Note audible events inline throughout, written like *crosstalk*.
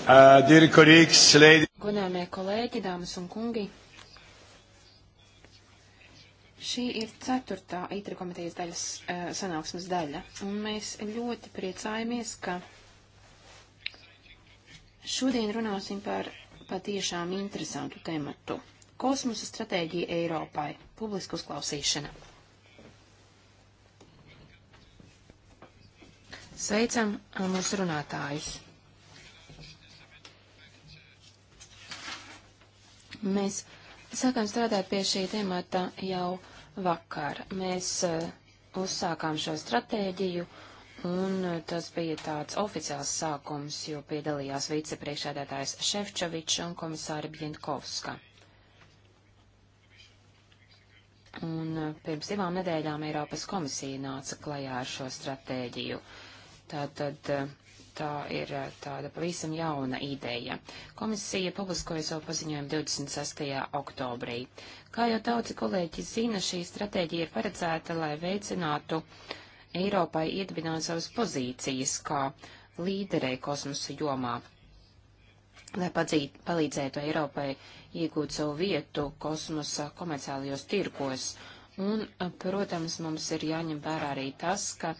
Uh, Godāmie kolēģi, dāmas un kungi, šī ir ceturtā ITRI komitejas daļas uh, sanāksmes daļa, un mēs ļoti priecājamies, ka šodien runāsim par patiešām interesantu tematu - kosmosa stratēģija Eiropai - publiska uzklausīšana. Sveicam mūsu runātājus! Mēs sākām strādāt pie šī temata jau vakar. Mēs uh, uzsākām šo stratēģiju, un uh, tas bija tāds oficiāls sākums, jo piedalījās vicepriekšēdētājs Šefčovičs un komisāra Bjentkovska. Un uh, pirms divām nedēļām Eiropas komisija nāca klajā ar šo stratēģiju. Tātad uh, tā ir eh, tāda pavisam jauna ideja. Komisija publiskoja savu paziņojumu 26. oktobrī. Kā jau daudzi kolēģi zina, šī stratēģija ir paredzēta, lai veicinātu Eiropai iedibināt savas pozīcijas kā līderei kosmosa jomā, lai padzīt, palīdzētu Eiropai iegūt savu vietu kosmosa komerciālajos tirkos. Un, eh, protams, mums ir jāņem vērā arī tas, ka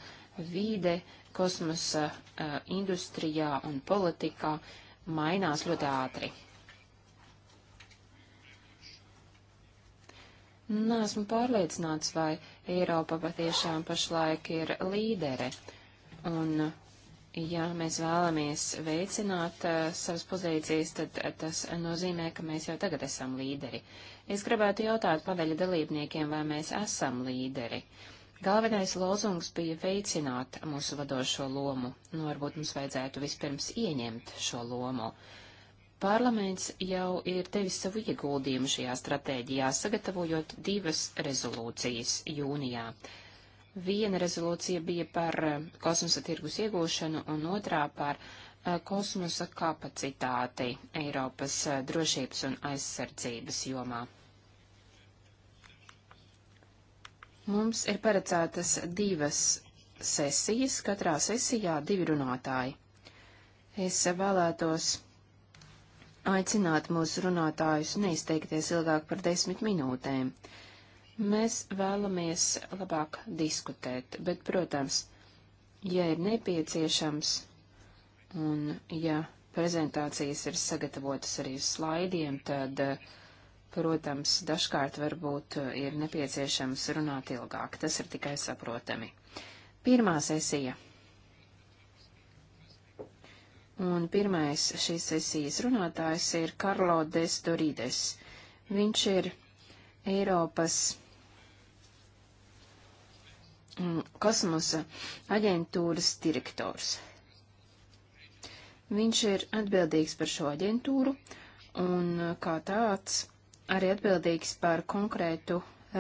vīde uh, kosmosa uh, industrijā un politikā mainās ļoti ātri. Nesmu pārliecināts, vai Eiropa patiešām pašlaik ir līdere. Un, ja mēs vēlamies veicināt uh, savas pozīcijas, tad tas nozīmē, ka mēs jau tagad esam līderi. Es gribētu jautāt paveļa dalībniekiem, vai mēs esam līderi. Uh, Galvenais lozungs bija veicināt mūsu vadošo lomu, nu varbūt mums vajadzētu vispirms ieņemt šo lomu. Parlaments jau ir devis savu ieguldījumu šajā stratēģijā, sagatavojot divas rezolūcijas jūnijā. Viena rezolūcija bija par eh, kosmosa tirgus iegūšanu un otrā par eh, kosmosa kapacitāti Eiropas eh, drošības un aizsardzības jomā. Mums ir paredzētas divas sesijas, katrā sesijā divi runātāji. Es vēlētos aicināt mūsu runātājus neizteikties ilgāk par desmit minūtēm. Mēs vēlamies labāk diskutēt, bet, protams, ja ir nepieciešams un ja prezentācijas ir sagatavotas arī uz slaidiem, tad uh, Protams, dažkārt varbūt eh, ir nepieciešams runāt ilgāk, tas ir tikai saprotami. Pirmā sesija. Un pirmais šīs sesijas runātājs ir Karlo Destorides. Viņš ir Eiropas mm, kosmosa aģentūras direktors. Viņš ir atbildīgs par šo aģentūru un eh, kā tāds arī atbildīgs par konkrētu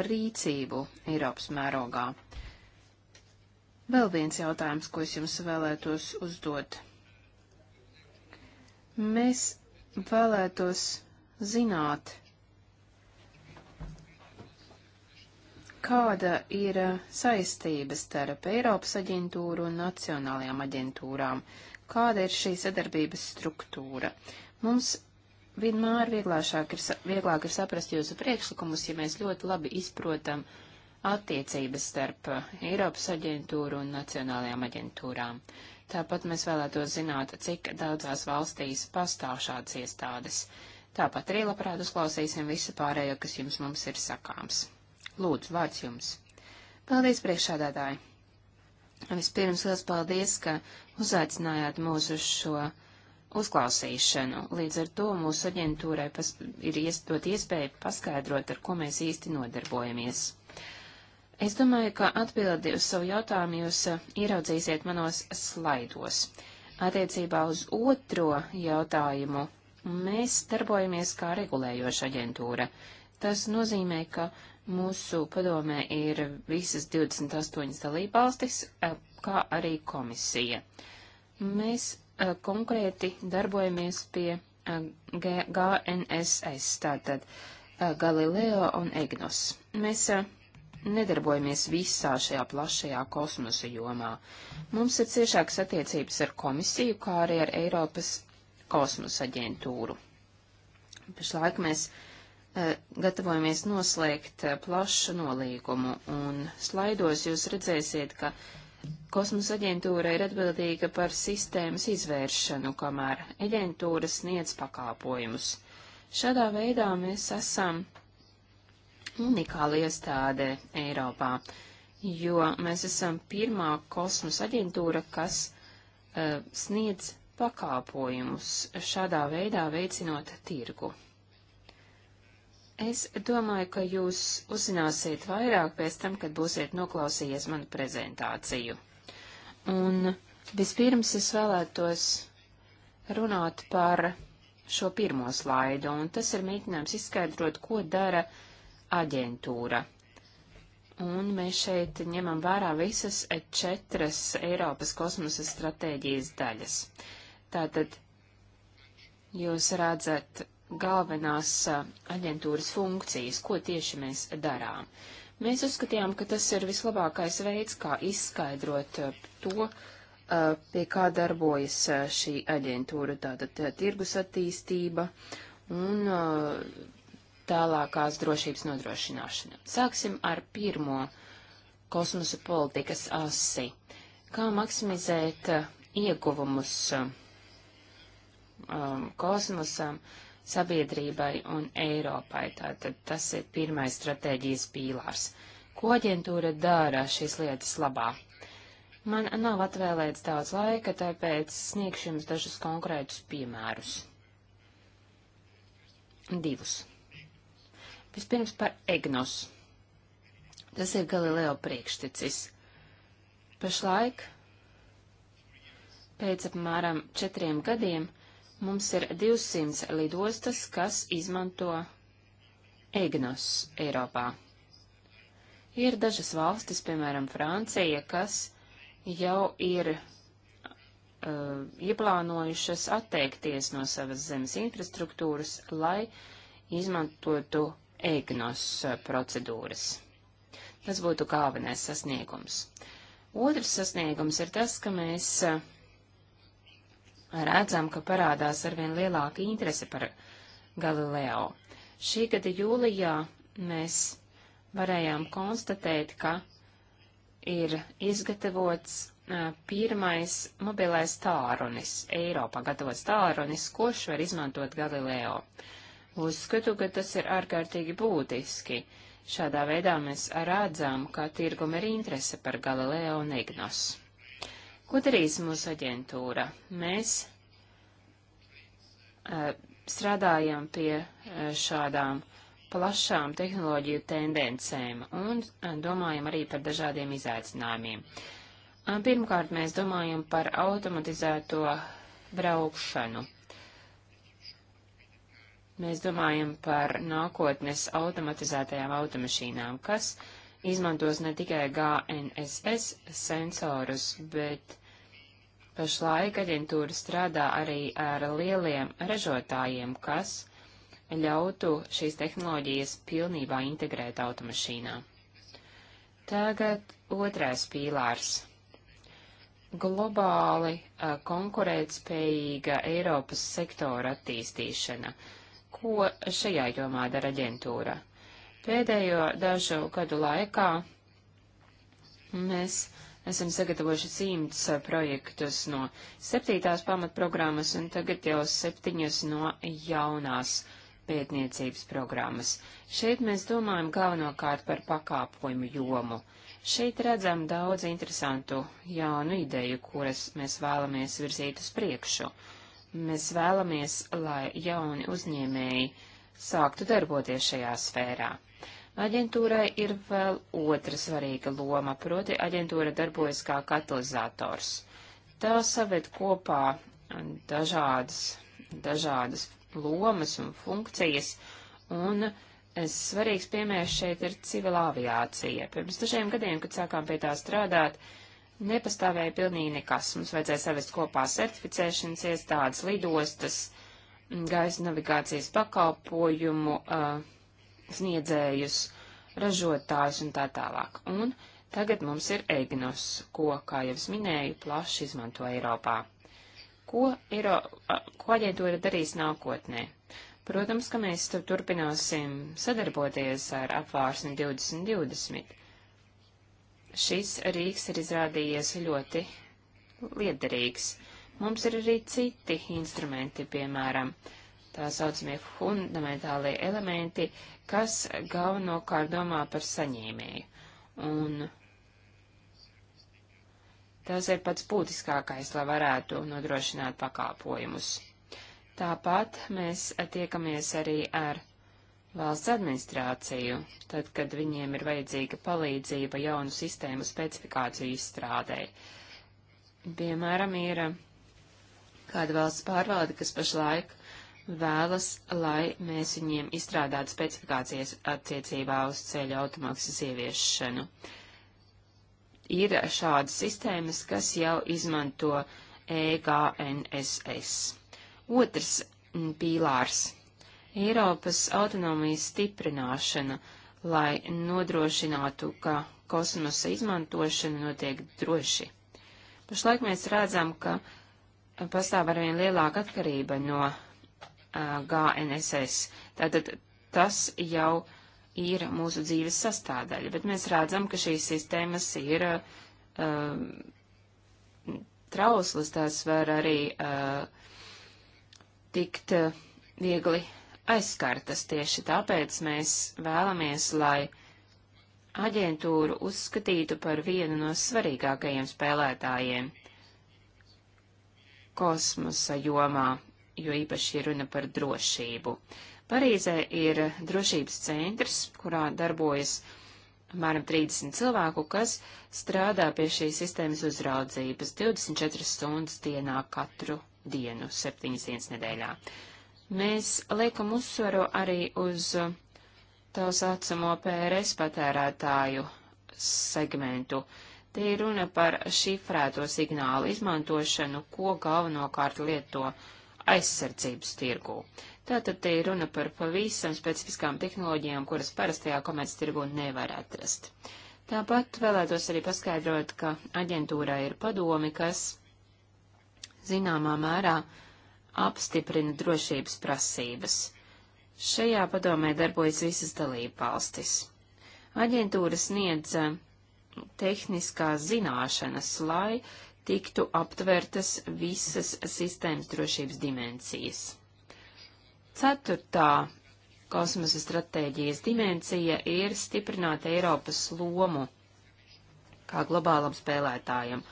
rīcību Eiropas mērogā. Vēl viens jautājums, ko es jums vēlētos uzdot. Mēs vēlētos zināt, kāda ir saistība starp Eiropas aģentūru un nacionālajām aģentūrām, kāda ir šī sadarbības struktūra. Mums Vienmēr vieglāk ir, vieglāk ir saprast jūsu priekšlikumus, ja mēs ļoti labi izprotam attiecības starp uh, Eiropas aģentūru un nacionālajām aģentūrām. Tāpat mēs vēlētos zināt, cik daudzās valstīs pastāv šādas iestādes. Tāpat arī labprāt uzklausīsim visu pārējo, kas jums mums ir sakāms. Lūdzu, vārds jums. Paldies, priekšādātāji! Vispirms liels paldies, ka uzaicinājāt mūs uz šo uzklausīšanu. Līdz ar to mūsu aģentūrai pas, ir iestot iespēju paskaidrot, ar ko mēs īsti nodarbojamies. Es domāju, ka atbildi uz savu jautājumu jūs eh, ieraudzīsiet manos slaidos. Attiecībā uz otro jautājumu mēs darbojamies kā regulējoša aģentūra. Tas nozīmē, ka mūsu padomē ir visas 28 dalībvalstis, eh, kā arī komisija. Mēs konkrēti darbojamies pie GNSS, tātad Galileo un Egnos. Mēs nedarbojamies visā šajā plašajā kosmosa jomā. Mums ir ciešākas attiecības ar komisiju, kā arī ar Eiropas kosmosa aģentūru. Pašlaik mēs uh, gatavojamies noslēgt uh, plašu nolīgumu, un slaidos jūs redzēsiet, ka uh, Kosmosa aģentūra ir atbildīga par sistēmas izvēršanu, kamēr aģentūra sniedz pakāpojumus. Šādā veidā mēs esam unikāla iestāde Eiropā, jo mēs esam pirmā kosmosa aģentūra, kas uh, sniedz pakāpojumus, šādā veidā veicinot tirgu. Es domāju, ka jūs uzzināsiet vairāk pēc tam, kad būsiet noklausījies manu prezentāciju. Un vispirms es vēlētos runāt par šo pirmo slaidu, un tas ir mēģinājums izskaidrot, ko dara aģentūra. Un mēs šeit ņemam vērā visas četras Eiropas kosmosa stratēģijas daļas. Tātad jūs redzat galvenās aģentūras funkcijas, ko tieši mēs darām. Mēs uzskatījām, ka tas ir vislabākais veids, kā izskaidrot to, pie kā darbojas šī aģentūra, tātad tirgus attīstība un tālākās drošības nodrošināšana. Sāksim ar pirmo kosmosa politikas asi. Kā maksimizēt ieguvumus um, kosmosam, uh, sabiedrībai un Eiropai. Tātad tas ir pirmais stratēģijas pīlārs. Ko aģentūra dara šīs lietas labā? Man nav atvēlēts daudz laika, tāpēc sniegšu jums dažus konkrētus piemērus. Divus. Vispirms par EGNOS. Tas ir Galileo priekšticis. Pašlaik, pēc apmēram četriem gadiem, Mums ir 200 lidostas, kas izmanto EGNOS Eiropā. Ir dažas valstis, piemēram, Francija, kas jau ir uh, ieplānojušas atteikties no savas zemes infrastruktūras, lai izmantotu EGNOS uh, procedūras. Tas būtu galvenais sasniegums. Otrs sasniegums ir tas, ka mēs uh, redzam, ka parādās arvien lielāka interese par Galileo. Šī gada jūlijā mēs varējām konstatēt, ka ir izgatavots pirmais mobilais tārunis, Eiropā gatavots tārunis, koš var izmantot Galileo. Uzskatu, ka tas ir ārkārtīgi būtiski. Šādā veidā mēs redzam, ka tirgum ir interese par Galileo un Ignos. Ko darīs mūsu aģentūra? Mēs uh, strādājam pie uh, šādām plašām tehnoloģiju tendencēm un uh, domājam arī par dažādiem izaicinājumiem. Pirmkārt, mēs domājam par automatizēto braukšanu. Mēs domājam par nākotnes automatizētajām automašīnām, kas izmantos ne tikai GNSS sensorus, bet Pašlaik aģentūra strādā arī ar lieliem ražotājiem, kas ļautu šīs tehnoloģijas pilnībā integrēt automašīnā. Tagad otrais pīlārs. Globāli a, konkurētspējīga Eiropas sektora attīstīšana. Ko šajā jomā dara aģentūra? Pēdējo dažu gadu laikā mēs uh, Esam sagatavojuši simts projektus no septītās pamatprogrammas un tagad jau septiņus no jaunās pētniecības programmas. Šeit mēs domājam galvenokārt par pakāpojumu jomu. Šeit redzam daudz interesantu jaunu ideju, kuras mēs vēlamies virzīt uz priekšu. Mēs vēlamies, lai jauni uzņēmēji sāktu darboties šajā sfērā. Aģentūrai ir vēl otra svarīga loma, proti aģentūra darbojas kā katalizators. Tā saved kopā dažādas, dažādas lomas un funkcijas, un svarīgs piemērs šeit ir civilā aviācija. Pirms dažiem gadiem, kad sākām pie tā strādāt, nepastāvēja pilnīgi nekas. Mums vajadzēja savest kopā certificēšanas iestādes, lidostas, gaisa navigācijas pakalpojumu, uh, sniedzējus, ražotājus un tā tālāk. Un tagad mums ir Eignos, ko, kā jau es minēju, plaši izmanto Eiropā. Ko, Eiro, ko aģentūra darīs nākotnē? Protams, ka mēs turpināsim sadarboties ar apvārsni 2020. Šis rīks ir izrādījies ļoti liederīgs. Mums ir arī citi instrumenti, piemēram, tā saucamie fundamentālie elementi, kas galvenokārt domā par saņēmēju. Un tas ir pats būtiskākais, lai varētu nodrošināt pakāpojumus. Tāpat mēs tiekamies arī ar valsts administrāciju, tad, kad viņiem ir vajadzīga palīdzība jaunu sistēmu specifikāciju izstrādē. Piemēram, ir kāda valsts pārvalde, kas pašlaik vēlas, lai mēs viņiem izstrādātu specifikācijas attiecībā uz ceļu automaksas ieviešanu. Ir šādas sistēmas, kas jau izmanto EGNSS. Otrs mm, pīlārs - Eiropas autonomijas stiprināšana, lai nodrošinātu, ka kosmosa izmantošana notiek droši. Pašlaik mēs redzam, ka pastāv arvien lielāka atkarība no GNSS. Tātad tas jau ir mūsu dzīves sastāvdaļa, bet mēs redzam, ka šīs sistēmas ir um, trauslas, tās var arī uh, tikt uh, viegli aizskartas. Tieši tāpēc mēs vēlamies, lai aģentūru uzskatītu par vienu no svarīgākajiem spēlētājiem kosmosa jomā, jo īpaši runa par drošību. Parīzē ir drošības centrs, kurā darbojas apmēram 30 cilvēku, kas strādā pie šīs sistēmas uzraudzības 24 stundas dienā katru dienu, 7 dienas nedēļā. Mēs liekam uzsvaru arī uz tā saucamo PRS patērētāju segmentu. Te ir runa par šifrēto signālu izmantošanu, ko galvenokārt lieto aizsardzības tirgū. Tātad te ir runa par pavisam specifiskām tehnoloģijām, kuras parastajā komerces tirgū nevar atrast. Tāpat vēlētos arī paskaidrot, ka aģentūrā ir padomi, kas zināmā mērā apstiprina drošības prasības. Šajā padomē darbojas visas dalība valstis. Aģentūra sniedz eh, tehniskās zināšanas, lai tiktu aptvertas visas sistēmas drošības dimensijas. Ceturtā kosmosa stratēģijas dimensija ir stiprināt Eiropas lomu kā globālam spēlētājam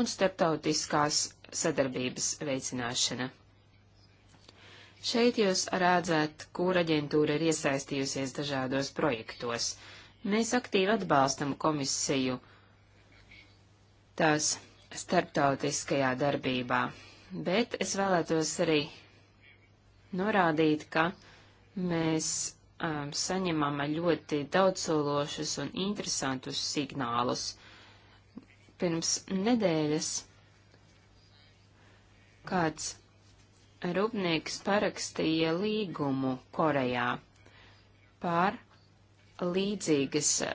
un starptautiskās sadarbības veicināšana. Šeit jūs redzat, kur aģentūra ir iesaistījusies dažādos projektos. Mēs aktīvi atbalstam komisiju tās starptautiskajā darbībā. Bet es vēlētos arī norādīt, ka mēs um, saņemam ļoti daudzsološus un interesantus signālus. Pirms nedēļas kāds rūpnieks parakstīja līgumu Korejā pār līdzīgas uh,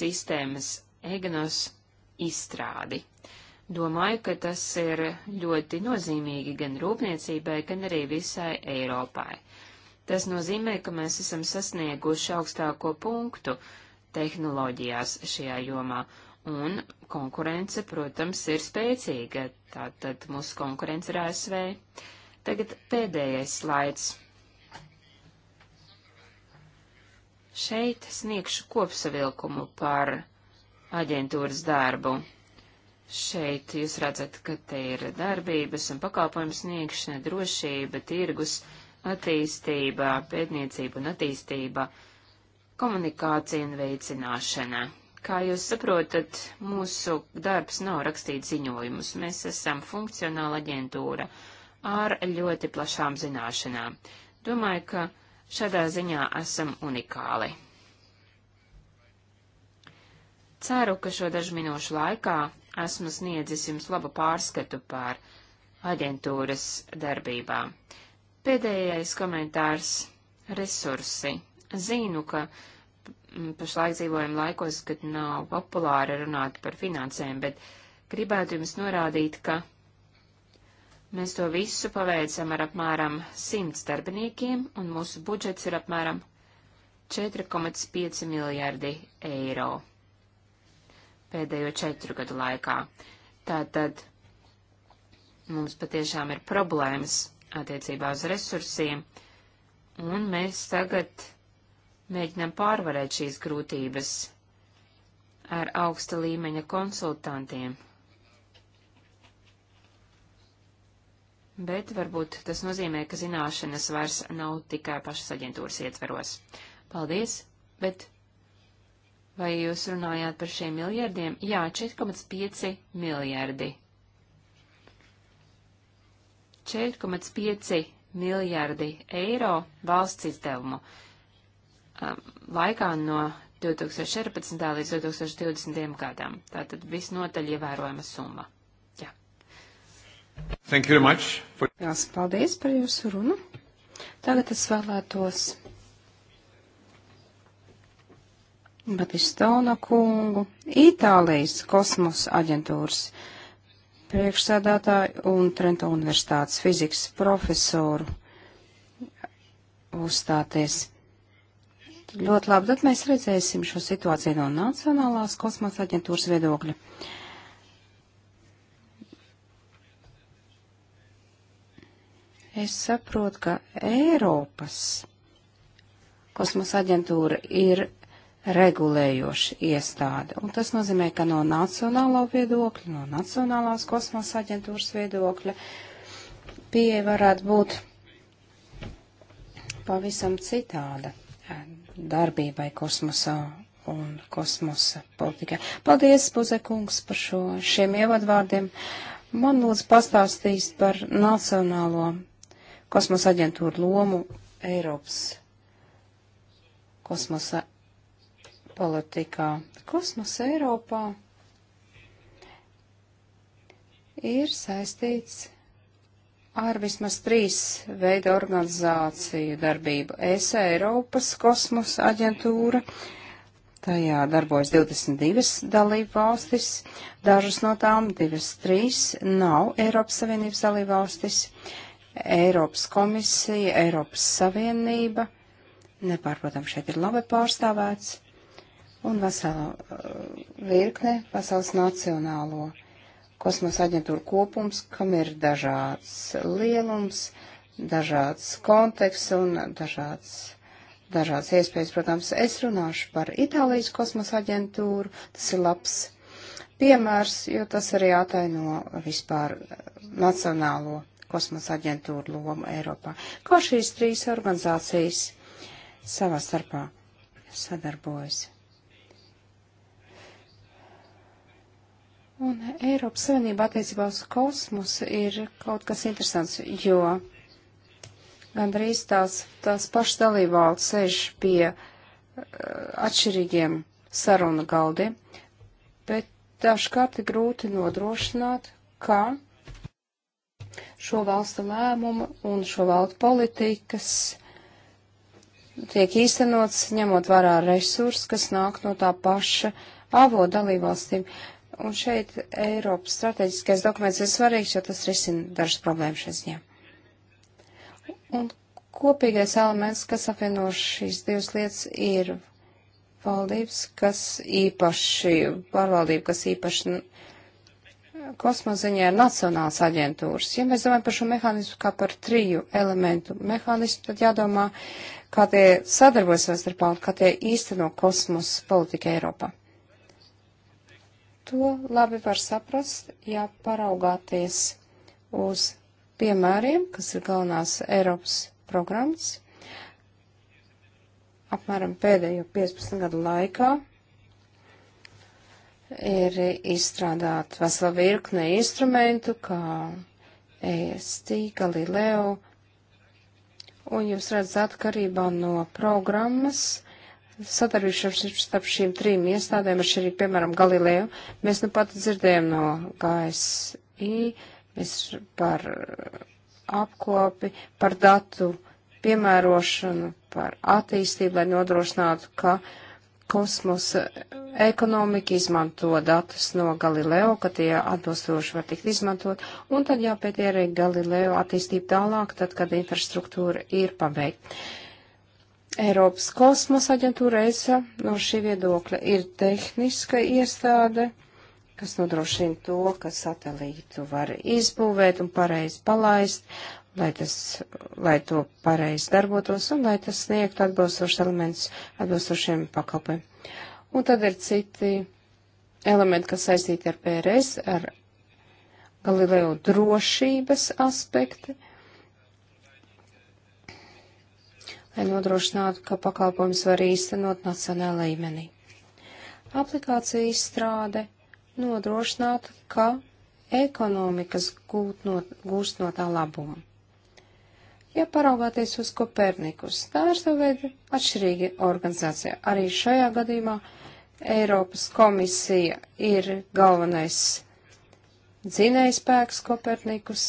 sistēmas EGNOS izstrādi. Uh, Domāju, ka tas ir ļoti nozīmīgi gan rūpniecībai, gan arī visai Eiropai. Tas nozīmē, ka mēs esam sasnieguši augstāko punktu tehnoloģijās šajā jomā, un konkurence, protams, ir spēcīga, tātad mūsu konkurence ir ASV. Tagad pēdējais slaids. Šeit sniegšu kopsavilkumu par aģentūras darbu. Šeit jūs redzat, ka te ir darbības un pakalpojums sniegšana, drošība, tirgus, attīstība, pētniecība un attīstība, komunikācija un veicināšana. Kā jūs saprotat, mūsu darbs nav rakstīt ziņojumus. Mēs esam funkcionāla aģentūra ar ļoti plašām zināšanām. Domāju, ka šādā ziņā esam unikāli. Ceru, ka šo dažu minūšu laikā esmu sniedzis jums labu pārskatu pār aģentūras darbībām. Pēdējais komentārs - resursi. Zinu, ka pašlaik dzīvojam laikos, kad nav populāri runāt par finansēm, bet gribētu jums norādīt, ka mēs to visu paveicam ar apmēram 100 darbiniekiem, un mūsu budžets ir apmēram 4,5 miljardi eiro pēdējo četru gadu laikā. Tātad mums patiešām ir problēmas attiecībā uz resursiem, un mēs tagad mēģinām pārvarēt šīs grūtības ar augsta līmeņa konsultantiem. Bet varbūt tas nozīmē, ka zināšanas vairs nav tikai pašas aģentūras ietveros. Paldies, bet Vai jūs runājāt par šiem miljardiem? Jā, 4,5 miljardi. 4,5 miljardi eiro valsts izdevumu laikā no 2014. līdz 2020. gadam. Tātad visnotaļ ievērojama summa. Jā. Thank you very much. For... Jās, paldies par jūsu runu. Tagad es vēlētos Batistona kungu, Itālijas kosmosa aģentūras priekšsēdētāju un Trento universitātes fizikas profesoru uzstāties. Ļoti labi, tad mēs redzēsim šo situāciju no Nacionālās kosmosa aģentūras viedokļa. Es saprotu, ka Eiropas kosmosa aģentūra ir regulējoša iestāde. Un tas nozīmē, ka no nacionālā viedokļa, no Nacionālās kosmosa aģentūras viedokļa pieeja varētu būt pavisam citāda eh, darbībai kosmosā un kosmosa politikai. Paldies, Buzekungs, par šo, šiem ievadvārdiem. Man lūdzu pastāstīs par Nacionālo kosmosa aģentūru lomu Eiropas kosmosa politikā. Kosmos Eiropā ir saistīts ar vismaz trīs veidu organizāciju darbību. ESA Eiropas kosmosa aģentūra, tajā darbojas 22 dalību valstis, dažas no tām, divas, trīs, nav Eiropas Savienības dalību valstis, Eiropas komisija, Eiropas Savienība, nepārprotam, šeit ir labi pārstāvēts, un vesela uh, virkne pasaules nacionālo kosmosa aģentūru kopums, kam ir dažāds lielums, dažāds konteksts un dažāds, dažāds iespējas. Protams, es runāšu par Itālijas kosmosa aģentūru, tas ir labs piemērs, jo tas arī ataino vispār uh, nacionālo kosmosa aģentūru lomu Eiropā. Kā šīs trīs organizācijas savā starpā sadarbojas? Un Eiropas Savienība attiecībā uz kosmosu ir kaut kas interesants, jo gandrīz tās, tās pašas dalībvalsts sēž pie uh, atšķirīgiem sarunu galdiem, bet dažkārt ir grūti nodrošināt, ka šo valstu lēmumu un šo valstu politikas tiek īstenots ņemot vērā resursus, kas nāk no tā paša avo dalībvalstīm. Un šeit Eiropas strateģiskais dokuments ir svarīgs, jo tas risina dažas problēmas šeit ziņā. Un kopīgais elements, kas apvieno šīs divas lietas, ir valdības, kas īpaši, pārvaldība, kas īpaši kosmoziņā ir nacionāls aģentūras. Ja mēs domājam par šo mehānismu kā par triju elementu mehānismu, tad jādomā, kā tie sadarbojas savā starpā un kā tie īsteno kosmosa politika Eiropā. To labi var saprast, ja paraugāties uz piemēriem, kas ir galvenās Eiropas programmas. Apmēram pēdējo 15 gadu laikā ir izstrādāt vesela virkne instrumentu, kā EST, Galileo, un jūs redzat atkarībā no programmas sadarbību starp šīm trim iestādēm, ar šī, piemēram, Galileo, mēs nu pat dzirdējam no KSI, mēs par uh, apkopi, par datu piemērošanu, par attīstību, lai nodrošinātu, ka kosmosa ekonomika izmanto datus no Galileo, ka tie atbilstoši var tikt izmantot, un tad jāpētīja arī Galileo attīstību tālāk, tad, kad infrastruktūra ir pabeigta. Eiropas kosmosa aģentūra ESA no šī viedokļa ir tehniska iestāde, kas nodrošina to, ka satelītu var izbūvēt un pareizi palaist, lai, tas, lai to pareizi darbotos un lai tas sniegtu atbilstošs elements atbilstošiem pakalpēm. Un tad ir citi elementi, kas saistīti ar PRS, ar Galileo drošības aspektu lai nodrošinātu, ka pakalpojums var īstenot nacionālā līmenī. Aplikācija izstrāde nodrošinātu, ka ekonomikas gūt no, gūst no tā labumu. Ja paraugāties uz Kopernikus, tā ir sava veida atšķirīga organizācija. Arī šajā gadījumā Eiropas komisija ir galvenais dzinējspēks Kopernikus.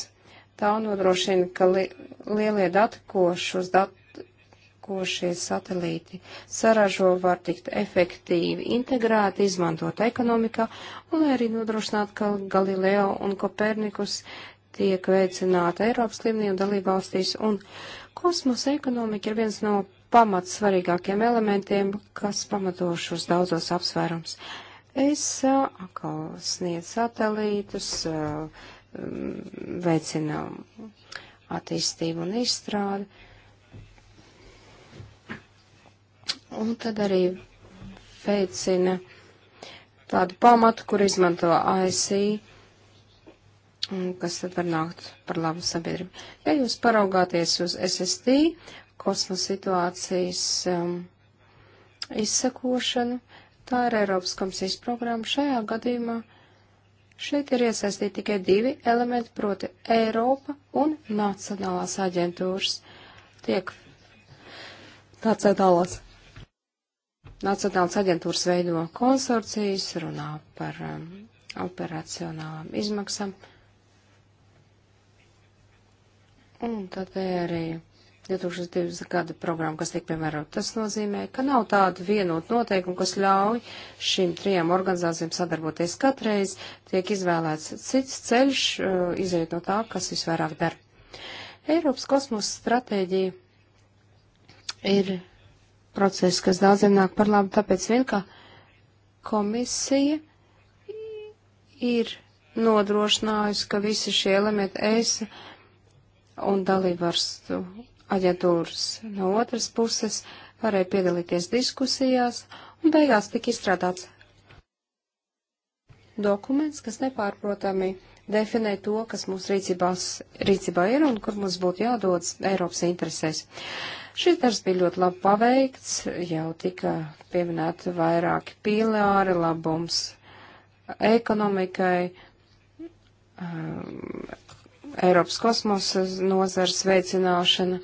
Tā nodrošina, ka li lielie dati, ko šos dat ko šie satelīti saražo, var tikt efektīvi integrēti, izmantot ekonomikā, un arī nodrošināt, ka Galileo un Kopernikus tiek veicināta Eiropas līmenī un dalībvalstīs, un kosmosa ekonomika ir viens no pamats svarīgākiem elementiem, kas pamato šos daudzos apsvērums. Es atkal sniedzu satelītus, veicinām attīstību un izstrādi. Un tad arī veicina tādu pamatu, kur izmanto ASI, kas tad var nākt par labu sabiedrību. Ja jūs paraugāties uz SST, kosmos situācijas um, izsakošanu, tā ir Eiropas komisijas programma. Šajā gadījumā šeit ir iesaistīti tikai divi elementi, proti Eiropa un Nacionālās aģentūras. Tiek nacionālās Nacionāls aģentūras veido konsorcijas, runā par um, operacionālām izmaksām. Un tad arī 2020. gada programma, kas tiek piemērota, tas nozīmē, ka nav tāda vienota noteikuma, kas ļauj šīm trijām organizācijām sadarboties katreiz, tiek izvēlēts cits ceļš, uh, izējot no tā, kas visvairāk dara. Eiropas kosmosa stratēģija ir process, kas daudziem nāk par labu, tāpēc vien, ka komisija ir nodrošinājusi, ka visi šie elementi es un dalībvarstu aģentūras no otras puses varēja piedalīties diskusijās un beigās tika izstrādāts dokuments, kas nepārprotami definē to, kas mūsu rīcībās, rīcībā ir un kur mums būtu jādodas Eiropas interesēs. Uh, Šis darbs bija ļoti labi paveikts, jau tika pieminēti vairāki pīlāri, labums ekonomikai, um, Eiropas kosmosa nozars veicināšana,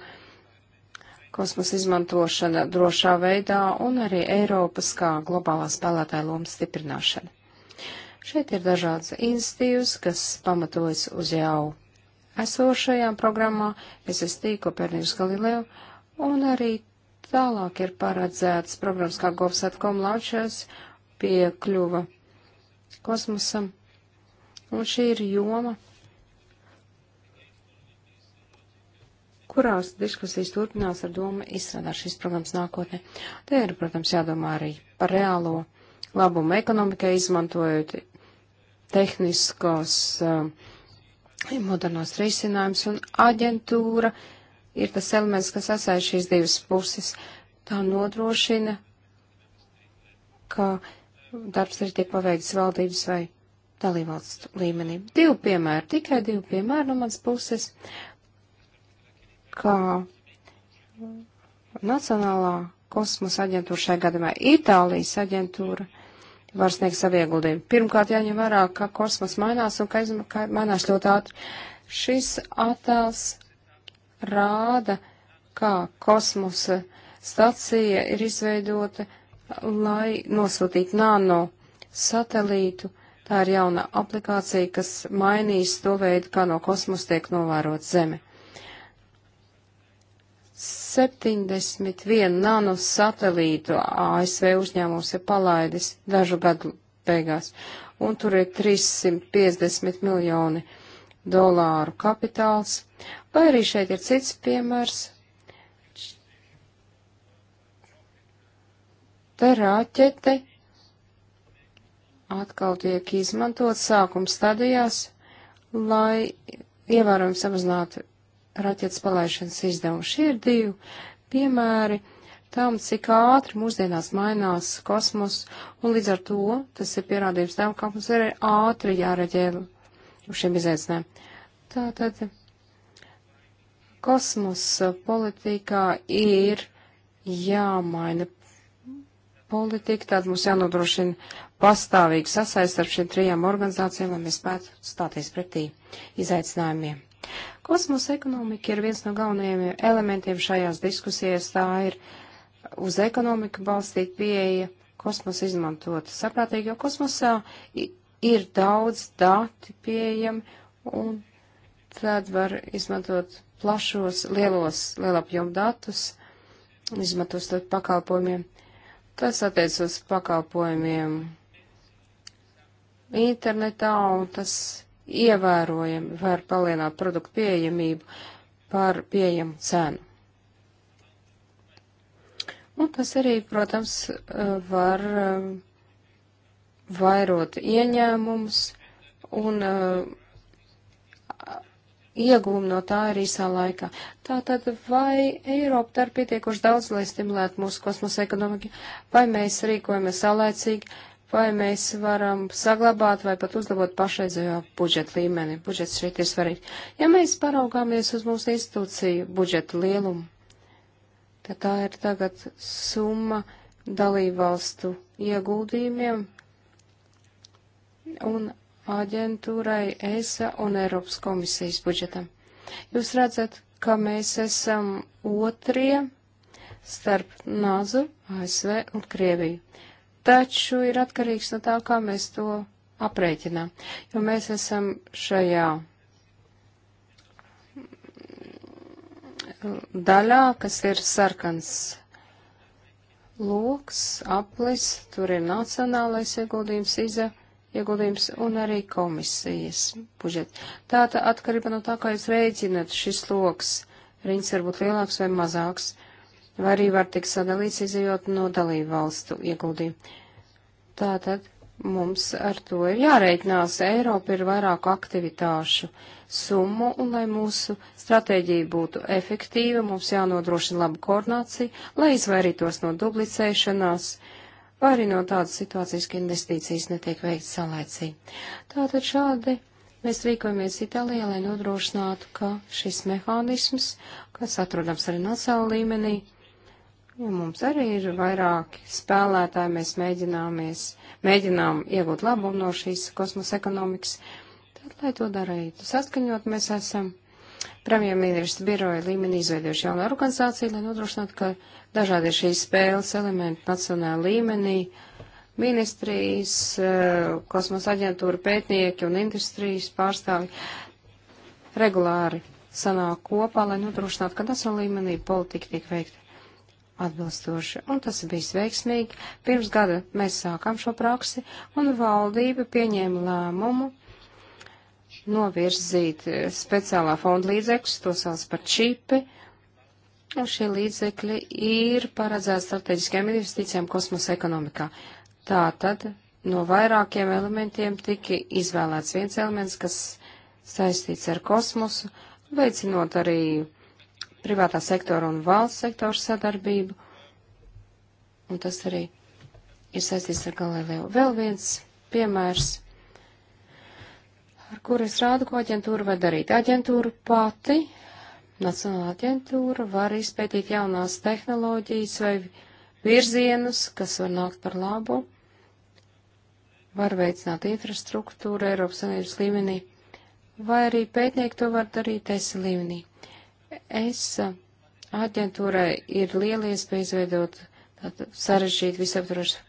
kosmosa izmantošana drošā veidā un arī Eiropas kā globālā spēlētāja lomas stiprināšana. Šeit ir dažādas institīvas, kas pamatojas uz jau esošajām programmām, SST, Kopernikas Galileo, uh, Un arī tālāk ir paredzēts programmas kā GovSatcom launchers piekļuva kosmosam. Un šī ir joma, kurās diskusijas turpinās ar domu izstrādāt šīs programmas nākotnē. Te ir, protams, jādomā arī par reālo labumu ekonomikai, izmantojot tehniskos uh, eh, modernās risinājumus un aģentūra. Uh, ir tas elements, kas sasāja šīs divas puses. Tā nodrošina, ka darbs arī tiek paveikts valdības vai dalībvalsts līmenī. Divi piemēri, tikai divi piemēri no manas puses, kā Nacionālā kosmosa aģentūra šai gadījumā Itālijas aģentūra var sniegt savu ieguldījumu. Pirmkārt, jāņem vērā, ka kosmos mainās un ka mainās ļoti ātri. Šis attēls rāda, kā kosmosa stacija ir izveidota, lai nosūtītu nano satelītu. Tā ir jauna aplikācija, kas mainīs to veidu, kā no kosmosa tiek novērot Zeme. 71 nano satelītu ASV uzņēmums ir palaidis dažu gadu beigās, un tur ir 350 miljoni dolāru kapitāls, Vai arī šeit ir cits piemērs. Te raķete atkal tiek izmantot sākuma stadijās, lai ievērojami samazinātu raķetes palaišanas izdevumu. Šie ir divi piemēri tam, cik ātri mūsdienās mainās kosmos, un līdz ar to tas ir pierādījums tam, ka mums ir ātri jāreģē uz šiem izaicinājumiem. Tātad Kosmosa politikā ir jāmaina politika, tad mums jānodrošina pastāvīgi sasaist ar šiem trijām organizācijām, lai mēs spētu stāties pretī izaicinājumiem. Kosmosa ekonomika ir viens no galvenajiem elementiem šajās diskusijās. Tā ir uz ekonomiku balstīta pieeja, kosmosa izmantot saprātīgi, jo kosmosā ir daudz dati pieejami, un tad var izmantot plašos, lielos, lielapjomu datus, izmantos tad pakalpojumiem. Tas attiec uz pakalpojumiem internetā, un tas ievērojami var palielināt produktu pieejamību par pieejamu cenu. Un tas arī, protams, var vairot ieņēmumus un iegūmi no tā ir īsā laikā. Tātad, vai Eiropa dar pietiekoši daudz, lai stimulētu mūsu kosmosa ekonomiku, vai mēs rīkojamies saulēcīgi, vai mēs varam saglabāt vai pat uzlabot pašreizējo budžeta līmeni. Budžets šeit ir svarīgi. Ja mēs paraugāmies uz mūsu institūciju budžeta lielumu, tad tā ir tagad summa dalībvalstu ieguldījumiem un aģentūrai, ESA un Eiropas komisijas budžetam. Jūs redzat, ka mēs esam otrie starp nāzu, ASV un Krieviju. Taču ir atkarīgs no tā, kā mēs to aprēķinām, jo mēs esam šajā daļā, kas ir sarkans loks, aplis, tur ir nacionālais ieguldījums iza, ieguldījums un arī komisijas budžets. Tā tā atkarība no tā, kā jūs rēķinat šis loks, riņķis var būt lielāks vai mazāks, vai arī var tikt sadalīts izējot no dalību valstu ieguldījumu. Tātad mums ar to ir jārēķinās. Eiropa ir vairāk aktivitāšu summu, un lai mūsu stratēģija būtu efektīva, mums jānodrošina laba koordinācija, lai izvairītos no dublicēšanās vai arī no tādas situācijas, ka investīcijas netiek veikts saulēcīgi. Tātad šādi mēs rīkojamies Itālijā, lai nodrošinātu, ka šis mehānisms, kas atrodams arī nacionāla līmenī, jo mums arī ir vairāki spēlētāji, mēs mēģināmies, mēģinām iegūt labumu no šīs kosmosa ekonomikas, tad, lai to darītu saskaņot, mēs esam premjerministra biroja līmenī izveidojuši jaunu organizāciju, lai nodrošinātu, ka dažādi ir šīs spēles elementi nacionāla līmenī, ministrijas, eh, kosmosa aģentūra pētnieki un industrijas pārstāvi regulāri sanāk kopā, lai nodrošinātu, ka nacionāla līmenī politika tiek veikta atbilstoši, un tas bijis veiksmīgi. Pirms gada mēs sākām šo praksi, un valdība pieņēma lēmumu novirzīt eh, speciālā fonda līdzekļus, to sauc par čipi, un šie līdzekļi ir paredzēti strateģiskajām investīcijām kosmosa ekonomikā. Tātad no vairākiem elementiem tika izvēlēts viens elements, kas saistīts ar kosmosu, veicinot arī privātā sektora un valsts sektora sadarbību, un tas arī ir saistīts ar Galileo. Vēl viens piemērs ar kuru es rādu, ko aģentūra var darīt. Aģentūra pati, Nacionāla aģentūra, var izpētīt jaunās tehnoloģijas vai virzienus, kas var nākt par labu, var veicināt infrastruktūru Eiropas Savienības līmenī, vai arī pētnieki to var darīt es līmenī. Es aģentūrai ir liela iespēja izveidot sarežģītu visaptvarošu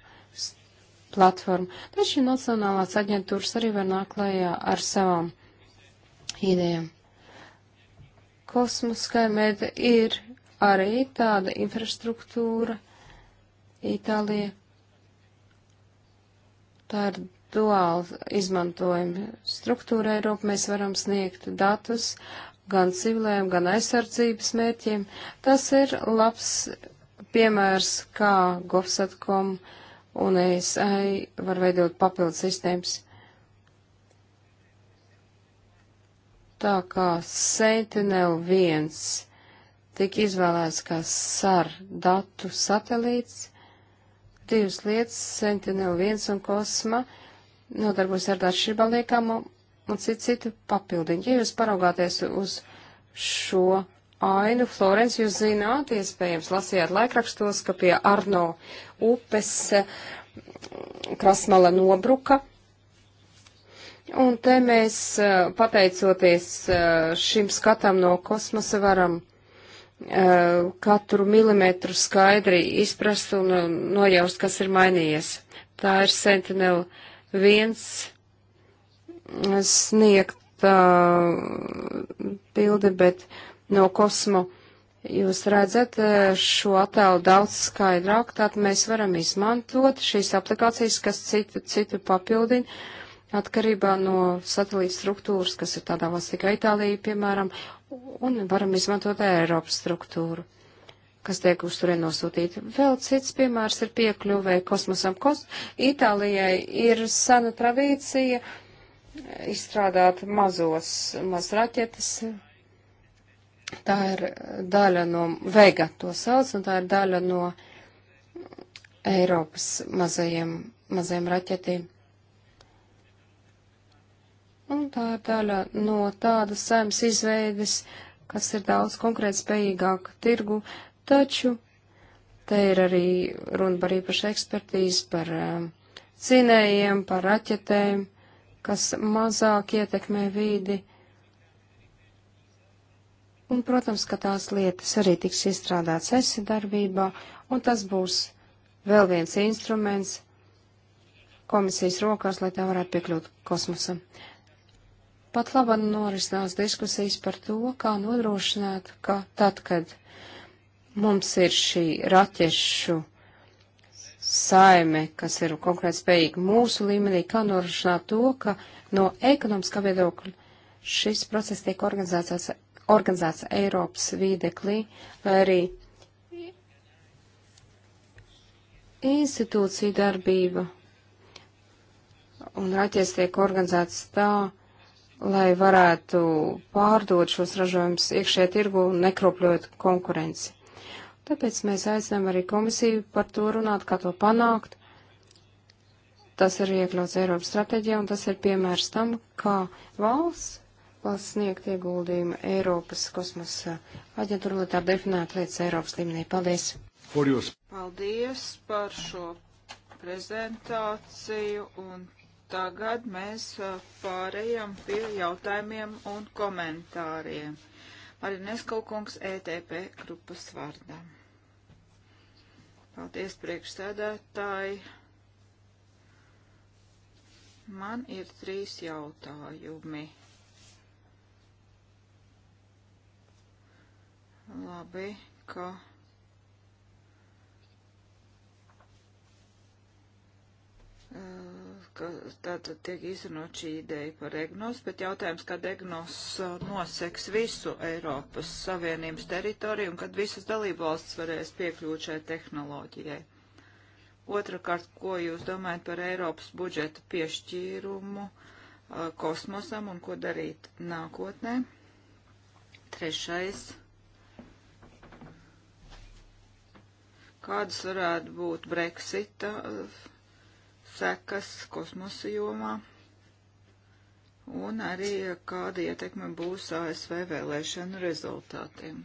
platformu. Taču Nacionālās aģentūras arī var nākt klajā ar savām idejām. Kosmiskai meda ir arī tāda infrastruktūra Itālija. Tā ir duāla izmantojuma struktūra Eiropa. Mēs varam sniegt datus gan civilējiem, gan aizsardzības mērķiem. Tas ir labs piemērs, kā Govsatkom uh, un ESI var veidot papildu sistēmas. Tā kā Sentinel 1 tika izvēlēts kā SAR datu satelīts, divas lietas - Sentinel 1 un Kosma nodarbojas ar atšķirībām liekām un citu, citu papildiņu. Ja jūs paraugāties uz šo ainu. Florence, jūs zināt, iespējams, lasījāt laikrakstos, ka pie Arno upes mm, krasmala nobruka. Un te mēs, eh, pateicoties eh, šim skatam no kosmosa, varam eh, katru milimetru skaidri izprast un nojaust, kas ir mainījies. Tā ir Sentinel 1 mm, sniegta bilde, bet uh, no kosmo. Jūs redzat eh, šo attēlu daudz skaidrāk, tātad mēs varam izmantot šīs aplikācijas, kas citu, citu papildina, atkarībā no satelīta struktūras, kas ir tādā valstī kā Itālija, piemēram, un varam izmantot Eiropas struktūru, kas tiek uz turien nosūtīta. Vēl cits piemērs ir piekļuvē kosmosam. Kos Itālijai ir sena tradīcija izstrādāt mazos, maz raķetes Tā ir daļa no Vega to sauc, un tā ir daļa no Eiropas mazajiem, mazajiem raķetīm. Un tā ir daļa no tādas saimas izveides, kas ir daudz konkrēt spējīgāka tirgu, taču te ir arī runa par īpašu ekspertīzi, par um, eh, cinējiem, par raķetēm, kas mazāk ietekmē vīdi Un, protams, ka tās lietas arī tiks izstrādāts esi darbībā, un tas būs vēl viens instruments komisijas rokās, lai tā varētu piekļūt kosmosam. Pat laba norisinās diskusijas par to, kā nodrošināt, ka tad, kad mums ir šī raķešu saime, kas ir konkrēti spējīga mūsu līmenī, kā nodrošināt to, ka no ekonomiskā viedokļa šis process tiek organizēts organizēts Eiropas vīdeklī, vai arī institūcija darbība un raķetes tiek organizētas tā, lai varētu pārdot šos ražojumus iekšē tirgu un nekropļot konkurenci. Tāpēc mēs aicinām arī komisiju par to runāt, kā to panākt. Tas ir iekļauts Eiropas stratēģijā un tas ir piemērs tam, kā valsts valsts sniegt ieguldījumu Eiropas kosmosa aģentūra, lai tā definētu lietas Eiropas līmenī. Paldies! Forjus. Paldies par šo prezentāciju un tagad mēs pārējām pie jautājumiem un komentāriem. Arī Neskaukungs ETP grupas vārdā. Paldies priekšsēdētāji. Man ir trīs jautājumi. Labi, ka. Eh, ka tātad tiek īstenot šī ideja par EGNOS, bet jautājums, kad EGNOS eh, noseks visu Eiropas Savienības teritoriju un kad visas dalībvalstis varēs piekļūt šai tehnoloģijai. Otrakārt, ko jūs domājat par Eiropas budžeta piešķīrumu eh, kosmosam un ko darīt nākotnē? Trešais kādas varētu būt Brexita eh, sekas kosmosa jomā un arī eh, kāda ietekme būs ASV vēlēšanu rezultātiem.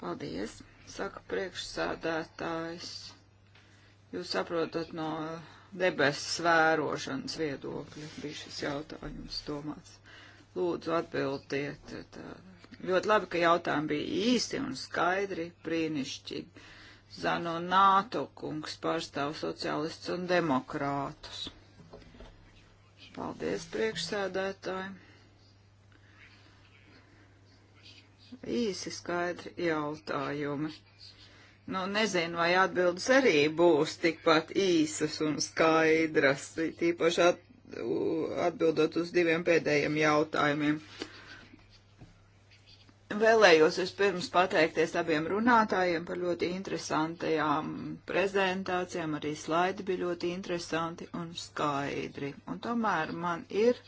Paldies, saka priekšsādātājs. Jūs saprotat no debesu vērošanas viedokļa, bija šis jautājums domāts. Lūdzu, atbildiet. Tā. Eh, ļoti labi, ka jautājumi bija īsti un skaidri, brīnišķīgi. Zano Nāto kungs pārstāv sociālists un demokrātus. Paldies, priekšsēdētāji. Īsi skaidri jautājumi. Nu, nezinu, vai atbildes arī būs tikpat īsas un skaidras, tīpaši at, atbildot uz diviem pēdējiem jautājumiem. Uh, Vēlējos vispirms pateikties abiem runātājiem par ļoti interesantajām prezentācijām, arī slaidi bija ļoti interesanti un skaidri. Un tomēr man ir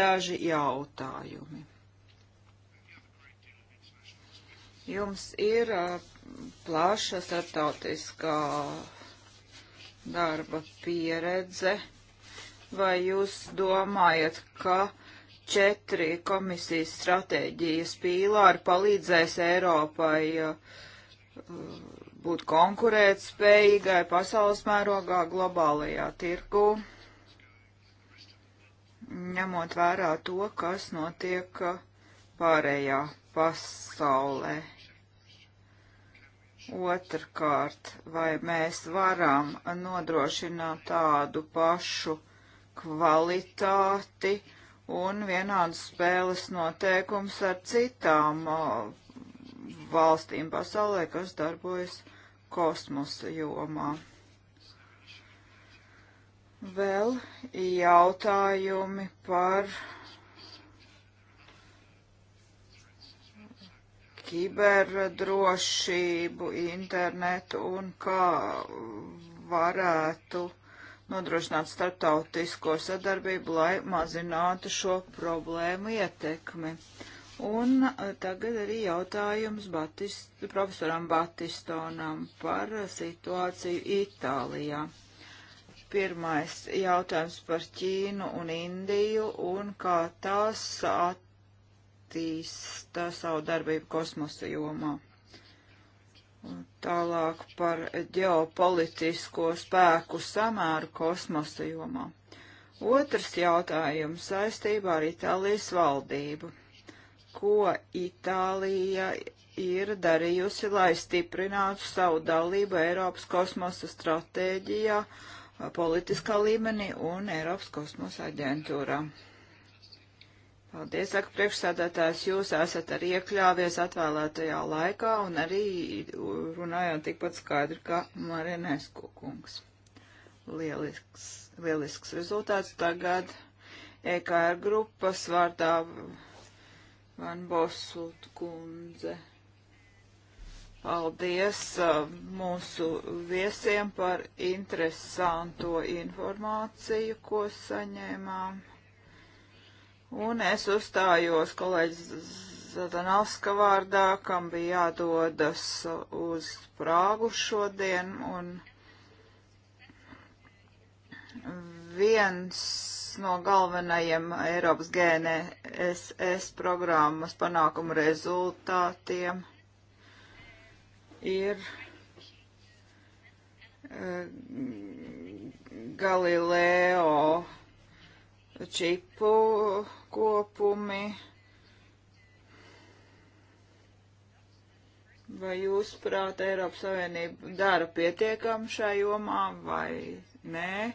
daži jautājumi. Jums ir plaša starptautiskā darba pieredze, vai jūs domājat, ka četri komisijas stratēģijas pīlāri palīdzēs Eiropai uh, būt konkurētspējīgai pasaules mērogā globālajā tirgu, ņemot vērā to, kas notiek uh, pārējā pasaulē. Otrkārt, vai mēs varam nodrošināt tādu pašu kvalitāti, uh, un vienādas spēles noteikums ar citām valstīm pasaulē, kas darbojas kosmosa jomā. Vēl jautājumi par kiberdrošību, internetu un kā varētu uh, nodrošināt starptautisko sadarbību, lai mazinātu šo problēmu ietekmi. Un eh, tagad arī jautājums Batist, profesoram Batistonam par eh, situāciju Itālijā. Pirmais jautājums par Ķīnu un Indiju un kā tās attīsta savu darbību kosmosa jomā. Un tālāk par ģeopolitisko spēku samēru kosmosa jomā. Otrs jautājums saistībā ar Itālijas valdību. Ko Itālija ir darījusi, lai stiprinātu savu dalību Eiropas kosmosa stratēģijā, politiskā līmenī un Eiropas kosmosa aģentūrā? Paldies, saka priekšsādātājs, jūs esat arī iekļāvies atvēlētajā laikā un arī runājāt tikpat skaidri, kā Marinesko kungs. Lielisks, lielisks rezultāts tagad EKR grupas vārdā Van Bosut kundze. Paldies uh, mūsu viesiem par interesanto informāciju, ko saņēmām. Un es uzstājos kolēģis Zadanauska vārdā, kam bija jādodas uz Prāgu šodien, un viens no galvenajiem Eiropas GNSS programmas panākumu rezultātiem ir eh, Galileo čipu kopumi. Vai jūs prāt Eiropas Savienība dara pietiekam šai jomā vai nē?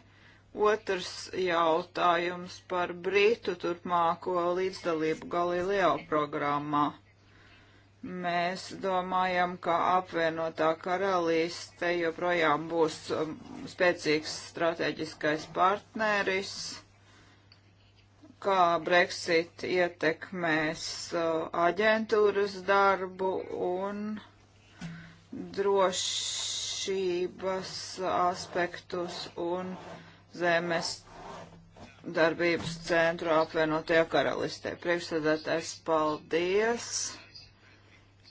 Otrs jautājums par Brītu turpmāko līdzdalību Galileo programmā. Mēs domājam, ka apvienotā karalīste joprojām būs um, spēcīgs strateģiskais partneris kā Brexit ietekmēs uh, aģentūras darbu un drošības aspektus un zemes darbības centru apvienotajā karalistē. Priekšsēdētājs, paldies!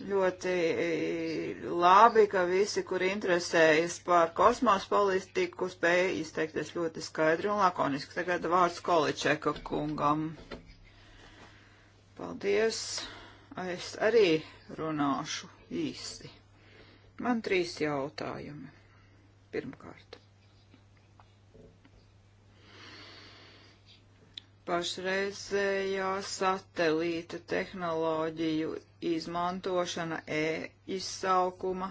ļoti eh, labi, ka visi, kuri interesējas par kosmosa politiku, spēja izteikties ļoti skaidri un lakoniski. Tagad vārds Količeka kungam. Paldies. Es arī runāšu īsi. Man trīs jautājumi. Pirmkārt. pašreizējā satelīta tehnoloģiju izmantošana e-izsaukuma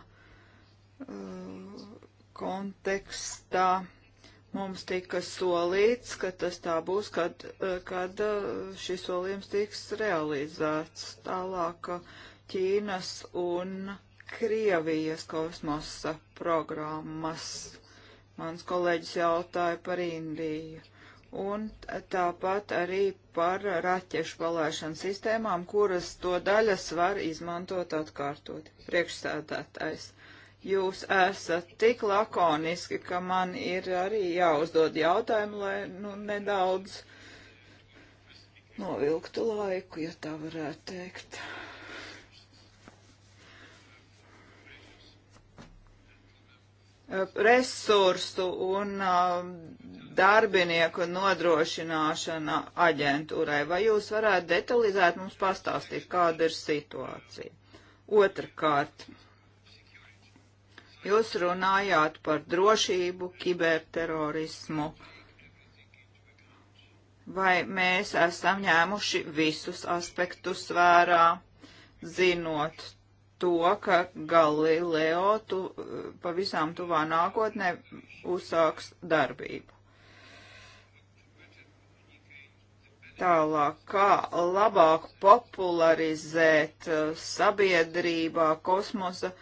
uh, kontekstā. Mums tika solīts, ka tas tā būs, kad, uh, kad uh, šis solījums tiks realizēts. Tālāk uh, Ķīnas un Krievijas kosmosa programmas. Mans kolēģis jautāja par Indiju un tāpat arī par raķešu palaišanu sistēmām, kuras to daļas var izmantot atkārtot. Priekšsēdētājs, jūs esat tik lakoniski, ka man ir arī jāuzdod jautājumu, lai nu, nedaudz novilktu laiku, ja tā varētu teikt. resursu un um, darbinieku nodrošināšana aģentūrai. Vai jūs varētu detalizēt mums pastāstīt, kāda ir situācija? Otrakārt, jūs runājāt par drošību, kiberterorismu. Vai mēs esam ņēmuši visus aspektus vērā, zinot to, ka Galileo tu, pavisam tuvā nākotnē uzsāks darbību. Tālāk, kā labāk popularizēt uh, sabiedrībā kosmosa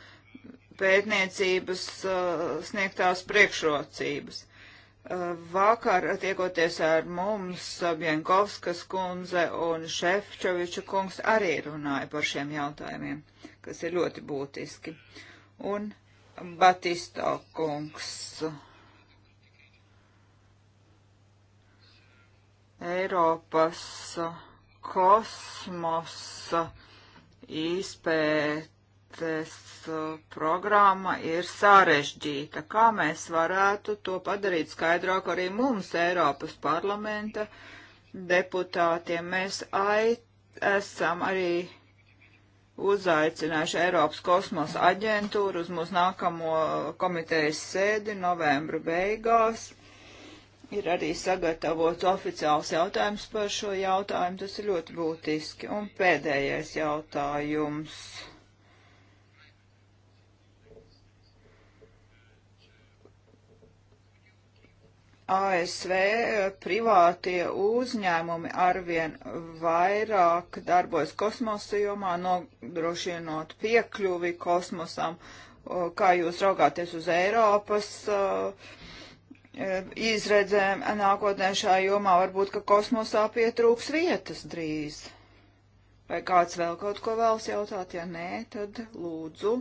pētniecības uh, sniegtās priekšrocības. Uh, vakar tiekoties ar mums, Bienkovskas kundze un Šefčoviča kungs arī runāja par šiem jautājumiem kas ir ļoti būtiski. Un Batista kungs. Eiropas kosmosa izpētes programma ir sarežģīta. Kā mēs varētu to padarīt skaidrāk arī mums, Eiropas parlamenta deputātiem? Mēs ai, esam arī uzaicinājuši Eiropas kosmosa aģentūru uz mūsu nākamo komitejas sēdi novembra beigās. Ir arī sagatavots oficiāls jautājums par šo jautājumu, tas ir ļoti būtiski. Un pēdējais jautājums. ASV eh, privātie uzņēmumi arvien vairāk darbojas kosmosa jomā, nodrošinot piekļuvi kosmosam, eh, kā jūs raugāties uz Eiropas eh, izredzēm nākotnē šajā jomā, varbūt, ka kosmosā pietrūks vietas drīz. Vai kāds vēl kaut ko vēlas jautāt? Ja nē, tad lūdzu,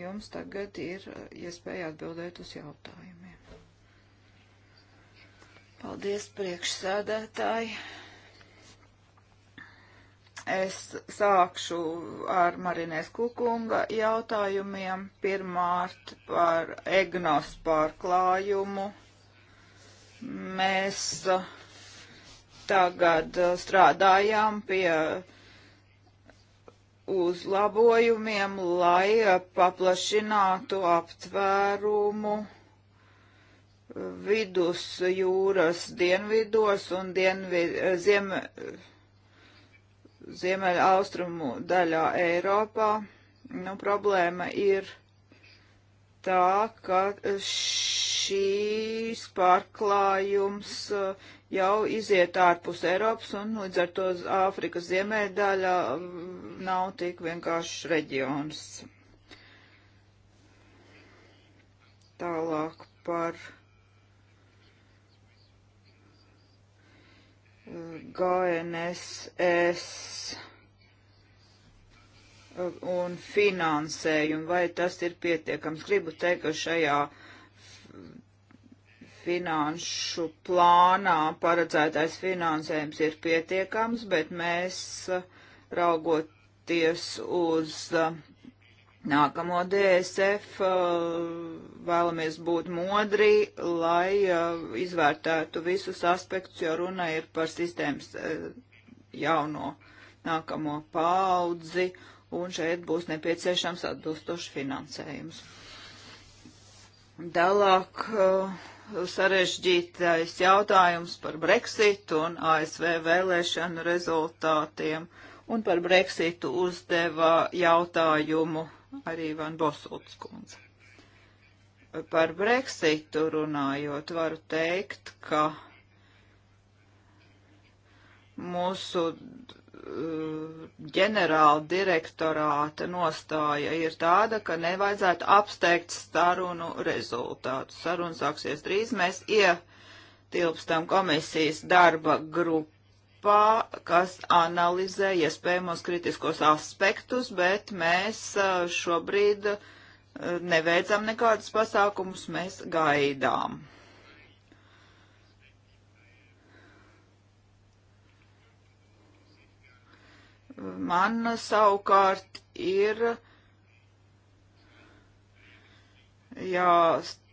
jums tagad ir iespēja atbildēt uz jautājumiem. Paldies, priekšsēdētāji. Es sākšu ar Marinēs Kukunga jautājumiem. Pirmārt par EGNOS pārklājumu. Mēs tagad strādājām pie uzlabojumiem, lai paplašinātu aptvērumu vidus jūras dienvidos un dienvid, ziem, ziemeļa austrumu daļā Eiropā. Nu, problēma ir tā, ka šīs pārklājums uh, jau iziet ārpus Eiropas un līdz ar to Āfrikas ziemeļdaļa mm, nav tik vienkāršs reģions. Tālāk par GNSS uh, un finansējumu, vai tas ir pietiekams. Gribu teikt, ka šajā finanšu plānā paredzētais finansējums ir pietiekams, bet mēs uh, raugoties uz uh, Nākamo DSF uh, vēlamies būt modri, lai uh, izvērtētu visus aspektus, jo runa ir par sistēmas uh, jauno nākamo paudzi, un šeit būs nepieciešams atbilstošs finansējums. Tālāk sarežģītais jautājums par Brexit un ASV vēlēšanu rezultātiem, un par Brexitu uzdeva jautājumu arī Van Bosults kundze. Par Brexitu runājot, varu teikt, ka mūsu uh, ģenerāla direktorāta nostāja ir tāda, ka nevajadzētu apsteigt sarunu rezultātu. Saruna sāksies drīz, mēs ietilpstam komisijas darba grupu grupā, kas analizē iespējamos kritiskos aspektus, bet mēs uh, šobrīd uh, neveicam nekādus pasākumus, mēs gaidām. Man savukārt ir jāstāv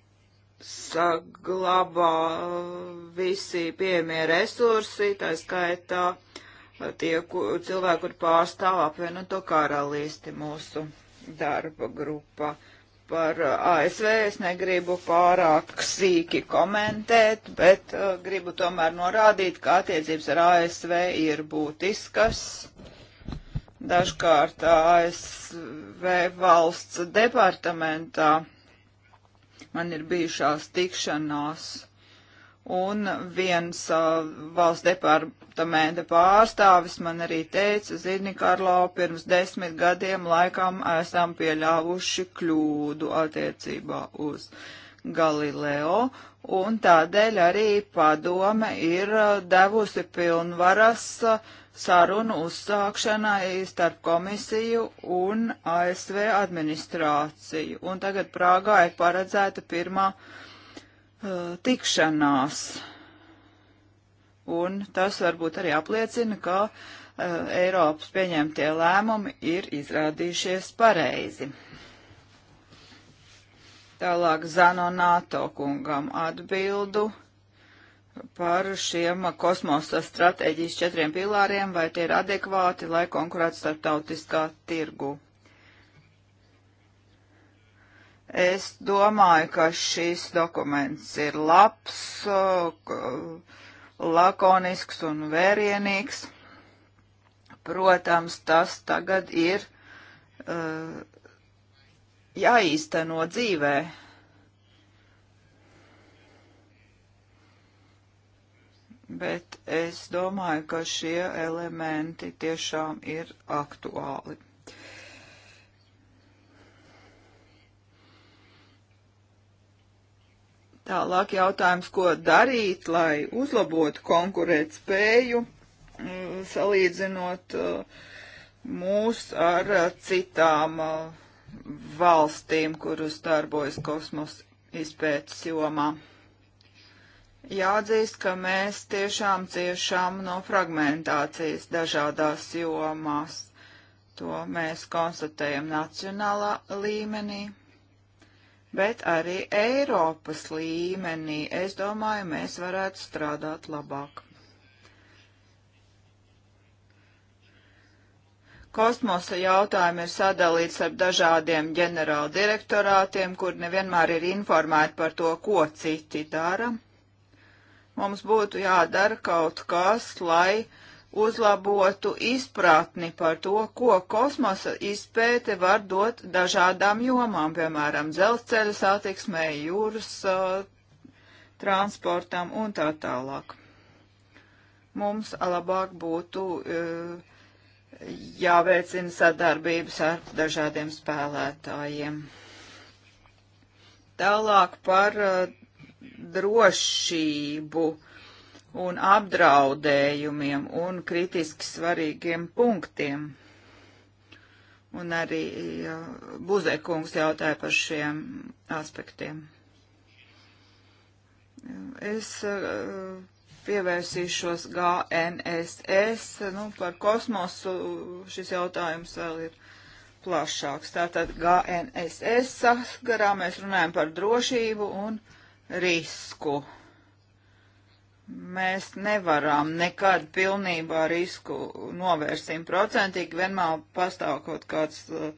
saglabā uh, visi pieejamie resursi, tā skaitā uh, tie ku, cilvēki, kur pārstāv apvienoto karalisti mūsu darba grupā. Par uh, ASV es negribu pārāk sīki komentēt, bet uh, gribu tomēr norādīt, ka attiecības ar ASV ir būtiskas. Dažkārt ASV valsts departamentā uh, Man ir bijušās tikšanās un viens uh, valsts departamenta pārstāvis man arī teica, zini, Karlo, pirms desmit gadiem laikam esam pieļāvuši kļūdu attiecībā uz Galileo, un tādēļ arī padome ir uh, devusi pilnvaras uh, sarunu uzsākšanai starp komisiju un ASV administrāciju. Un tagad Prāgā ir paredzēta pirmā uh, tikšanās. Un tas varbūt arī apliecina, ka uh, Eiropas pieņemtie lēmumi ir izrādījušies pareizi. Tālāk Zano NATO kungam atbildu. Uh, par šiem kosmosa stratēģijas četriem pilāriem, vai tie ir adekvāti, lai konkurētu starptautiskā tirgu. Es domāju, ka šis dokuments ir labs, lakonisks un vērienīgs. Protams, tas tagad ir uh, jāīsteno dzīvē, bet es domāju, ka šie elementi tiešām ir aktuāli. Tālāk jautājums, ko darīt, lai uzlabotu konkurēt spēju, mm, salīdzinot mm, mūs ar mm, citām valstīm, kuras darbojas kosmos izpētes jomā jāatzīst, ka mēs tiešām ciešām no fragmentācijas dažādās jomās. To mēs konstatējam nacionālā līmenī, bet arī Eiropas līmenī. Es domāju, mēs varētu strādāt labāk. Kosmosa jautājumi ir sadalīts ar dažādiem ģenerāla direktorātiem, kur nevienmēr ir informēti par to, ko citi dara. Mums būtu jādara kaut kas, lai uzlabotu izpratni par to, ko kosmosa izpēte var dot dažādām jomām, piemēram, dzelzceļa satiksmē, jūras uh, transportam un tā tālāk. Mums labāk būtu uh, jāveicina sadarbības ar dažādiem spēlētājiem. Tālāk par uh, drošību un apdraudējumiem un kritiski svarīgiem punktiem. Un arī ja, Buzekungs jautāja par šiem aspektiem. Es uh, pievērsīšos GNSS, nu, par kosmosu šis jautājums vēl ir plašāks. Tātad GNSS sakarā mēs runājam par drošību un uh, risku. Mēs nevaram nekad pilnībā risku novērst simtprocentīgi, vienmēr pastāv kaut kāds uh,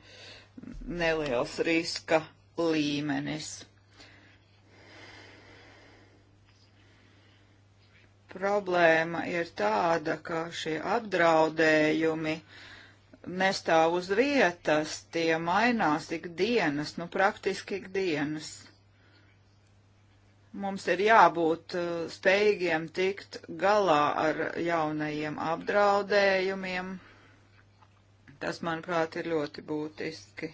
neliels riska līmenis. Problēma ir tāda, ka šie apdraudējumi nestāv uz vietas, tie mainās ikdienas, nu praktiski ikdienas. Mums ir jābūt uh, spējīgiem tikt galā ar jaunajiem apdraudējumiem. Tas, manuprāt, ir ļoti būtiski.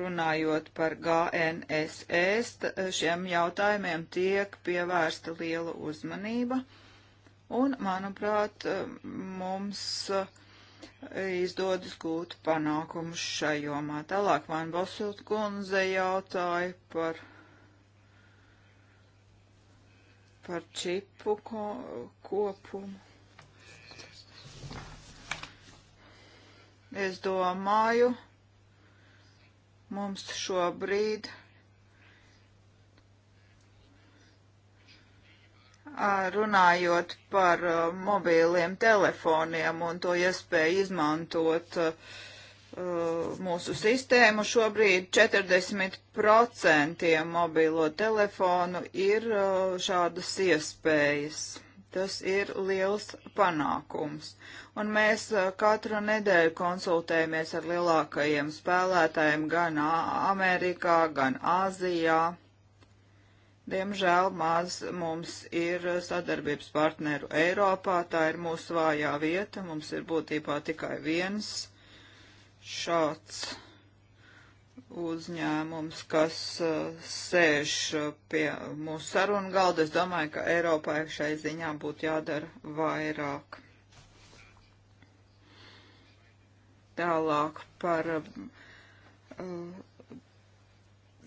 Runājot par GNSS, uh, šiem jautājumiem tiek pievērsta liela uzmanība. Un, manuprāt, uh, mums izdodas gūt panākumus šajomā. Tālāk man Bosult kundze jautāja par par čipu ko, kopumu. Es domāju, mums šobrīd runājot par mobīliem telefoniem un to iespēju izmantot uh, Uh, mūsu sistēmu. Šobrīd 40% mobilo telefonu ir uh, šādas iespējas. Tas ir liels panākums. Un mēs uh, katru nedēļu konsultējamies ar lielākajiem spēlētājiem gan Amerikā, gan Āzijā. Diemžēl maz mums ir sadarbības partneru Eiropā, tā ir mūsu vājā vieta, mums ir būtībā tikai viens šāds uzņēmums, kas uh, sēž uh, pie mūsu sarunu galda. Es domāju, ka Eiropai šai ziņā būtu jādara vairāk. Tālāk par uh,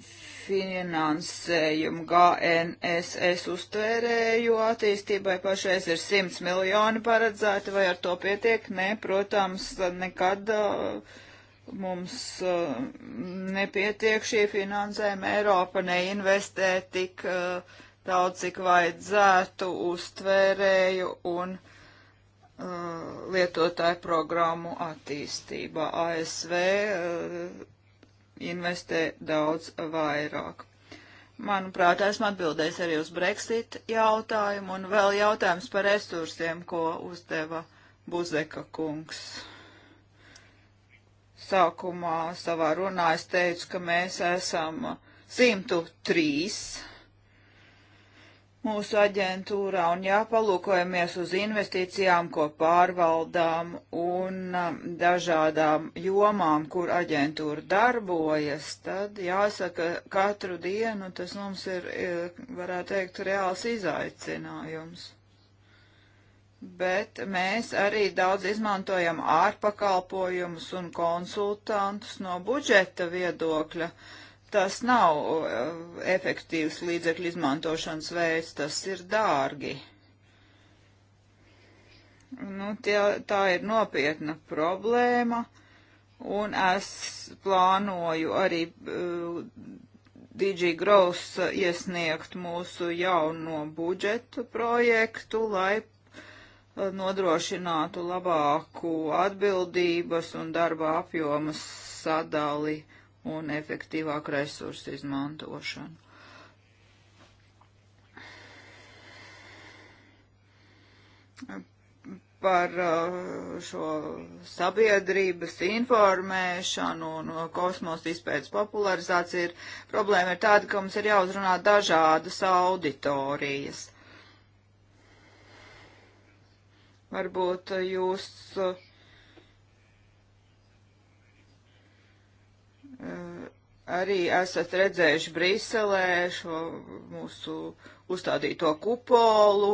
finansējumu GNSS uztvērēju attīstībai pašais ir 100 miljoni paredzēti, vai ar to pietiek? Nē, protams, nekad uh, Mums uh, nepietiek šī finansējuma. Eiropa neinvestē tik uh, daudz, cik vajadzētu uztvērēju un uh, lietotāju programmu attīstībā. ASV investē daudz vairāk. Manuprāt, esmu atbildējis arī uz Brexit jautājumu un vēl jautājums par resursiem, ko uzdeva Buzeka kungs sākumā savā runā es teicu, ka mēs esam 103 mūsu aģentūrā, un jāpalūkojamies uz investīcijām, ko pārvaldām un um, dažādām jomām, kur aģentūra darbojas, tad jāsaka, katru dienu tas mums ir, varētu teikt, reāls izaicinājums bet mēs arī daudz izmantojam ārpakalpojumus un konsultantus no budžeta viedokļa. Tas nav uh, efektīvs līdzekļu izmantošanas veids, tas ir dārgi. Nu, tie, tā ir nopietna problēma, un es plānoju arī uh, eh, DG Gross iesniegt mūsu jauno budžetu projektu, lai nodrošinātu labāku atbildības un darba apjomas sadali un efektīvāku resursu izmantošanu. par uh, šo sabiedrības informēšanu un kosmosa izpētes popularizāciju ir problēma ir tāda, ka mums ir jāuzrunā dažādas auditorijas. Varbūt eh, jūs eh, arī esat redzējuši Briselē šo mūsu uzstādīto kupolu,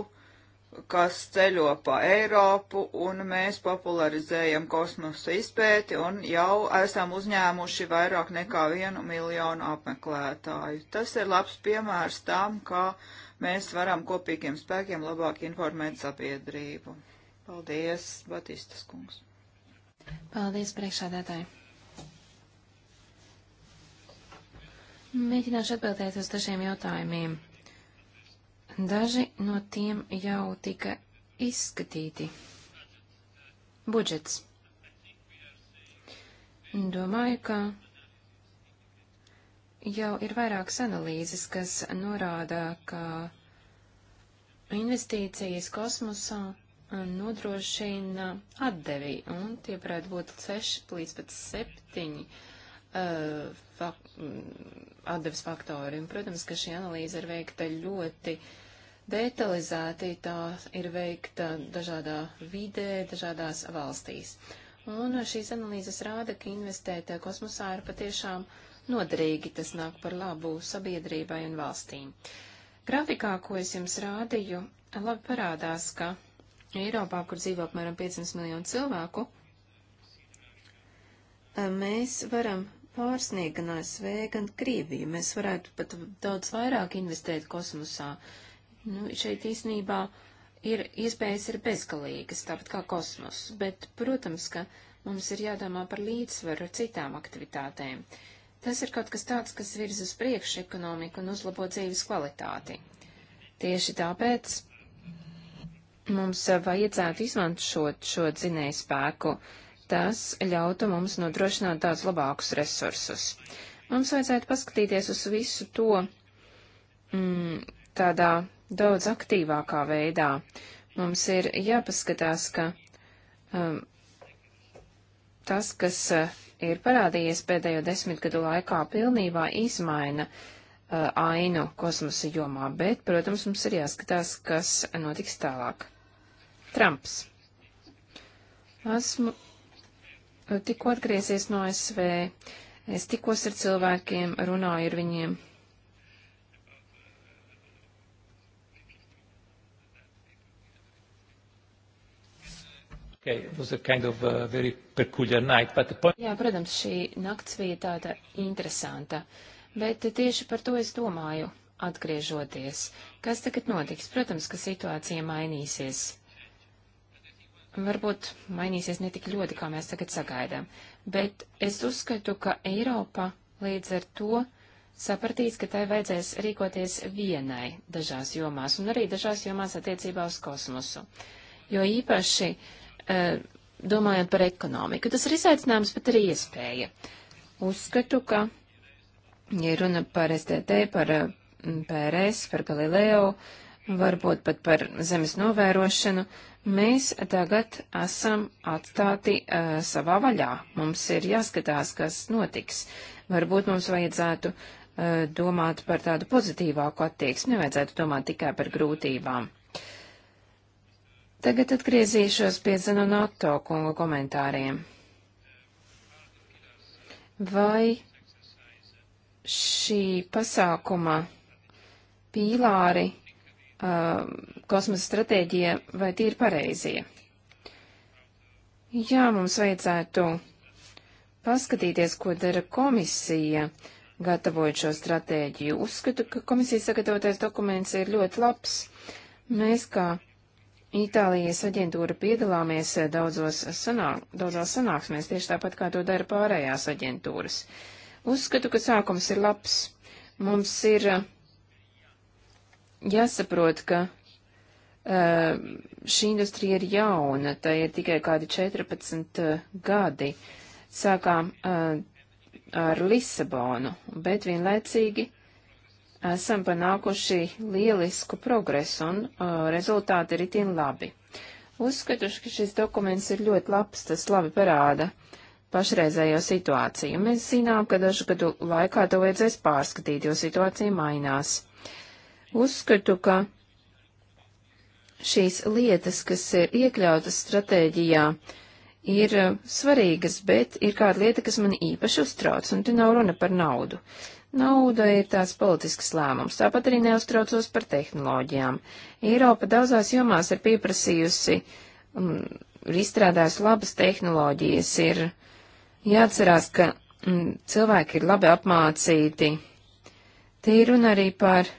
kas ceļo pa Eiropu, un mēs popularizējam kosmosa izpēti, un jau esam uzņēmuši vairāk nekā vienu miljonu apmeklētāju. Tas ir labs piemērs tam, kā mēs varam kopīgiem spēkiem labāk informēt sabiedrību. Paldies, Batistas kungs. Paldies, priekšādātāji. Mēģināšu atbildēt uz dažiem jautājumiem. Daži no tiem jau tika izskatīti. Budžets. Domāju, ka jau ir vairākas analīzes, kas norāda, ka investīcijas kosmosā nodrošina atdevi, un tie varētu būt 6 līdz pat 7 uh, eh, fak mm, atdevis faktori. Un, protams, ka šī analīze ir veikta ļoti detalizēti, tā ir veikta dažādā vidē, dažādās valstīs. Un šīs analīzes rāda, ka investēt kosmosā ir patiešām noderīgi, tas nāk par labu sabiedrībai un valstīm. Grafikā, ko es jums rādīju, labi parādās, ka Eiropā, kur dzīvo apmēram 500 miljonu cilvēku, eh, mēs varam pārsniegt gan ASV, gan Krieviju. Mēs varētu pat daudz vairāk investēt kosmosā. Nu, šeit īsnībā ir iespējas ir bezgalīgas, tāpat kā kosmos, bet, protams, ka mums ir jādomā par līdzsvaru ar citām aktivitātēm. Tas ir kaut kas tāds, kas virz uz priekšu ekonomiku un uzlabo dzīves kvalitāti. Tieši tāpēc Mums eh, vajadzētu izmantot šo dzinēju spēku. Tas ļautu mums nodrošināt daudz labākus resursus. Mums vajadzētu paskatīties uz visu to mm, tādā daudz aktīvākā veidā. Mums ir jāpaskatās, ka um, tas, kas uh, ir parādījies pēdējo desmitgadu laikā, pilnībā izmaina uh, ainu kosmosa jomā, bet, protams, mums ir jāskatās, kas notiks tālāk. Trumps. Esmu eh, tikko atgriezies no SV. Es tikos ar cilvēkiem, runāju ar viņiem. Okay, it was a kind of uh, very peculiar night, but the point... Jā, protams, šī nakts bija tāda interesanta, bet tieši par to es domāju, atgriežoties. Kas tagad notiks? Protams, ka situācija mainīsies varbūt mainīsies ne tik ļoti, kā mēs tagad sagaidām, bet es uzskatu, ka Eiropa līdz ar to sapratīs, ka tai vajadzēs rīkoties vienai dažās jomās un arī dažās jomās attiecībā uz kosmosu. Jo īpaši eh, domājot par ekonomiku, tas ir izaicinājums, bet arī iespēja. Uzskatu, ka, ja runa par STT, par eh, PRS, par Galileo, varbūt pat par zemes novērošanu, uh, Mēs tagad esam atstāti uh, savā vaļā. Mums ir jāskatās, kas notiks. Varbūt mums vajadzētu uh, domāt par tādu pozitīvāku attieksmi, nevajadzētu domāt tikai par grūtībām. Tagad atgriezīšos pie Zenonato kunga komentāriem. Vai šī pasākuma pīlāri uh, kosmosa stratēģija, vai tie ir pareizie? Jā, mums vajadzētu paskatīties, ko dara komisija, gatavojot šo stratēģiju. Uzskatu, ka komisijas sagatavotais dokuments ir ļoti labs. Mēs, kā Itālijas aģentūra, piedalāmies daudzos sanāk, daudzās sanāksmēs, tieši tāpat kā to dara pārējās aģentūras. Uzskatu, ka sākums ir labs. Mums ir uh, Jāsaprot, ka uh, šī industrija ir jauna, tā ir tikai kādi 14 uh, eh, gadi. Sākām uh, ar Lisabonu, bet vienlaicīgi esam panākuši lielisku progresu un uh, rezultāti ir itin labi. Uzskatu, ka šis dokuments ir ļoti labs, tas labi parāda pašreizējo situāciju. Mēs zinām, ka dažu gadu laikā to vajadzēs pārskatīt, jo situācija mainās. Uzskatu, ka šīs lietas, kas ir iekļautas stratēģijā, ir eh, svarīgas, bet ir kāda lieta, kas man īpaši uztrauc, un te nav runa par naudu. Nauda ir tās politisks lēmums, tāpat arī neuztraucos par tehnoloģijām. Eiropa daudzās jomās ir pieprasījusi, mm, ir izstrādājusi labas tehnoloģijas, ir jāatcerās, ka mm, cilvēki ir labi apmācīti. Te ir runa arī par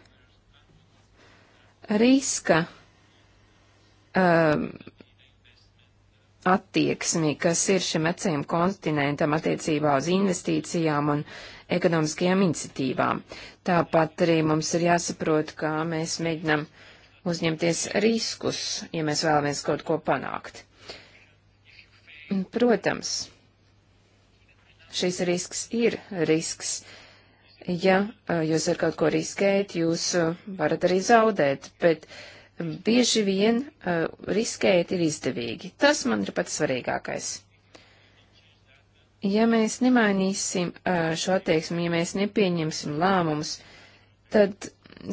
riska um, attieksmi, kas ir šim vecajam kontinentam attiecībā uz investīcijām un ekonomiskajām iniciatīvām. Tāpat arī mums ir jāsaprot, kā mēs mēģinam uzņemties riskus, ja mēs vēlamies kaut ko panākt. Protams, šis risks ir risks Ja eh, jūs ar kaut ko riskējat, jūs eh, varat arī zaudēt, bet bieži vien eh, riskējat ir izdevīgi. Tas man ir pats svarīgākais. Ja mēs nemainīsim šo attieksmi, ja mēs nepieņemsim lēmumus, tad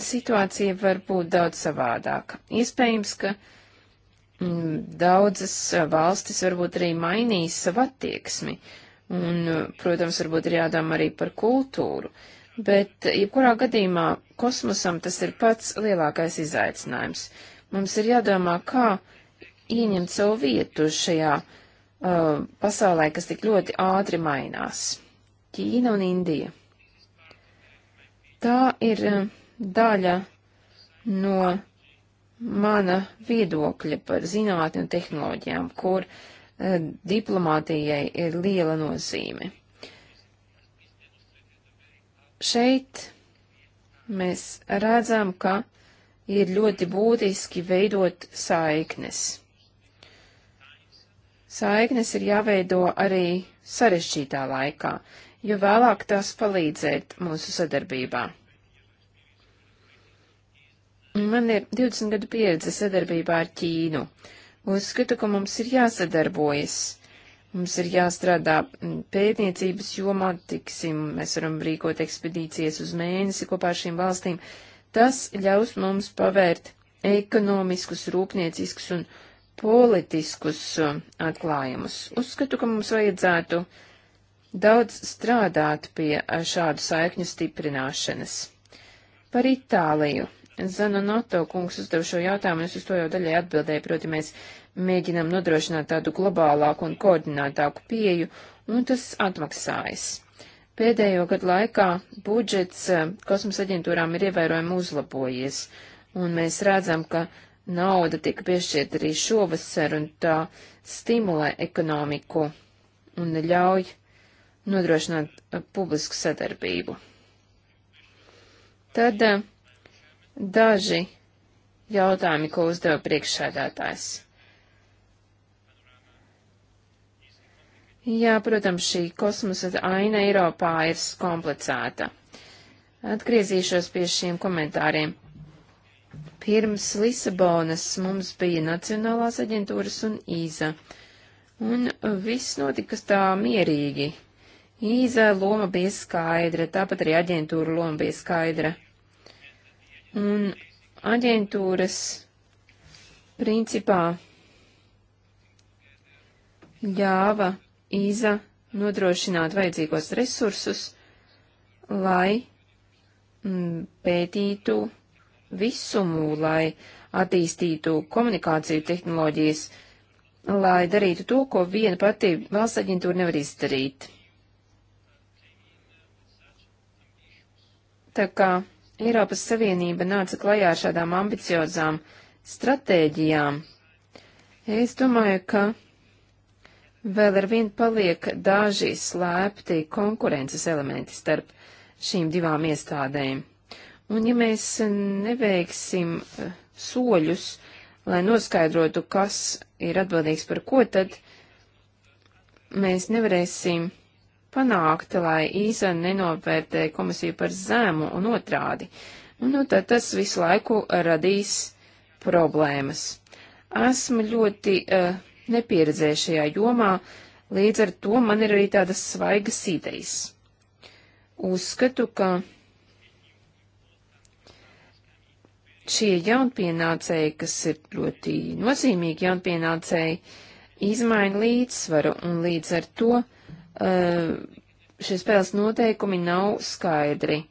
situācija var būt daudz savādāka. Iespējams, ka mm, daudzas valstis varbūt arī mainīs savu attieksmi, un, protams, varbūt ir jādomā arī par kultūru bet jebkurā gadījumā kosmosam tas ir pats lielākais izaicinājums. Mums ir jādomā, kā ieņemt savu vietu šajā uh, pasaulē, kas tik ļoti ātri mainās. Ķīna un Indija. Tā ir uh, daļa no mana viedokļa par zinātni un tehnoloģijām, kur uh, diplomātijai ir liela nozīme. Šeit mēs redzam, ka ir ļoti būtiski veidot saiknes. Saiknes ir jāveido arī sarežģītā laikā, jo vēlāk tās palīdzēt mūsu sadarbībā. Man ir 20 gadu pieredze sadarbībā ar Ķīnu. Uzskatu, ka mums ir jāsadarbojas Mums ir jāstrādā mm, pētniecības jomā, tiksim, mēs varam rīkot ekspedīcijas uz mēnesi kopā ar šīm valstīm. Tas ļaus mums pavērt ekonomiskus, rūpnieciskus un politiskus um, atklājumus. Uzskatu, ka mums vajadzētu daudz strādāt pie uh, šādu saikņu stiprināšanas. Par Itāliju. Zanu Noto kungs uzdev šo jautājumu, es uz to jau daļai atbildēju, proti mēs mēģinam nodrošināt tādu globālāku un koordinētāku pieju, un tas atmaksājas. Pēdējo gadu laikā budžets eh, kosmosa aģentūrām ir ievērojami uzlabojies, un mēs redzam, ka nauda tika piešķiet arī šovasar, un tā stimulē ekonomiku un ļauj nodrošināt eh, publisku sadarbību. Tad eh, daži jautājumi, ko uzdeva priekšsēdētājs. Jā, protams, šī kosmosa aina Eiropā ir komplicēta. Atgriezīšos pie šiem komentāriem. Pirms Lisabonas mums bija Nacionālās aģentūras un īza. Un viss notika tā mierīgi. Īza loma bija skaidra, tāpat arī aģentūra loma bija skaidra. Un aģentūras principā ļāva īza nodrošināt vajadzīgos resursus, lai mm, pētītu visumu, lai attīstītu komunikāciju tehnoloģijas, lai darītu to, ko viena pati valsts aģentūra nevar izdarīt. Tā kā Eiropas Savienība nāca klajā ar šādām ambiciozām stratēģijām, es domāju, ka Vēl ar vien paliek daži slēpti konkurences elementi starp šīm divām iestādēm. Un ja mēs neveiksim eh, soļus, lai noskaidrotu, kas ir atbildīgs par ko, tad mēs nevarēsim panākt, lai īsa nenovērtē komisiju par zēmu un otrādi. Un, nu, tad tas visu laiku radīs problēmas. Esmu ļoti uh, nepieredzēju šajā jomā, līdz ar to man ir arī tādas svaigas idejas. Uzskatu, ka šie jaunpienācēji, kas ir ļoti nozīmīgi jaunpienācēji, izmaina līdzsvaru, un līdz ar to eh, šie spēles noteikumi nav skaidri.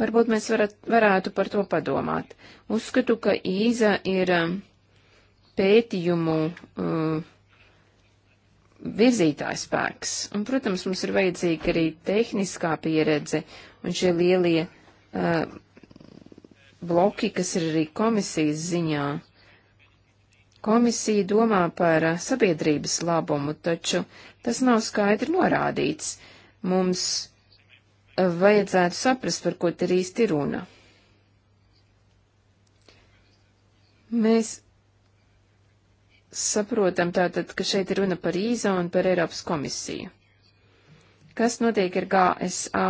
Varbūt mēs varat, varētu par to padomāt. Uzskatu, ka īza ir eh, pētījumu uh, virzītājspēks. Un, protams, mums ir vajadzīga arī tehniskā pieredze un šie lielie uh, bloki, kas ir arī komisijas ziņā. Komisija domā par uh, sabiedrības labumu, taču tas nav skaidri norādīts. Mums uh, vajadzētu saprast, par ko te īsti runa. Mēs saprotam tātad, ka šeit ir runa par īza un par Eiropas komisiju. Kas notiek ar GSA?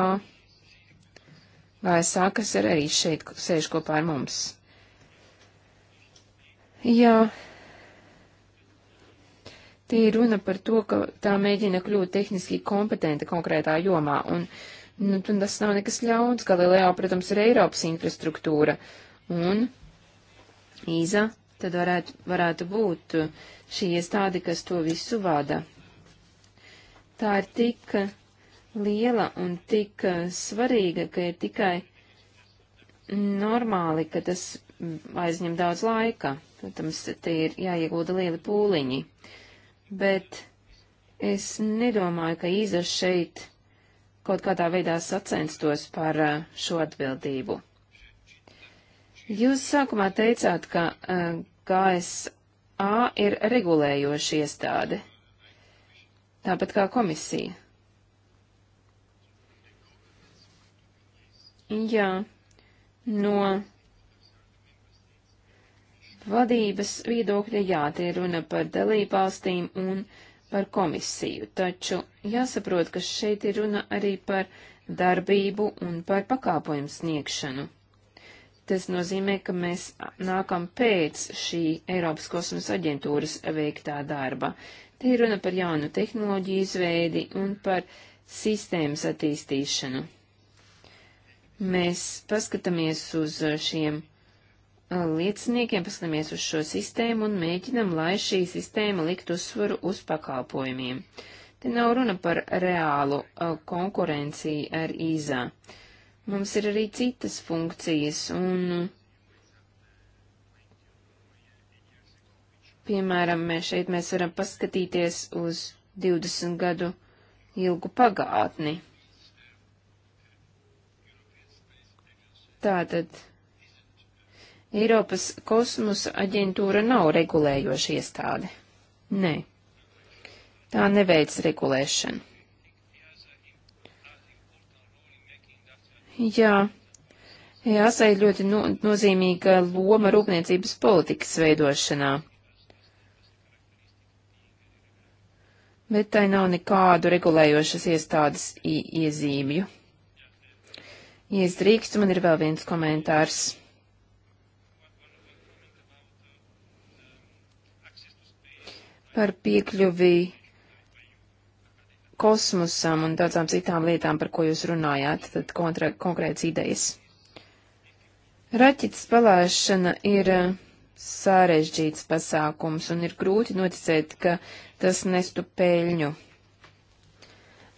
GSA, kas ir arī šeit sēž kopā ar mums? Jā, Te ir runa par to, ka tā mēģina kļūt tehniski kompetenta konkrētā jomā, un nu, tas nav nekas ļauns. Galileo, protams, ir Eiropas infrastruktūra, un IZA tad varētu, varētu būt šī iestāde, kas to visu vada. Tā ir tik liela un tik svarīga, ka ir tikai normāli, ka tas aizņem daudz laika. Protams, te ir jāiegūda lieli pūliņi. Bet es nedomāju, ka Īza šeit kaut kādā veidā sacenstos par eh, šo atbildību. Jūs sākumā teicāt, ka uh, KSA ir regulējoša iestāde, tāpat kā komisija. Jā, no vadības viedokļa jā, tie runa par dalībvalstīm un par komisiju, taču jāsaprot, ka šeit ir runa arī par darbību un par pakāpojumu sniegšanu. Tas nozīmē, ka mēs nākam pēc šī Eiropas kosmosa aģentūras veiktā darba. Te ir runa par jaunu tehnoloģiju izveidi un par sistēmas attīstīšanu. Mēs paskatāmies uz šiem uh, lieciniekiem, paskatāmies uz šo sistēmu un mēģinam, lai šī sistēma likt uzsvaru uz pakalpojumiem. Te nav runa par reālu uh, konkurenciju ar īzā. Uh, Mums ir arī citas funkcijas, un, piemēram, mēs šeit mēs varam paskatīties uz 20 gadu ilgu pagātni. Tātad Eiropas kosmosa aģentūra nav regulējoša iestāde. Nē, tā neveic regulēšanu. Jā, jāsai ļoti no, nozīmīga loma rūpniecības politikas veidošanā. Bet tai nav nekādu regulējošas iestādes iezīmju. Ja es drīkstu, man ir vēl viens komentārs. Par piekļuvi kosmosam un daudzām citām lietām, par ko jūs runājāt, tad kontra, konkrēts idejas. Raķetes palaišana ir eh, sarežģīts pasākums un ir grūti noticēt, ka tas nestu peļņu.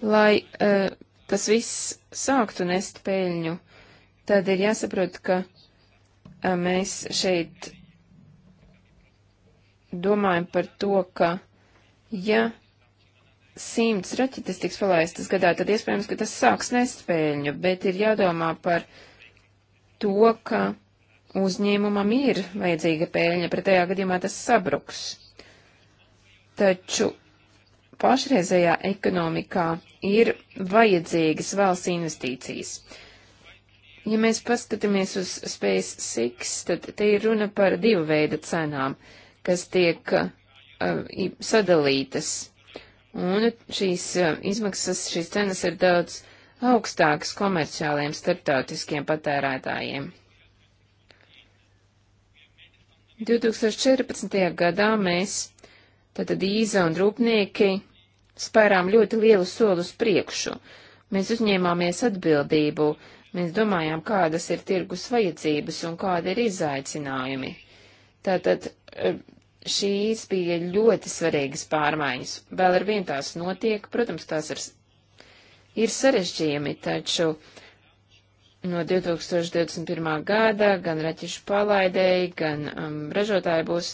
Lai uh, tas viss sāktu nest peļņu, tad ir jāsaprot, ka uh, mēs šeit domājam par to, ka ja simts raķetes tiks palaistas gadā, tad iespējams, ka tas sāks nespēļņu, bet ir jādomā par to, ka uzņēmumam ir vajadzīga pēļņa, pretējā gadījumā tas sabruks. Taču pašreizējā ekonomikā ir vajadzīgas valsts investīcijas. Ja mēs paskatāmies uz Space 6, tad te ir runa par divu veidu cenām, kas tiek uh, sadalītas un šīs uh, izmaksas, šīs cenas ir daudz augstākas komerciāliem starptautiskiem patērētājiem. 2014. gadā mēs, tātad īza un rūpnieki, spērām ļoti lielu soli uz priekšu. Mēs uzņēmāmies atbildību, mēs domājām, kādas ir tirgus vajadzības un kādi ir izaicinājumi. Tātad eh, Šīs bija ļoti svarīgas pārmaiņas. Vēl ar vien tās notiek, protams, tās ir, ir sarežģījumi, taču no 2021. gada gan raķešu palaidēji, gan um, ražotāji būs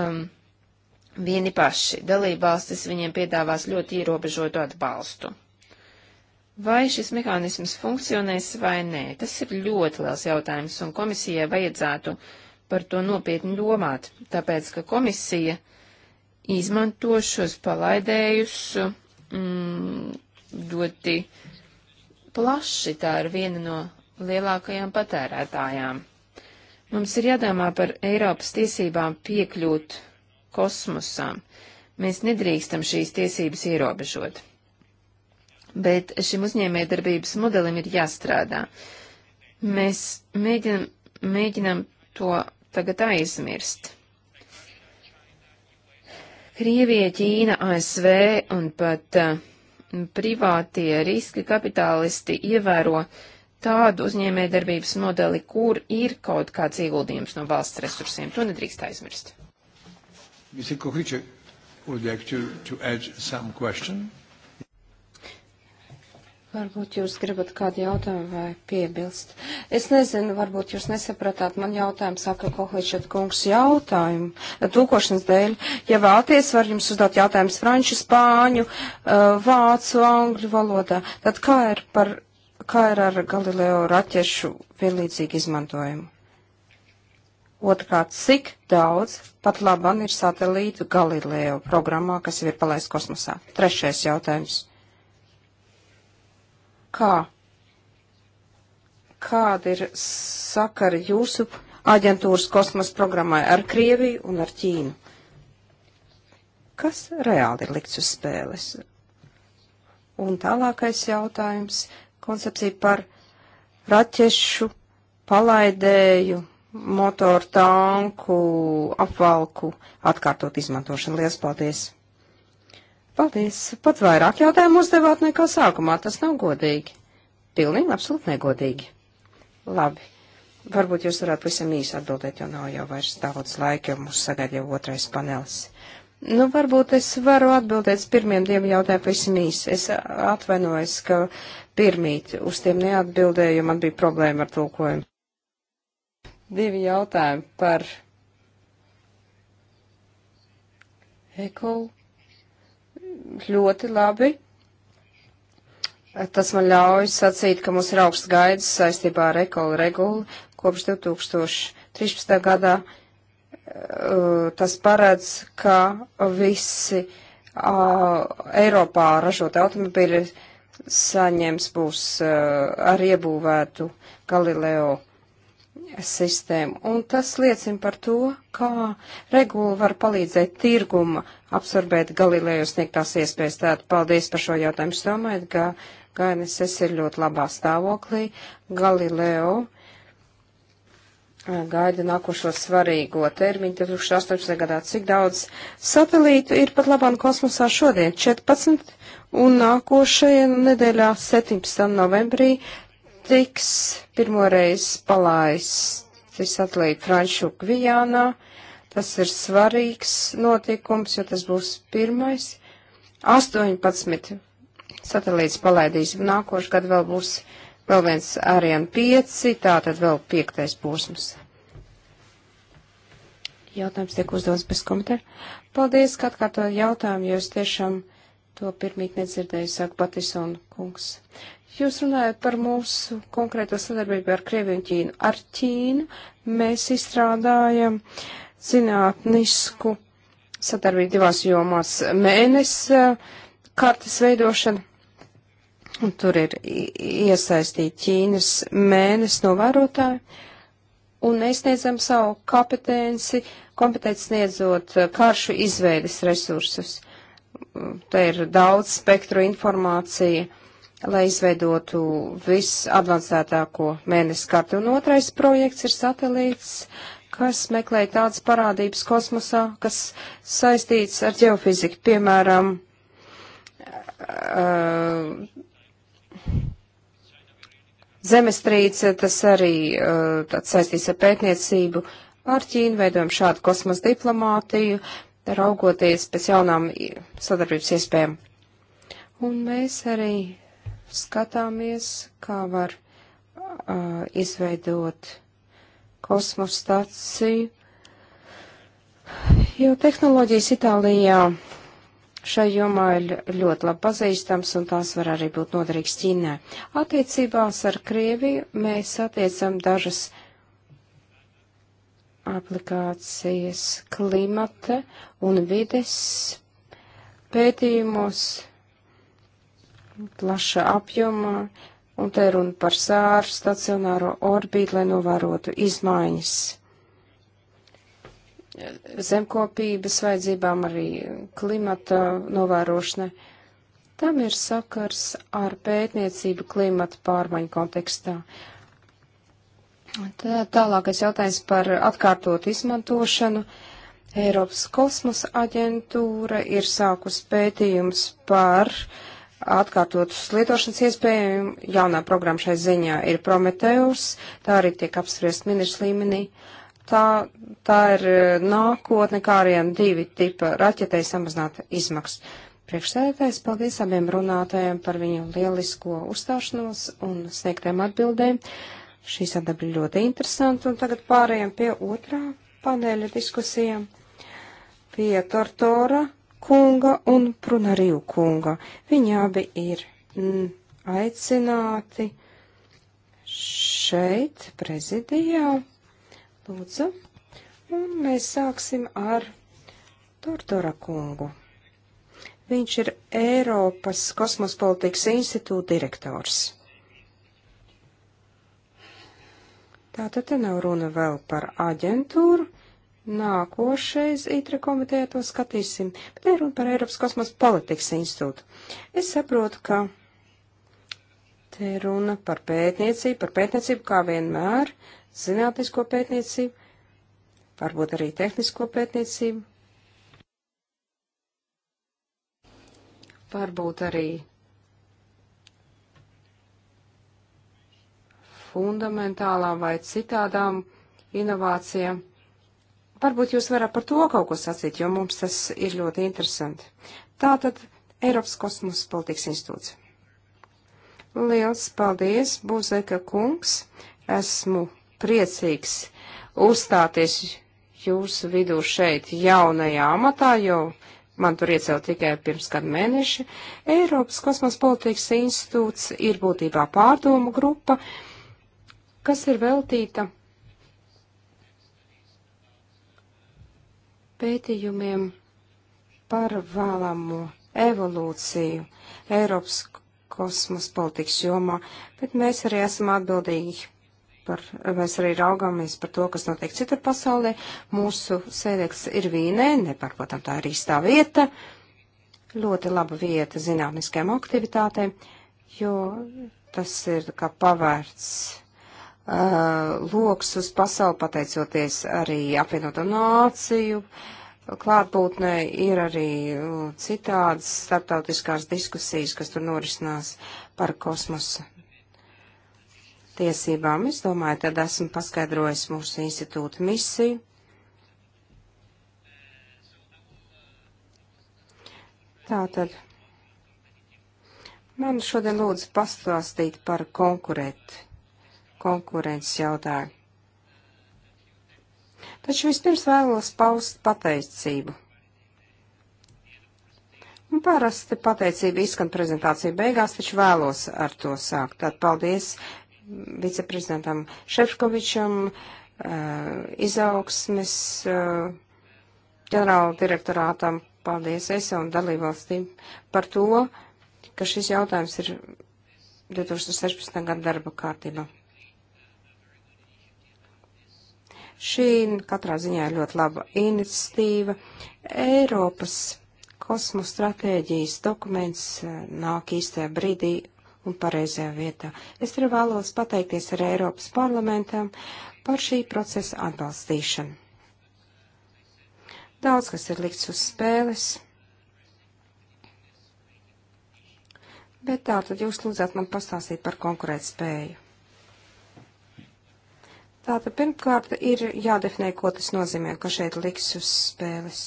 um, vieni paši. Dalībvalstis viņiem piedāvās ļoti ierobežotu atbalstu. Vai šis mehānisms funkcionēs vai nē, tas ir ļoti liels jautājums, un komisijai vajadzētu uh, par to nopietni domāt, tāpēc, ka komisija izmanto šos palaidējus mm, ļoti plaši, tā ir viena no lielākajām patērētājām. Mums ir jādomā par Eiropas tiesībām piekļūt kosmosam. Mēs nedrīkstam šīs tiesības ierobežot. Bet šim uzņēmējdarbības modelim ir jāstrādā. Mēs mēģinam, mēģinam to tagad aizmirst. Krievija, Ķīna, ASV un pat uh, privātie riski kapitālisti ievēro tādu uzņēmējdarbības modeli, kur ir kaut kāds ieguldījums no valsts resursiem. To nedrīkst aizmirst. Mr. Kokriče, would you like to, to add some question? Varbūt jūs gribat kādu jautājumu vai piebilst. Es nezinu, varbūt jūs nesapratāt man jautājumu, saka Kohličet kungs jautājumu. Eh, tūkošanas dēļ, ja vēlaties, var jums uzdot jautājumus franču, spāņu, eh, vācu, angļu valodā. Tad kā ir, par, kā ir ar Galileo raķešu vienlīdzīgu izmantojumu? Otrkārt, cik daudz pat labam ir satelītu Galileo programmā, kas jau ir palaists kosmosā? Trešais jautājums kā, kāda ir sakara jūsu aģentūras kosmas programmai ar Krieviju un ar Ķīnu? Kas reāli ir likts uz spēles? Un tālākais jautājums - koncepcija par raķešu palaidēju, motoru tanku, apvalku, atkārtot izmantošanu. Lielas paldies! Paldies. Pat vairāk jautājumu uzdevāt nekā sākumā. Tas nav godīgi. Pilnīgi, absolūti negodīgi. Labi. Varbūt jūs varētu pavisam īsi atbildēt, jo nav jau vairs daudz laika, jo mūs sagaida jau otrais panelis. Nu, varbūt es varu atbildēt pirmiem diviem jautājumiem pavisam īsi. Es atvainojos, ka pirmīt uz tiem neatbildēju, jo man bija problēma ar tulkojumu. Divi jautājumi par Ekolu ļoti labi. Tas man ļauj sacīt, ka mums ir augsts gaidis saistībā ar ekolu regulu kopš 2013. gadā. Uh, tas paredz, ka visi uh, Eiropā ražot automobīļi saņems būs uh, ar iebūvētu Galileo sistēmu. Un tas liecina par to, kā regula var palīdzēt tirguma absorbēt Galilēju sniegtās iespējas. Tātad paldies par šo jautājumu. Es domāju, ka GNSS ir ļoti labā stāvoklī. Galileo eh, gaida nākošo svarīgo termiņu 2018. gadā. Cik daudz satelītu ir pat labāk kosmosā šodien? 14 un nākošajā nedēļā 17. novembrī tiks pirmoreiz palaistis atliek Franču Gvijānā. Tas ir svarīgs notikums, jo tas būs pirmais. 18 satelīts palaidīs, nākošais gadu vēl būs vēl viens Ariane 5, tātad vēl piektais posms. Jautājums tiek uzdots bez komentēra. Paldies, ka atkārtojat jautājumu, jo es tiešām to pirmīt nedzirdēju, saka Patisona kungs. Jūs runājat par mūsu konkrēto sadarbību ar Krieviju un Ķīnu. Ar Ķīnu mēs izstrādājam zinātnisku sadarbību divās jomās - mēnesis eh, kartes veidošana. Un tur ir iesaistīti Ķīnas mēnesis novērotāji. Un mēs sniedzam savu kompetenci, kompetenci sniedzot eh, karšu izveides resursus. Mm, te ir daudz spektru informācija. Uh, lai izveidotu visadvancētāko mēnesi kartu. Un otrais projekts ir satelīts, kas meklē tādas parādības kosmosā, kas saistīts ar ģeofiziku, piemēram, uh, zemestrīce, tas arī uh, saistīts ar pētniecību, ar Ķīnu veidojam šādu kosmos diplomātiju, raugoties pēc jaunām sadarbības iespējām. Un mēs arī skatāmies, kā var uh, izveidot kosmostaciju, jo tehnoloģijas Itālijā šai jomā ir ļoti labi pazīstams un tās var arī būt noderīgas Ķīnē. Attiecībās ar Krieviju mēs attiecam dažas aplikācijas klimata un vides pētījumos plaša apjoma, un te runa par sāru stacionāro orbītu, lai novērotu izmaiņas zemkopības vajadzībām, arī klimata novērošana. Tam ir sakars ar pētniecību klimata pārmaiņu kontekstā. Tā, tālākais jautājums par atkārtotu izmantošanu. Eiropas kosmosa aģentūra ir sākus pētījums par uh, atkārtotas lietošanas iespējām. Jaunā programma šai ziņā ir Prometeus, tā arī tiek apspriest ministrs līmenī. Tā, tā ir e, nākotne, kā arī divi tipa raķetei samazināt izmaksas. Priekšsēdētājs paldies abiem runātājiem par viņu lielisko uzstāšanos un sniegtiem atbildēm. Šī sadaļa ļoti interesanta, un tagad pārējām pie otrā paneļa diskusijām. Pie Tortora kunga un Prunariju kunga. Viņi abi ir mm, aicināti šeit, prezidijā. Lūdzu, un mēs sāksim ar Tortora kungu. Viņš ir Eiropas kosmospolitikas institūta direktors. Tātad te nav runa vēl par aģentūru, Nākošais ITRA e komitejā to skatīsim, bet ir runa par Eiropas kosmosa politikas institūtu. Es saprotu, ka te ir runa par pētniecību, par pētniecību kā vienmēr, zinātnisko pētniecību, varbūt arī tehnisko pētniecību, varbūt arī fundamentālām vai citādām inovācijām Varbūt jūs varat par to kaut ko sacīt, jo mums tas ir ļoti interesanti. Tātad Eiropas kosmosa politikas institūts. Liels paldies, Buzeka kungs. Esmu priecīgs uzstāties jūsu vidū šeit jaunajā amatā, jo man tur iecēl tikai pirms kādu mēneši. Eiropas kosmosa politikas institūts ir būtībā pārdomu grupa, kas ir veltīta pētījumiem par vēlamo evolūciju Eiropas kosmos politikas jomā, bet mēs arī esam atbildīgi par, mēs arī raugāmies par to, kas notiek citur pasaulē. Mūsu sēdeklis ir Vīnē, nepārprotam tā ir īstā vieta, ļoti laba vieta zinātniskajām aktivitātēm, jo tas ir kā pavērts uh, loks uz pasauli, pateicoties arī apvienoto nāciju. Klātbūtnē ir arī uh, citādas starptautiskās diskusijas, kas tur norisinās par kosmosa tiesībām. Es domāju, tad esmu paskaidrojis mūsu institūta misiju. Tātad man šodien lūdzu pastāstīt par konkurētu konkurences jautājumu. Taču vispirms vēlos paust pateicību. Un parasti pateicība izskan prezentācija beigās, taču vēlos ar to sākt. Tad paldies viceprezidentam Šefkovičam, eh, izaugsmes eh, ģenerāla direktorātam, paldies ESA un dalībvalstīm par to, ka šis jautājums ir 2016. gada darba kārtībā. Šī katrā ziņā ir ļoti laba iniciatīva. Eiropas kosmosa stratēģijas dokuments eh, nāk īstajā brīdī un pareizajā vietā. Es arī vēlos pateikties ar Eiropas parlamentam par šī procesa atbalstīšanu. Daudz kas ir likts uz spēles. Bet tā tad jūs lūdzat man pastāstīt par konkurētspēju. Tātad pirmkārt ir jādefinē, ko tas nozīmē, ko šeit liks uz spēles.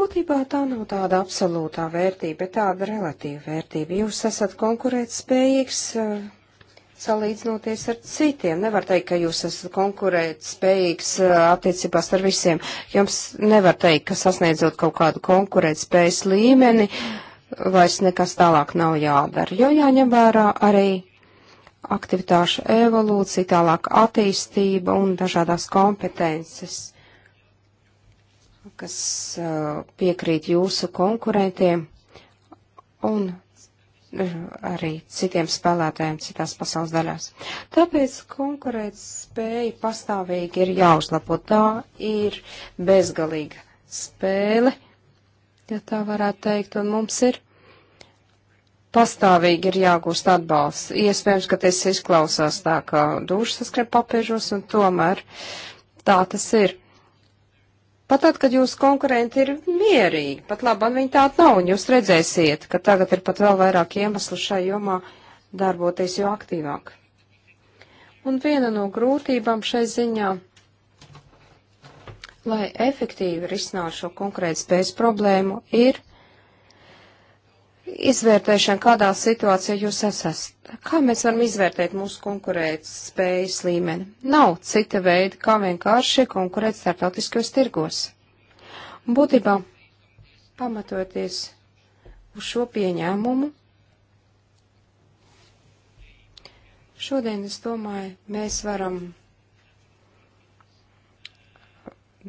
Būtībā tā nav tāda absolūtā vērtība, bet tāda relatīva vērtība. Jūs esat konkurētspējīgs eh, salīdzinoties ar citiem. Nevar teikt, ka jūs esat konkurētspējīgs eh, attiecībās ar visiem. Jums nevar teikt, ka sasniedzot kaut kādu konkurētspējas līmeni. Mm vairs nekas tālāk nav jādara, jo jāņem vērā arī aktivitāšu evolūcija, tālāk attīstība un dažādās kompetences, kas uh, piekrīt jūsu konkurentiem un uh, arī citiem spēlētājiem citās pasaules daļās. Tāpēc konkurēt spēja pastāvīgi ir jāuzlabo. Tā ir bezgalīga spēle ja tā varētu teikt, un mums ir pastāvīgi ir jāgūst atbalsts. Iespējams, ka tas izklausās tā, ka dušas saskrien papiežos, un tomēr tā tas ir. Pat tad, kad jūsu konkurenti ir mierīgi, pat labam viņi tāda nav, un jūs redzēsiet, ka tagad ir pat vēl vairāk iemeslu šai jomā darboties jo aktīvāk. Un viena no grūtībām šai ziņā lai efektīvi risinātu šo konkrētu spējas problēmu, ir izvērtēšana, kādā situācijā jūs esat. Kā mēs varam izvērtēt mūsu konkurētas spējas līmeni? Nav cita veida, kā vienkārši konkurēt starptautiskajos tirgos. Būtībā, pamatoties uz šo pieņēmumu, šodien es domāju, mēs varam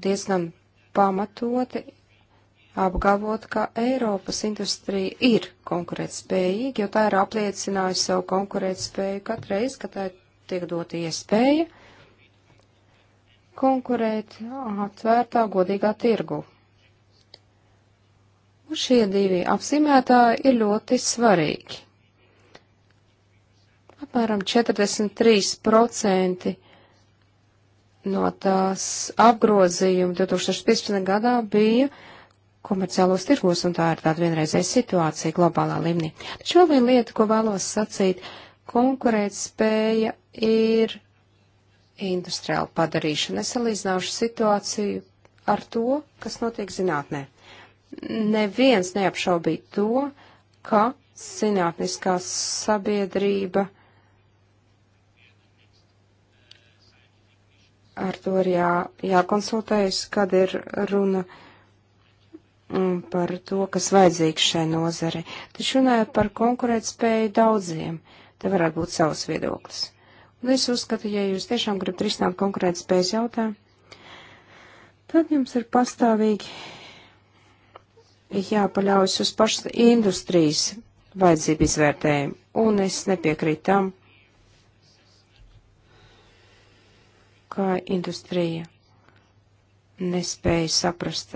diezgan pamatoti apgalvot, ka Eiropas industrija ir konkurētspējīga, jo tā ir apliecinājusi savu konkurētspēju katreiz, kad tā tiek dota iespēja konkurēt atvērtā godīgā tirgu. Un šie divi apzīmētāji ir ļoti svarīgi. Apmēram 43% no tās apgrozījuma 2015. gadā bija komerciālos tirgos, un tā ir tāda vienreizēja situācija globālā līmenī. Taču vēl viena lieta, ko vēlos sacīt, konkurētspēja ir industriāla padarīšana. Es salīdzināšu situāciju ar to, kas notiek zinātnē. Neviens neapšaubīja to, ka zinātniskā sabiedrība ar to ir jā, jākonsultējas, kad ir runa mm, par to, kas vajadzīgs šai nozare. Taču runājot par konkurētspēju daudziem, te varētu būt savs viedoklis. Un es uzskatu, ja jūs tiešām gribat risināt konkurētspējas jautājumu, tad jums ir pastāvīgi jāpaļaujas uz pašas industrijas vajadzību izvērtējumu. Un es nepiekrītu tam, kā industrija nespēja saprast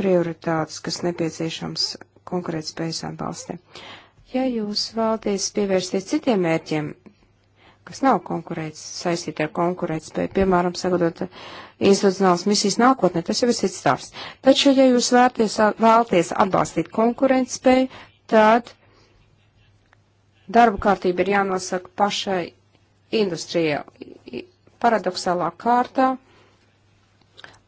prioritātes, kas nepieciešams konkurētspējas atbalstiem. Ja jūs vēlaties pievērsties citiem mērķiem, kas nav konkurēts, saistīti ar konkurētspēju, piemēram, sagatavot institucionālas misijas nākotnē, tas jau ir cits stāsts. Taču, ja jūs vērties, vēlties atbalstīt konkurētspēju, tad darba kārtība ir jānosaka pašai industrijai, paradoxālā kārtā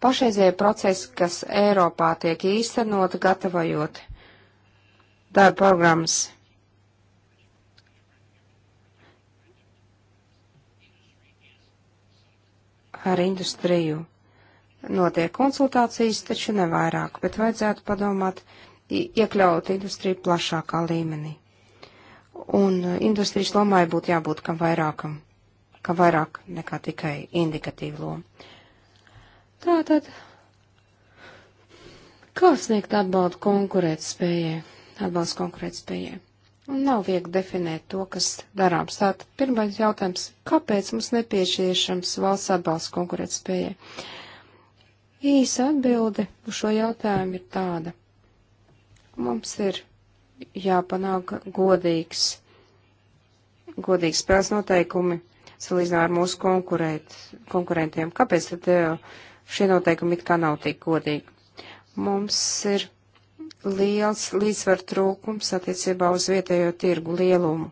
pašreizie procesi, kas Eiropā tiek īstenoti, gatavojot darba programmas. Ar industriju notiek konsultācijas, taču ne vairāk, bet vajadzētu padomāt, iekļaut industriju plašākā līmenī. Un uh, industrijas lomai būtu jābūt kam vairākam ka vairāk nekā tikai indikatīva loma. Tātad, kā sniegt atbalstu konkurētspējai? Atbalsts konkurētspējai. Un nav viegli definēt to, kas darāms. Tātad pirmais jautājums - kāpēc mums nepieciešams valsts atbalsts konkurētspējai? Īsa atbilde uz šo jautājumu ir tāda. Mums ir jāpanāk godīgs, godīgs spēles noteikumi salīdzinājumā ar mūsu konkurēt, konkurentiem. Kāpēc tad eh, šie noteikumi it kā nav tik godīgi? Mums ir liels līdzsvar trūkums attiecībā uz vietējo tirgu lielumu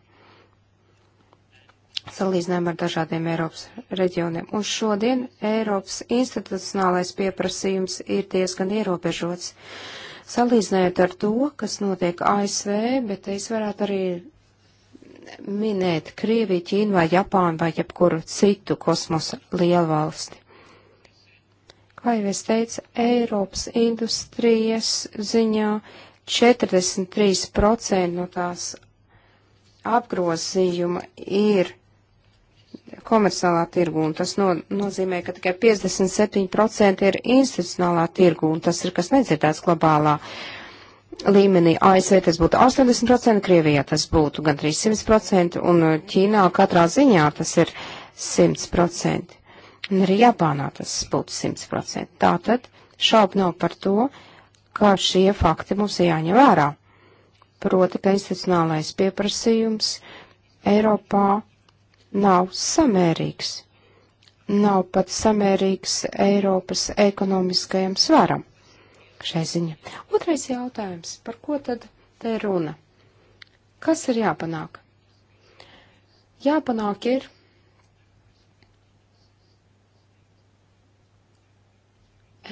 salīdzinājumā ar dažādiem Eiropas reģioniem. Un šodien Eiropas institucionālais pieprasījums ir diezgan ierobežots. Salīdzinājot ar to, kas notiek ASV, bet es varētu arī minēt Krieviju, Ķīnu vai Japānu vai jebkuru citu kosmosa lielvalsti. Kā jau es teicu, Eiropas industrijas ziņā 43% no tās apgrozījuma ir komerciālā tirgu, un tas no, nozīmē, ka tikai 57% ir institucionālā tirgu, un tas ir kas nedzirdēts globālā uh, līmenī. ASV tas būtu 80%, Krievijā tas būtu gan 300%, un uh, Ķīnā katrā ziņā tas ir 100%. Un arī Japānā tas būtu 100%. Tātad šaubu nav par to, ka šie fakti mums ir jāņem vērā. Proti, ka institucionālais pieprasījums Eiropā nav samērīgs. Nav pat samērīgs Eiropas ekonomiskajam svaram šai ziņa. Otrais jautājums, par ko tad te runa? Kas ir jāpanāk? Jāpanāk ir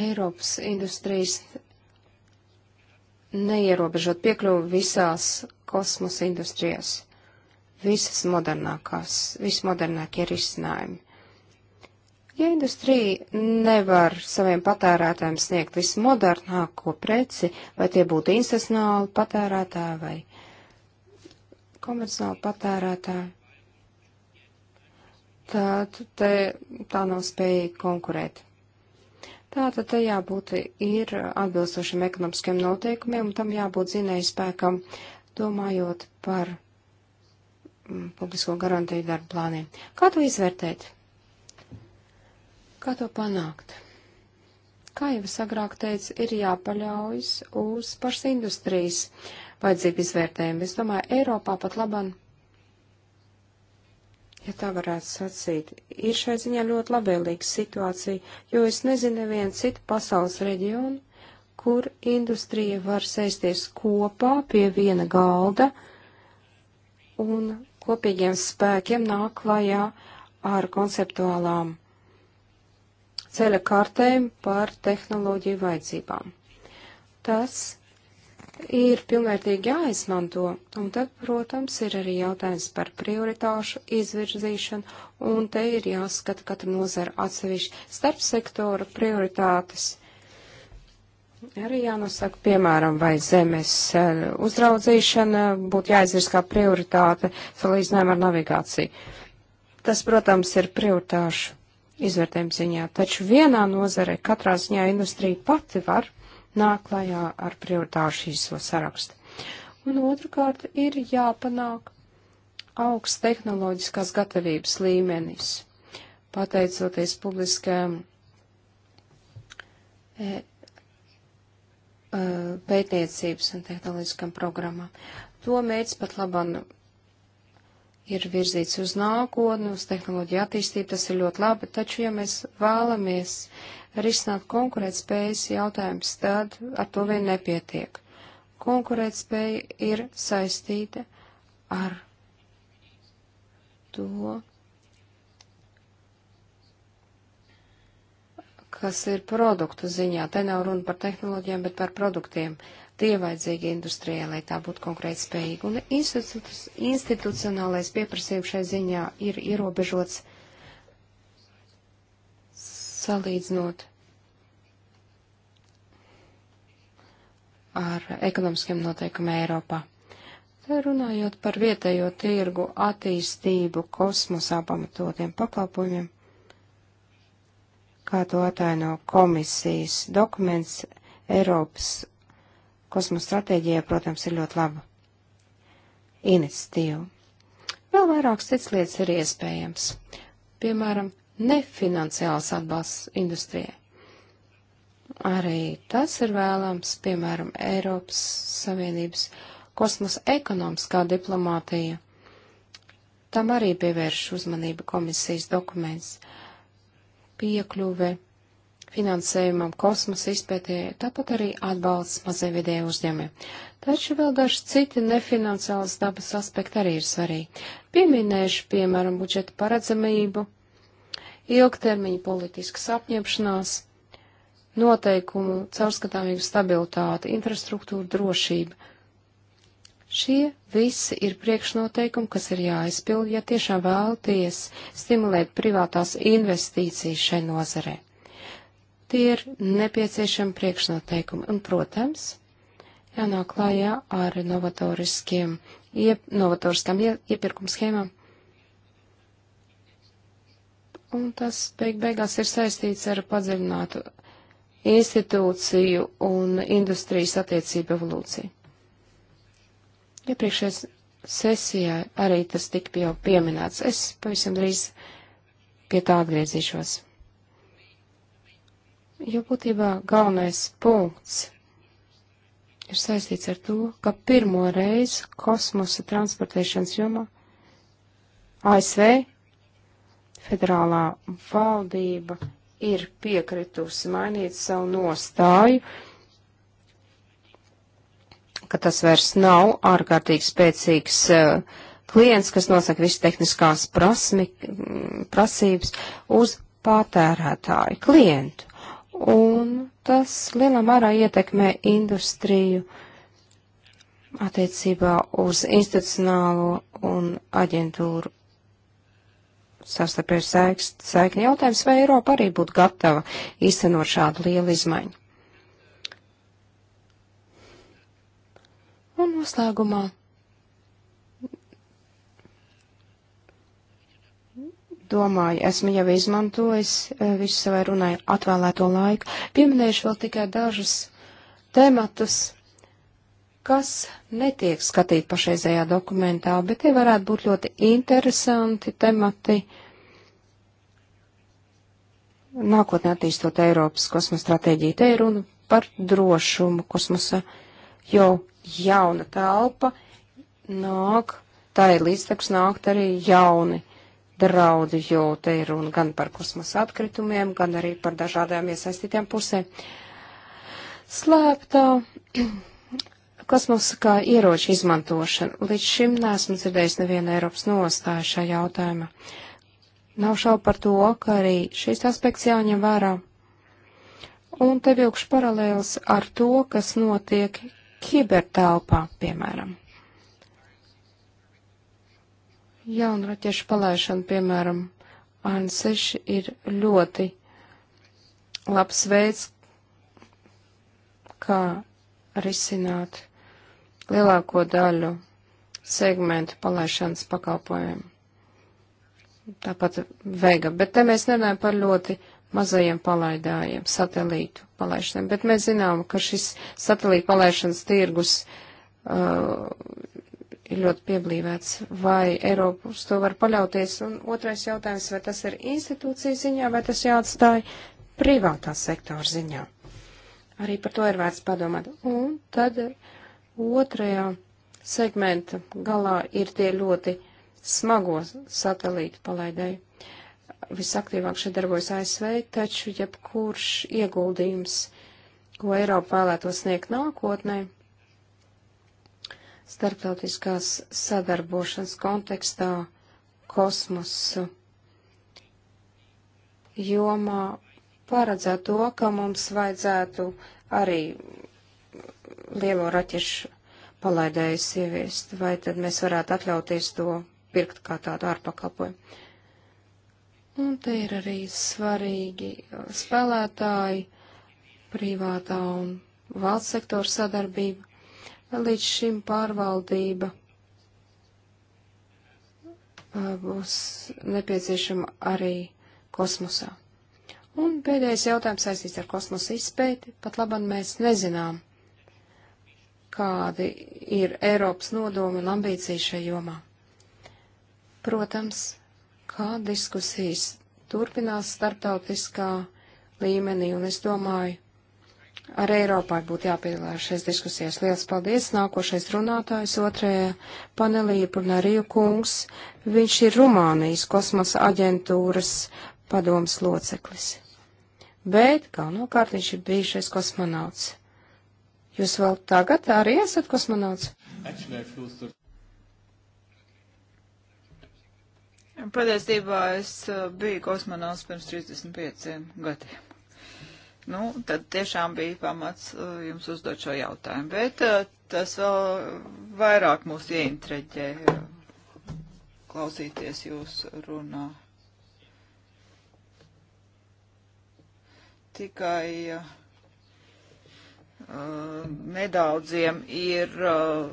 Eiropas industrijas neierobežot piekļuvu visās kosmosa industrijās, visas modernākās, vismodernākie risinājumi. Ja industrija nevar saviem patērētājiem sniegt vismodernāko preci, vai tie būtu institucionāli patērētāji vai komerciāli patērētāji, tad te, tā nav spējīga konkurēt. Tātad te jābūt ir atbilstošiem ekonomiskiem noteikumiem, un tam jābūt zinēju spēkam, domājot par mm, publisko garantiju darba plāniem. Kā to izvērtēt? Kā to panākt? Kā jau es agrāk teicu, ir jāpaļaujas uz pašas industrijas vajadzību izvērtējumu. Es domāju, Eiropā pat laban, ja tā varētu sacīt, ir šai ziņā ļoti labvēlīga situācija, jo es nezinu nevienu citu pasaules reģionu, kur industrija var sēsties kopā pie viena galda un kopīgiem spēkiem nāk klajā ar konceptuālām ceļa kartēm par tehnoloģiju vajadzībām. Tas ir pilnvērtīgi jāizmanto, un tad, protams, ir arī jautājums par prioritāšu izvirzīšanu, un te ir jāskata katra nozara atsevišķi starp sektora prioritātes. Arī jānosaka, piemēram, vai zemes eh, uzraudzīšana būtu jāizvirs kā prioritāte salīdzinājumā ar navigāciju. Tas, protams, ir prioritāšu izvērtējuma ziņā, taču vienā nozare katrā ziņā industrija pati var nākt klajā ar prioritāšu īso sarakstu. Un otrkārt ir jāpanāk augsts tehnoloģiskās gatavības līmenis, pateicoties publiskajam e, e, pētniecības un tehnoloģiskam programmam. To mērķis pat labam ir virzīts uz nākotni, uz tehnoloģiju attīstību, tas ir ļoti labi, taču, ja mēs vēlamies risināt konkurētspējas jautājumus, tad ar to vien nepietiek. Konkurētspēja ir saistīta ar to, kas ir produktu ziņā. Te nav runa par tehnoloģijām, bet par produktiem. Uh, Tie vajadzīgi industrijai, lai tā būtu konkrēti spējīga. Un institucionālais pieprasījums šai ziņā ir ierobežots salīdzinot ar ekonomiskiem noteikumiem Eiropā. Te runājot par vietējo tirgu attīstību kosmosā pamatotiem pakalpojumiem, kā to ataino komisijas dokuments Eiropas kosmosa stratēģijai, protams, ir ļoti laba iniciatīva. Vēl vairākas cits lietas ir iespējams. Piemēram, nefinanciāls atbalsts industrijai. Arī tas ir vēlams, piemēram, Eiropas Savienības kosmosa ekonomiskā diplomātija. Tam arī pievērš uzmanību komisijas dokuments. Piekļuve finansējumam kosmosa izpētē, tāpat arī atbalsts maziem vidēju uzņēmumiem. Taču vēl daži citi nefinansālas dabas aspekti arī ir svarīgi. Pieminēšu, piemēram, budžeta paredzamību, ilgtermiņa politiskas apņemšanās, noteikumu, caurskatāmību stabilitāti, infrastruktūru drošību. Šie visi ir priekšnoteikumi, kas ir jāaizpild, ja tiešām vēlties stimulēt privātās investīcijas šai nozarei. Tie ir nepieciešami priekšnoteikumi. Un, protams, jānāk klājā ar novatoriskiem, iep, novatoriskām iepirkuma schēmām. Un tas beig beigās ir saistīts ar padziļinātu institūciju un industrijas attiecību evolūciju. Iepriekšējā ja sesijā arī tas tika jau pieminēts. Es pavisam drīz pie tā atgriezīšos. Jo būtībā galvenais punkts ir saistīts ar to, ka pirmo reizi kosmosa transportēšanas jomā ASV federālā valdība ir piekritusi mainīt savu nostāju, ka tas vairs nav ārkārtīgi spēcīgs uh, klients, kas nosaka visas tehniskās prasmi, prasības uz patērētāju klientu un tas lielā mērā ietekmē industriju attiecībā uz institucionālo un aģentūru sastarpēju saikni jautājums, vai Eiropa arī būtu gatava īstenot šādu lielu izmaiņu. Un noslēgumā domāju, esmu jau izmantojis eh, visu savai runai atvēlēto laiku. Pieminēšu vēl tikai dažus tematus, kas netiek skatīti pašreizējā dokumentā, bet tie varētu būt ļoti interesanti temati nākotnē attīstot Eiropas kosmosa stratēģiju. Te ir runa par drošumu kosmosa, jo jauna telpa nāk, tā ir līdztekus nākt arī jauni draudu, jo te ir runa gan par kosmosa atkritumiem, gan arī par dažādām iesaistītām pusēm. Slēptā *clears throat* kosmosa kā ieroča izmantošana. Līdz šim neesmu dzirdējis nevienu Eiropas nostāju šajā jautājumā. Nav šaubu par to, ka arī šis aspekts jāņem vērā. Un te vilkšu paralēls ar to, kas notiek kibertelpā, piemēram jaunu raķešu palaišanu, piemēram, AN6 ir ļoti labs veids, kā risināt lielāko daļu segmentu palaišanas pakalpojumiem. Tāpat vega, bet te mēs nerunājam par ļoti mazajiem palaidājiem, satelītu palaišaniem, bet mēs zinām, ka šis satelītu palaišanas tirgus uh, ir ļoti pieblīvēts. Vai Eiropa uz to var paļauties? Un otrais jautājums, vai tas ir institūcija ziņā, vai tas jāatstāja privātā sektora ziņā? Arī par to ir vērts padomāt. Un tad otrajā segmenta galā ir tie ļoti smago satelītu palaidēji. Visaktīvāk šeit darbojas ASV, taču jebkurš ieguldījums, ko Eiropa vēlētos sniegt nākotnē, starptautiskās sadarbošanas kontekstā kosmosu jomā paredzētu to, ka mums vajadzētu arī lielo raķešu palaidējus ieviest, vai tad mēs varētu atļauties to pirkt kā tādu ārpakalpojumu. Un te ir arī svarīgi spēlētāji, privātā un valsts sektora sadarbība. Līdz šim pārvaldība būs nepieciešama arī kosmosā. Un pēdējais jautājums saistīts ar kosmosa izpēti. Pat labam mēs nezinām, kādi ir Eiropas nodomi un ambīcijas šajā jomā. Protams, kā diskusijas turpinās starptautiskā līmenī, un es domāju, Arī Eiropai būtu jāpiedalās šajās diskusijās. Liels paldies! Nākošais runātājs otrajā panelī ir Purnāriju kungs. Viņš ir Rumānijas kosmosa aģentūras padomas loceklis. Bet galvenokārt viņš ir bijušais kosmonauts. Jūs vēl tagad arī esat kosmonauts? Patiesībā es eh, biju kosmonauts pirms 35 gadiem. Nu, tad tiešām bija pamats uh, jums uzdot šo jautājumu, bet uh, tas vēl vairāk mūs ieintereģē uh, klausīties jūs runā. Tikai uh, nedaudziem ir uh,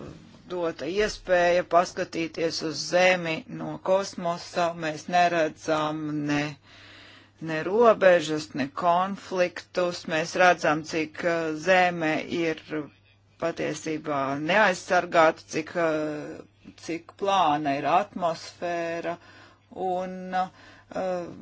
dota iespēja paskatīties uz Zemi no kosmosa. Mēs neredzam ne. Uh, ne robežas, ne konfliktus. Mēs redzam, cik uh, zeme ir patiesībā neaizsargāta, cik, uh, cik plāna ir atmosfēra. Un uh,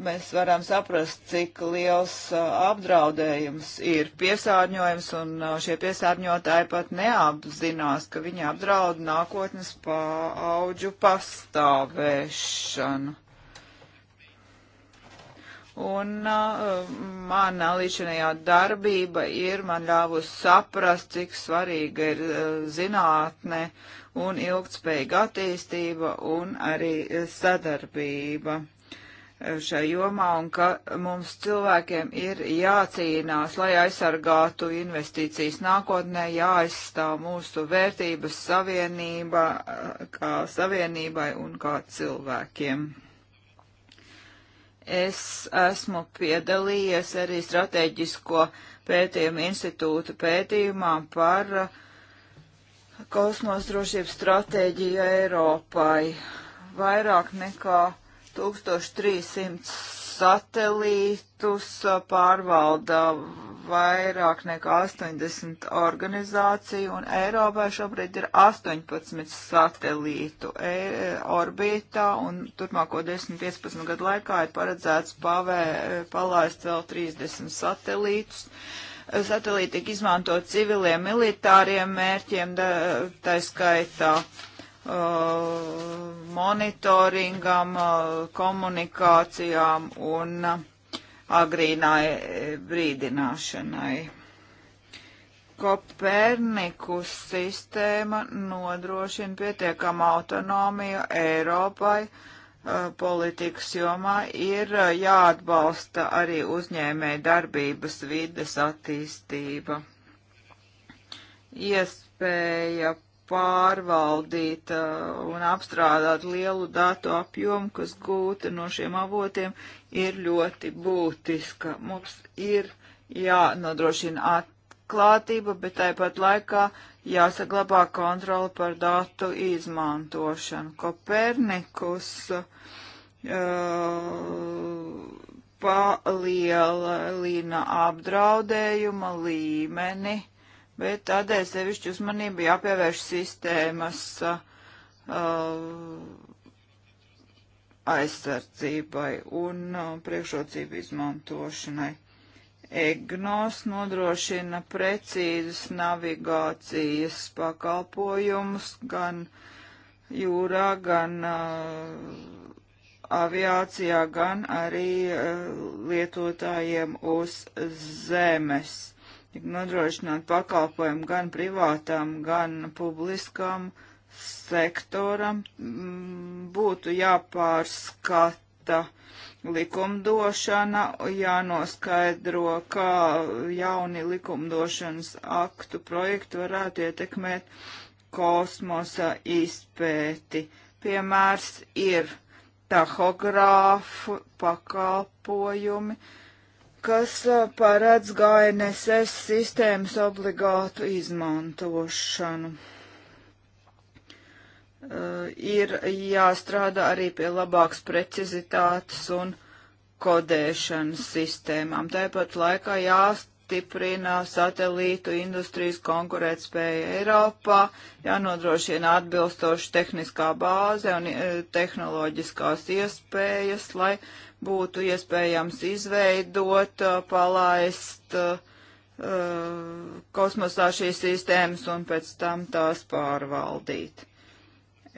mēs varam saprast, cik liels uh, apdraudējums ir piesārņojums, un uh, šie piesārņotāji pat neapzinās, ka viņi apdraud nākotnes paauģu pastāvēšanu. Un uh, mana līdzinējā darbība ir man ļāvusi saprast, cik svarīga ir uh, zinātne un ilgtspējīga attīstība un arī sadarbība uh, šai jomā un ka mums cilvēkiem ir jācīnās, lai aizsargātu investīcijas nākotnē, jāaizstāv mūsu vērtības savienība uh, kā savienībai un kā cilvēkiem. Es esmu piedalījies arī strateģisko pētījumu institūta pētījumā par uh, kosmosdrošības stratēģiju Eiropai. Vairāk nekā 1300 satelītus pārvalda vairāk nekā 80 organizāciju, un Eiropā šobrīd ir 18 satelītu e orbītā, un turpmāko 10-15 gadu laikā ir paredzēts pavē, e, palaist vēl 30 satelītus e, satelīti tiek izmantot civiliem, militāriem mērķiem, tā skaitā Uh, monitoringam, uh, komunikācijām un agrīnai brīdināšanai. Kopernikus sistēma nodrošina pietiekamu autonomiju Eiropai uh, politikas jomā, ir jāatbalsta arī uzņēmē darbības vides attīstība. Iespēja pārvaldīt uh, un apstrādāt lielu datu apjomu, kas gūta no šiem avotiem, ir ļoti būtiska. Mums ir jānodrošina atklātība, bet tāpat laikā jāsaglabā kontrola par datu izmantošanu. Kopernikus uh, palielina apdraudējuma līmeni bet tādēļ sevišķi uzmanību jāpievērš sistēmas uh, aizsardzībai un uh, priekšrocību izmantošanai. EGNOS nodrošina precīzus navigācijas pakalpojumus gan jūrā, gan uh, aviācijā, gan arī uh, lietotājiem uz zemes tik nodrošināt pakalpojumu gan privātām, gan publiskām sektoram, mm, būtu jāpārskata likumdošana, jānoskaidro, kā jauni likumdošanas aktu projekti varētu ietekmēt kosmosa izpēti. Piemērs ir tahogrāfu pakalpojumi, uh, kas paredz GNSS sistēmas obligātu izmantošanu. Uh, ir jāstrādā arī pie labākas precizitātes un kodēšanas sistēmām. Tāpat laikā jāstiprina satelītu industrijas konkurētspēja Eiropā, jānodrošina atbilstoši tehniskā bāze un uh, tehnoloģiskās iespējas, lai uh, būtu iespējams izveidot, uh, palaist uh, kosmosā šīs sistēmas un pēc tam tās pārvaldīt.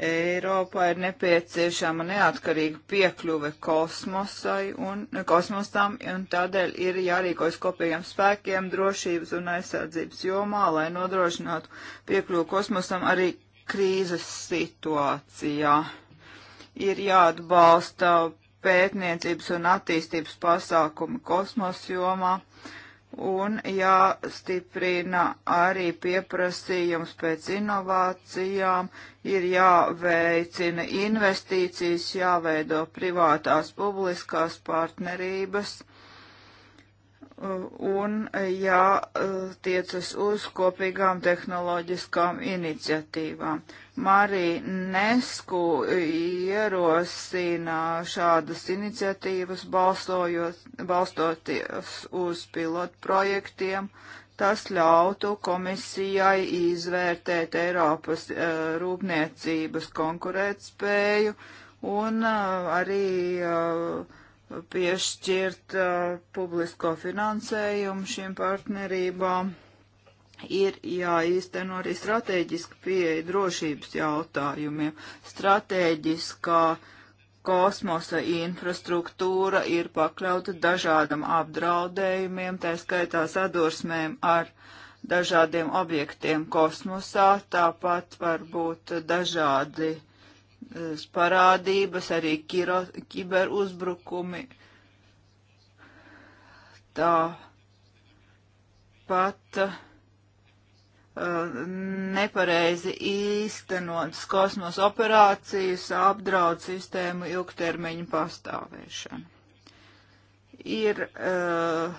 Eiropā ir nepieciešama neatkarīga piekļuve kosmosai un kosmosam, un tādēļ ir jārīkojas kopīgiem spēkiem drošības un aizsardzības jomā, lai nodrošinātu piekļuvu kosmosam arī krīzes situācijā. Ir jāatbalsta pētniecības un attīstības pasākumi kosmos jomā un jāstiprina arī pieprasījums pēc inovācijām, ir jāveicina investīcijas, jāveido privātās publiskās partnerības un jātiecas uz kopīgām tehnoloģiskām iniciatīvām. Marija Nesku ierosina šādas iniciatīvas balstoties uz pilotprojektiem. Tas ļautu komisijai izvērtēt Eiropas uh, rūpniecības konkurētspēju un uh, arī uh, piešķirt uh, publisko finansējumu šīm partnerībām, ir jāīsteno arī strateģiska pieeja drošības jautājumiem. Strateģiskā kosmosa infrastruktūra ir pakļauta dažādam apdraudējumiem, tā skaitā sadursmēm ar dažādiem objektiem kosmosā, tāpat var būt dažādi parādības, arī kiro, kiberuzbrukumi. Tāpat uh, nepareizi īstenotas kosmos operācijas apdraud sistēmu ilgtermiņu pastāvēšanu. Ir uh,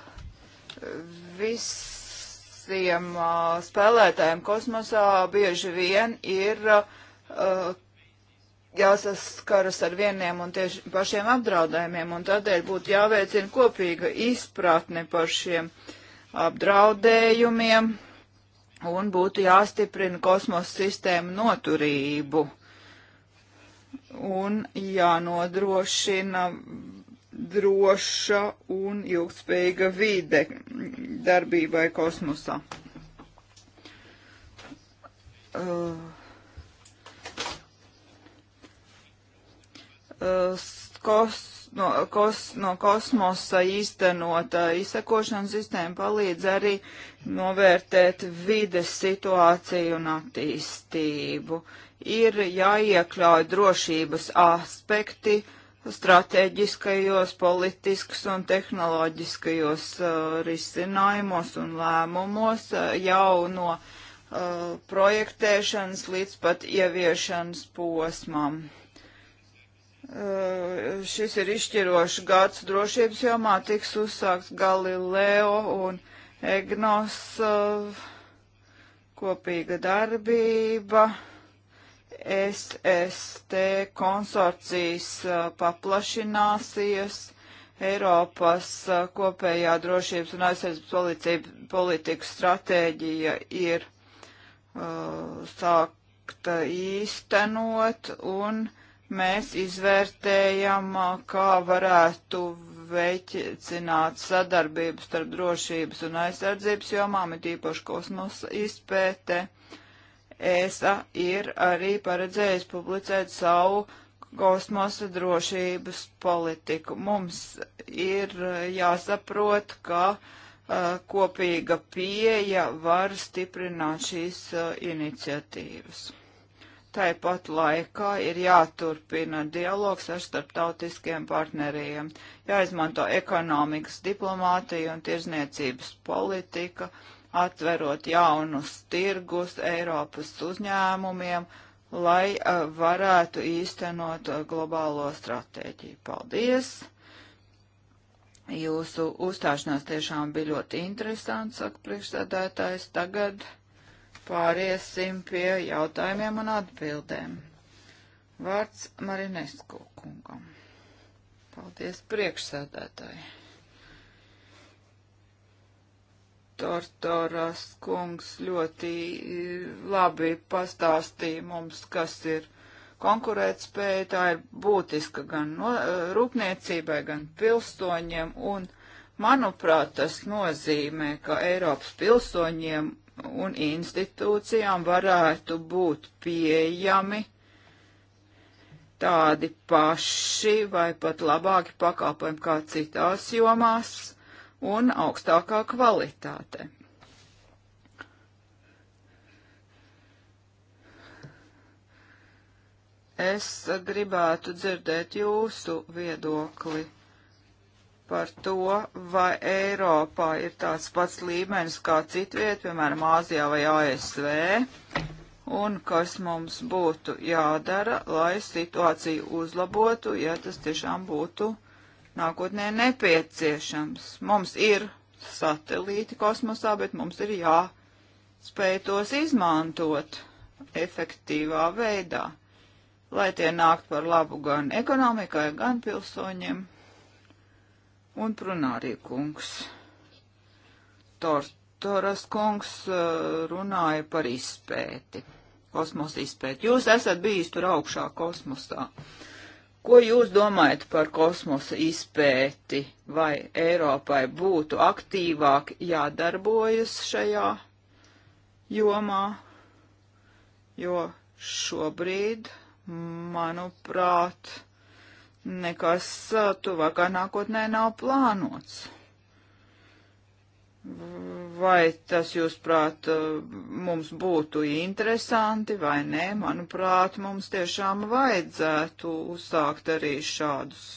visiem uh, spēlētājiem kosmosā bieži vien ir uh, jāsaskaras ar vieniem un tieši pašiem apdraudējumiem, un tādēļ būtu jāveicina kopīga izpratne par šiem apdraudējumiem, un būtu jāstiprina kosmosa sistēmu noturību, un jānodrošina droša un ilgspējīga vide darbībai kosmosā. Uh Uh, kos, no, kos, no kosmosa īstenota uh, izsekošanas sistēma palīdz arī novērtēt vides situāciju un attīstību. Ir jāiekļauj drošības aspekti strateģiskajos, politiskos un tehnoloģiskajos uh, risinājumos un lēmumos uh, jau no uh, projektēšanas līdz pat ieviešanas posmam. Eh, šis ir izšķirošs gads drošības jomā, tiks uzsākts Galileo un Egnos eh, kopīga darbība, SST konsorcijas eh, paplašināsies, Eiropas kopējā drošības un aizsardzības politikas stratēģija ir uh, sākta īstenot un uh, mēs izvērtējam, kā varētu veicināt sadarbību starp drošības un aizsardzības jomām, ir tīpaši kosmosa izpēte. ESA ir arī paredzējis publicēt savu kosmosa drošības politiku. Mums ir jāsaprot, ka uh, kopīga pieeja var stiprināt šīs uh, iniciatīvas. Tāpat laikā ir jāturpina dialogs ar starptautiskiem partneriem, jāizmanto ekonomikas diplomātija un tirzniecības politika, atverot jaunus tirgus Eiropas uzņēmumiem, lai uh, varētu īstenot globālo stratēģiju. Paldies! Jūsu uzstāšanās tiešām bija ļoti interesants, saka priekšsēdētājs. Tagad pāriesim pie jautājumiem un atbildēm. Vārds Marinesku kungam. Paldies priekšsēdētāji. Tortoras kungs ļoti labi pastāstīja mums, kas ir konkurētspēja. Tā ir būtiska gan no, eh, rūpniecībai, gan pilsoņiem. Un, manuprāt, tas nozīmē, ka Eiropas pilsoņiem un institūcijām varētu būt pieejami tādi paši vai pat labāki pakalpojumi kā citās jomās un augstākā kvalitāte. Es gribētu dzirdēt jūsu viedokli par to, vai Eiropā ir tāds pats līmenis kā citviet, piemēram, Āzijā vai ASV, un kas mums būtu jādara, lai situāciju uzlabotu, ja tas tiešām būtu nākotnē nepieciešams. Mums ir satelīti kosmosā, bet mums ir jāspēj tos izmantot efektīvā veidā, lai tie nākt par labu gan ekonomikai, gan pilsoņiem un Prunārī kungs. Tortoras kungs uh, runāja par izpēti, kosmosa izpēti. Jūs esat bijis tur augšā kosmosā. Ko jūs domājat par kosmosa izpēti? Vai Eiropai būtu aktīvāk jādarbojas šajā jomā? Jo šobrīd, manuprāt, nekas tuvākā nākotnē nav plānots. Vai tas, jūsuprāt, mums būtu interesanti vai nē, manuprāt, mums tiešām vajadzētu uzsākt arī šādus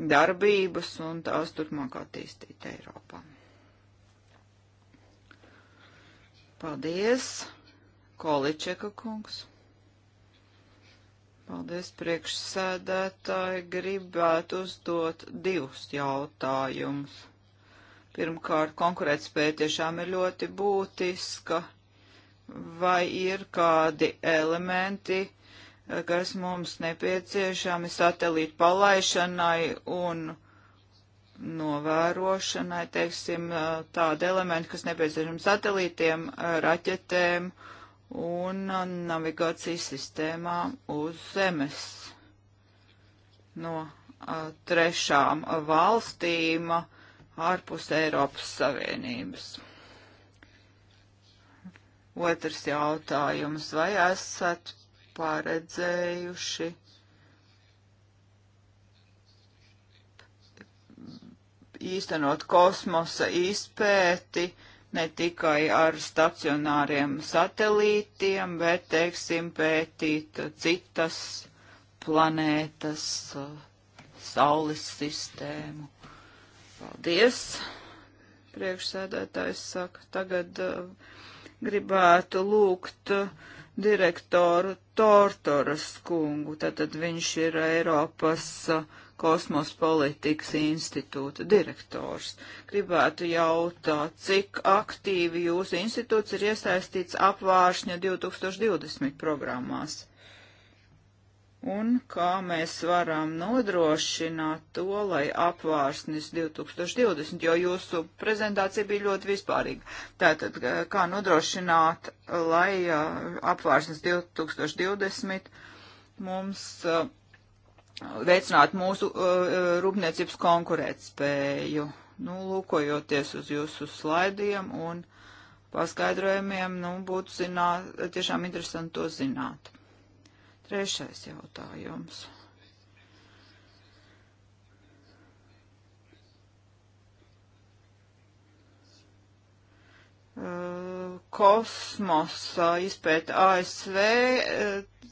darbības un tās turpmāk attīstīt Eiropā. Paldies, Količeka kungs. Paldies, priekšsēdētāji. Gribētu uzdot divus jautājumus. Pirmkārt, konkurētspēja tiešām ir ļoti būtiska. Vai ir kādi elementi, eh, kas mums nepieciešami satelīta palaišanai un novērošanai, teiksim, eh, tādi elementi, kas nepieciešami satelītiem, raķetēm un navigācijas sistēmām uz zemes. No a, trešām valstīm ārpus Eiropas Savienības. Otrs jautājums. Vai esat paredzējuši īstenot kosmosa izpēti? ne tikai ar stacionāriem satelītiem, bet, teiksim, pētīt citas planētas, Saules sistēmu. Paldies! Priekšsēdētājs saka, tagad uh, gribētu lūgt uh, direktoru Tortoras kungu, tātad viņš ir Eiropas uh, kosmos politikas institūta direktors. Gribētu jautāt, cik aktīvi jūsu institūts ir iesaistīts apvāršņa 2020 programmās? Un kā mēs varam nodrošināt to, lai apvārsnis 2020, jo jūsu prezentācija bija ļoti vispārīga. Tātad, eh, kā nodrošināt, lai eh, apvārsnis 2020 mums uh, veicināt mūsu uh, uh, rūpniecības konkurētspēju. Nu, lūkojoties uz jūsu slaidiem un paskaidrojumiem, nu, būtu zināt, tiešām interesanti to zināt. Trešais jautājums. Uh, kosmosa izpēta ASV uh,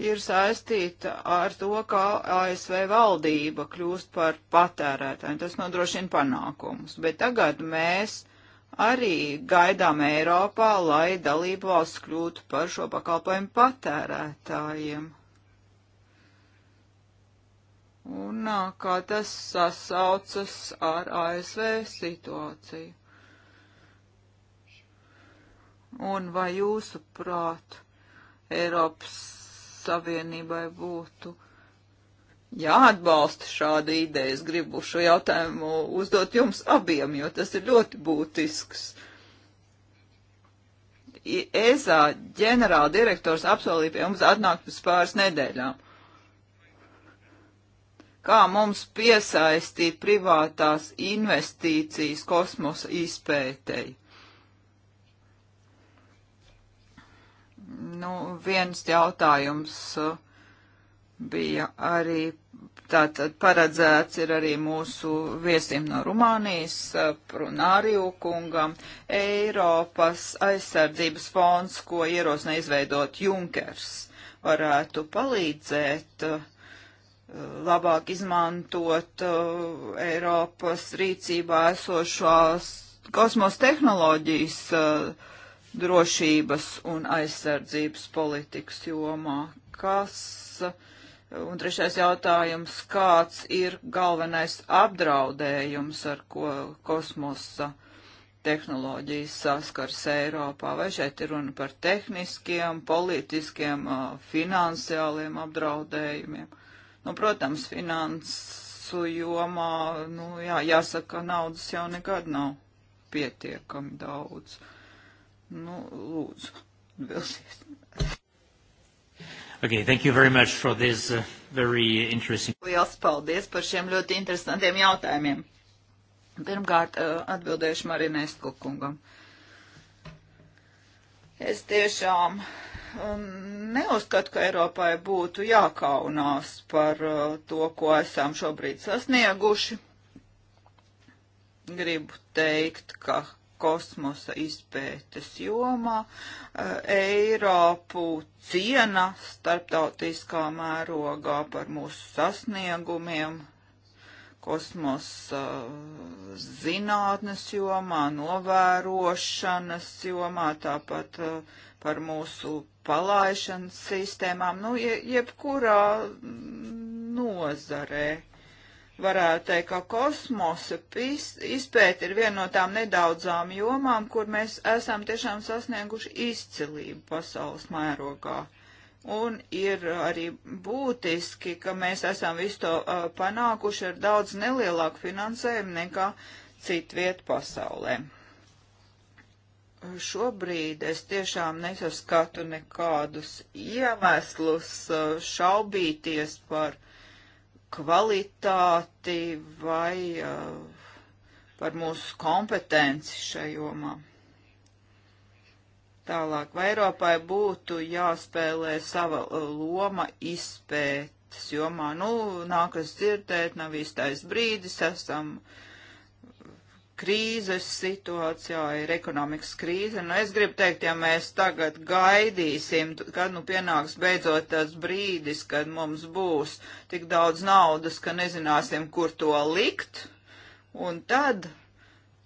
ir saistīta ar to, ka ASV valdība kļūst par patērētāju. Tas nodrošina panākumus. Bet tagad mēs arī gaidām Eiropā, lai dalību valsts kļūtu par šo pakalpojumu patērētājiem. Un kā tas sasaucas ar ASV situāciju? Un vai jūsuprāt, Eiropas Savienībai būtu jāatbalsta šāda ideja. Es gribu šo jautājumu uzdot jums abiem, jo tas ir ļoti būtisks. ESA ģenerāla direktors apsolīja pie mums atnākt pēc pāris nedēļām. Kā mums piesaistīt privātās investīcijas kosmosa izpētei? Nu, viens jautājums uh, bija arī tātad paredzēts ir arī mūsu viesim no Rumānijas, Prunāriju uh, kungam, Eiropas aizsardzības fonds, ko ierosina izveidot Junkers, varētu palīdzēt uh, labāk izmantot Eiropas rīcībā esošās kosmos tehnoloģijas uh, drošības un aizsardzības politikas jomā. Kas, un trešais jautājums, kāds ir galvenais apdraudējums, ar ko kosmosa tehnoloģijas saskars Eiropā, vai šeit ir runa par tehniskiem, politiskiem, finansiāliem apdraudējumiem. Nu, protams, finansu jomā, nu, jā, jāsaka, naudas jau nekad nav pietiekami daudz. Uh, Nu, lūdzu, atbildies. Okay, thank you very much for this uh, very interesting. Liels paldies par šiem ļoti interesantiem jautājumiem. Pirmkārt, uh, atbildēšu Marinēsku kungam. Es tiešām um, neuzskatu, ka Eiropai būtu jākaunās par uh, to, ko esam šobrīd sasnieguši. Gribu teikt, ka kosmosa izpētes jomā. Eh, Eiropu ciena starptautiskā mērogā par mūsu sasniegumiem kosmosa eh, zinātnes jomā, novērošanas jomā, tāpat eh, par mūsu palaišanas sistēmām, nu, jebkurā mm, nozarē varētu teikt, ka kosmosa izpēta ir viena no tām nedaudzām jomām, kur mēs esam tiešām sasnieguši izcilību pasaules mērogā. Un ir arī būtiski, ka mēs esam visu to uh, panākuši ar daudz nelielāku finansējumu nekā citviet pasaulē. Šobrīd es tiešām nesaskatu nekādus iemeslus uh, šaubīties par uh, kvalitāti vai uh, par mūsu kompetenci šajā jomā. Tālāk, vai Eiropai būtu jāspēlē sava eh, loma izpētes jomā? Nu, nākas dzirdēt, nav īstais brīdis, esam uh, krīzes situācijā, ir ekonomikas krīze. Nu, es gribu teikt, ja mēs tagad gaidīsim, kad nu pienāks beidzot tas brīdis, kad mums būs tik daudz naudas, ka nezināsim, kur to likt, un tad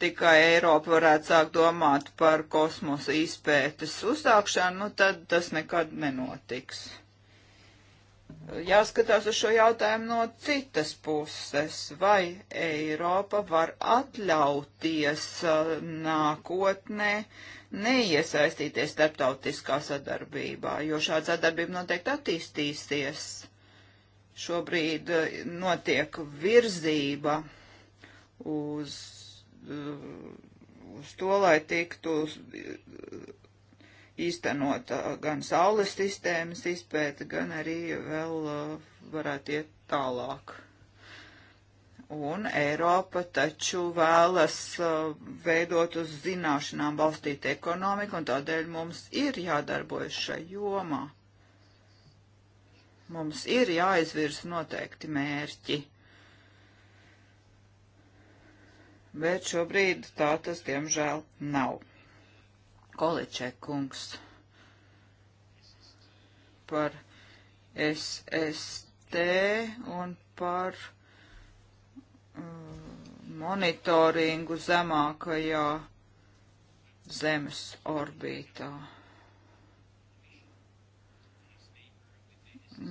tikai Eiropa varētu sākt domāt par kosmosa izpētes uzsākšanu, nu tad tas nekad nenotiks jāskatās uz šo jautājumu no citas puses, vai Eiropa var atļauties uh, nākotnē neiesaistīties starptautiskā sadarbībā, jo šāda sadarbība noteikti attīstīsies. Šobrīd uh, notiek virzība uz, uh, uz to, lai tiktu īstenot gan saules sistēmas izpēti, gan arī vēl varētu iet tālāk. Un Eiropa taču vēlas veidot uz zināšanām balstīt ekonomiku, un tādēļ mums ir jādarbojas šai jomā. Mums ir jāizvirza noteikti mērķi. Bet šobrīd tā tas, diemžēl, nav. Količekungs par SST un par uh, monitoringu zemākajā Zemes orbītā.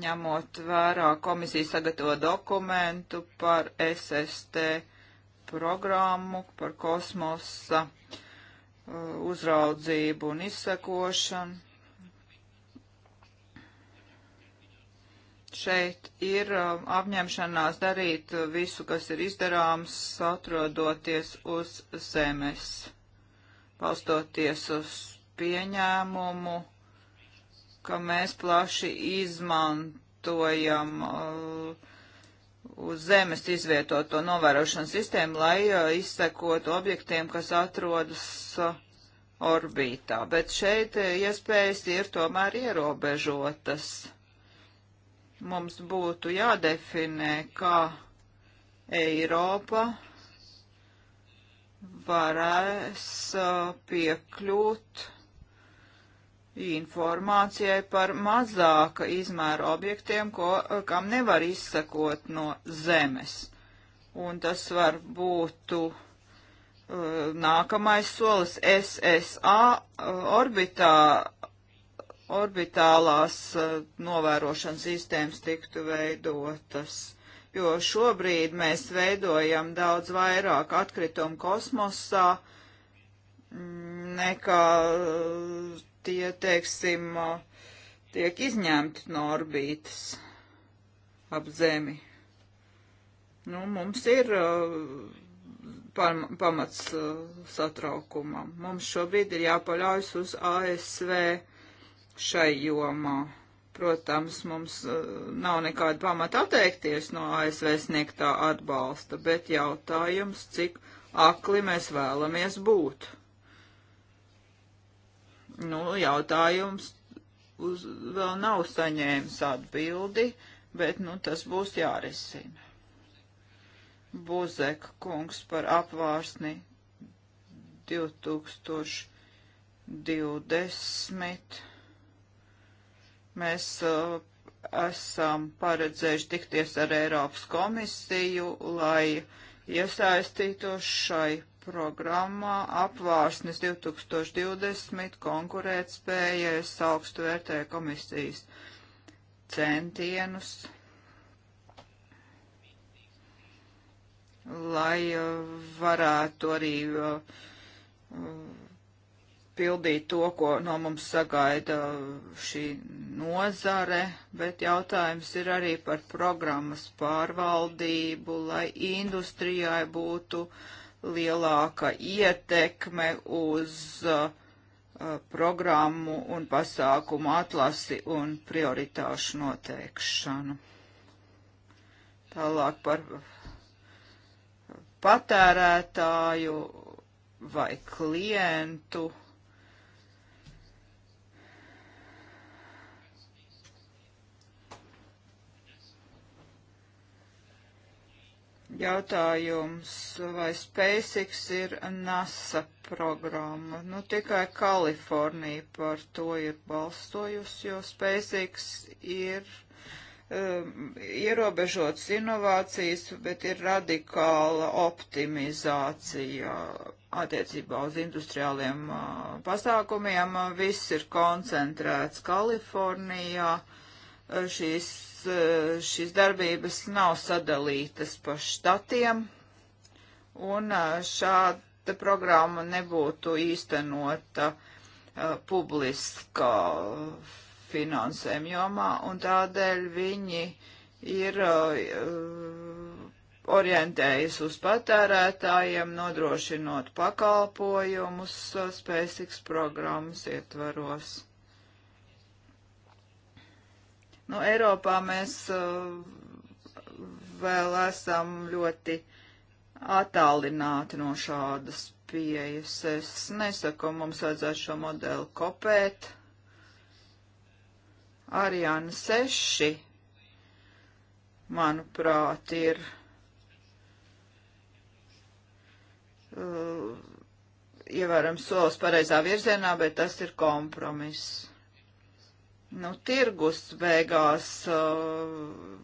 Ņemot vērā komisijas sagatavo dokumentu par SST programmu, par kosmosa programmu Uh, uzraudzību un izsekošanu. Šeit ir um, apņemšanās darīt visu, kas ir izdarāms, atrodoties uz zemes, palstoties uz pieņēmumu, ka mēs plaši izmantojam uh, uz zemes izvietoto novērošanas sistēmu, lai izsekotu objektiem, kas atrodas orbītā. Bet šeit iespējas ir tomēr ierobežotas. Mums būtu jādefinē, kā Eiropa varēs piekļūt informācijai par mazāka izmēra objektiem, ko, kam nevar izsekot no zemes. Un tas var būtu uh, nākamais solis SSA uh, orbitā, orbitālās uh, novērošanas sistēmas tiktu veidotas jo šobrīd mēs veidojam daudz vairāk atkritumu kosmosā mm, nekā tie, teiksim, tiek izņemti no orbītas ap Zemi. Nu, mums ir uh, pamats uh, satraukumam. Mums šobrīd ir jāpaļaujas uz ASV šai jomā. Protams, mums uh, nav nekāda pamata atteikties no ASV sniegtā atbalsta, bet jautājums, cik akli mēs vēlamies būt. Nu, jautājums uz, vēl nav saņēmis atbildi, bet, nu, tas būs jārisina. Buzek kungs par apvārsni 2020. Mēs uh, esam paredzējuši tikties ar Eiropas komisiju, lai iesaistītos šai programmā apvārsnes 2020 konkurētspējais augstu vērtē komisijas centienus, lai uh, varētu arī uh, pildīt to, ko no mums sagaida šī nozare, bet jautājums ir arī par programmas pārvaldību, lai industrijai būtu uh, lielāka ietekme uz uh, programmu un pasākumu atlasi un prioritāšu noteikšanu. Tālāk par patērētāju vai klientu jautājums, vai SpaceX ir NASA programma. Nu, tikai Kalifornija par to ir balstojusi, jo SpaceX ir um, ierobežots inovācijas, bet ir radikāla optimizācija attiecībā uz industriāliem uh, pasākumiem. Viss ir koncentrēts Kalifornijā. Šīs Eh, šīs darbības nav sadalītas pa štatiem, un eh, šāda programma nebūtu īstenota eh, publiskā finansējuma jomā, un tādēļ viņi ir orientējas uz patērētājiem, nodrošinot pakalpojumus SpaceX programmas ietvaros. Nu, Eiropā mēs uh, vēl esam ļoti attālināti no šādas pieejas. Es nesaku, mums vajadzētu šo modeli kopēt. Ariana 6, manuprāt, ir uh, ievērams solis pareizā virzienā, bet tas ir kompromiss nu, tirgus beigās uh,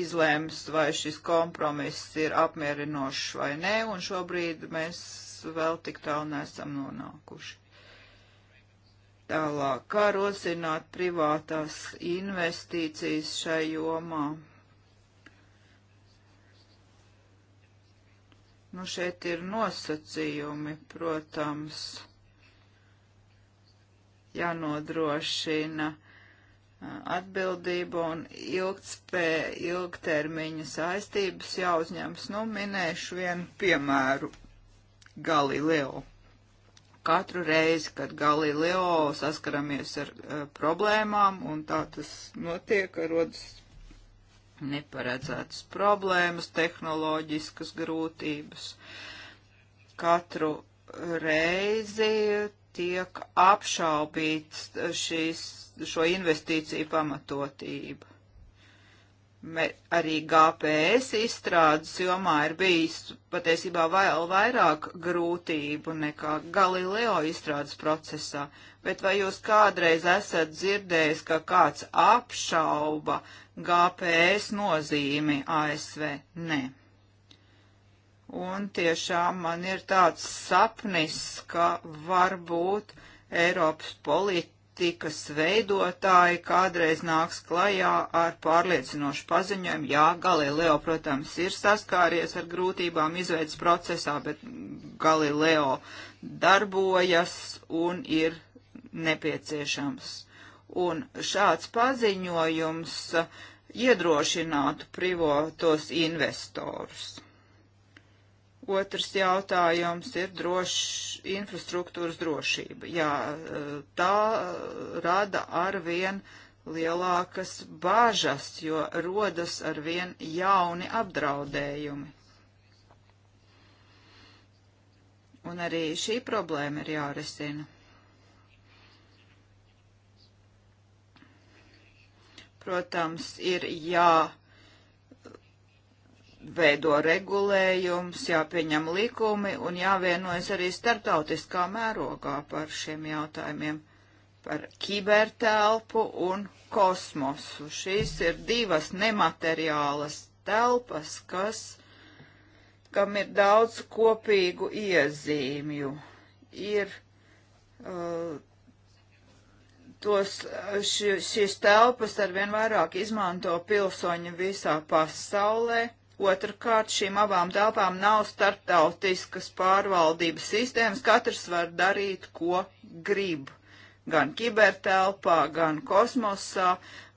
izlēms, vai šis kompromiss ir apmierinošs vai nē, un šobrīd mēs vēl tik tālu nesam nonākuši. Tālāk, kā rosināt privātās investīcijas šai jomā? Nu, šeit ir nosacījumi, protams jānodrošina atbildība un ilgtspē, ilgtermiņa saistības jāuzņems. Nu, minēšu vienu piemēru - Galileo. Katru reizi, kad Galileo saskaramies ar uh, problēmām, un tā tas notiek, rodas neparedzētas problēmas, tehnoloģiskas grūtības. Katru reizi tiek apšaubīts šīs, šo investīciju pamatotība. Me, arī GPS izstrādes jomā ir bijis patiesībā vēl vairāk grūtību nekā Galileo izstrādes procesā, bet vai jūs kādreiz esat dzirdējis, ka kāds apšauba GPS nozīmi ASV? Nē. Un tiešām man ir tāds sapnis, ka varbūt Eiropas politikas veidotāji kādreiz nāks klajā ar pārliecinošu paziņojumu. Jā, Galileo, protams, ir saskāries ar grūtībām izveidas procesā, bet Galileo darbojas un ir nepieciešams. Un šāds paziņojums iedrošinātu privātos investorus. Otrs jautājums ir droš, infrastruktūras drošība. Jā, tā rada arvien lielākas bāžas, jo rodas arvien jauni apdraudējumi. Un arī šī problēma ir jārisina. Protams, ir jā jāveido regulējums, jāpieņem likumi un jāvienojas arī starptautiskā mērogā par šiem jautājumiem, par kibertelpu un kosmosu. Šīs ir divas nemateriālas telpas, kas, kam ir daudz kopīgu iezīmju. Ir uh, tos, ši, šīs telpas arvien vairāk izmanto pilsoņi visā pasaulē, Otrakārt, šīm abām telpām nav starptautiskas pārvaldības sistēmas, katrs var darīt, ko grib gan kibertelpā, gan kosmosā,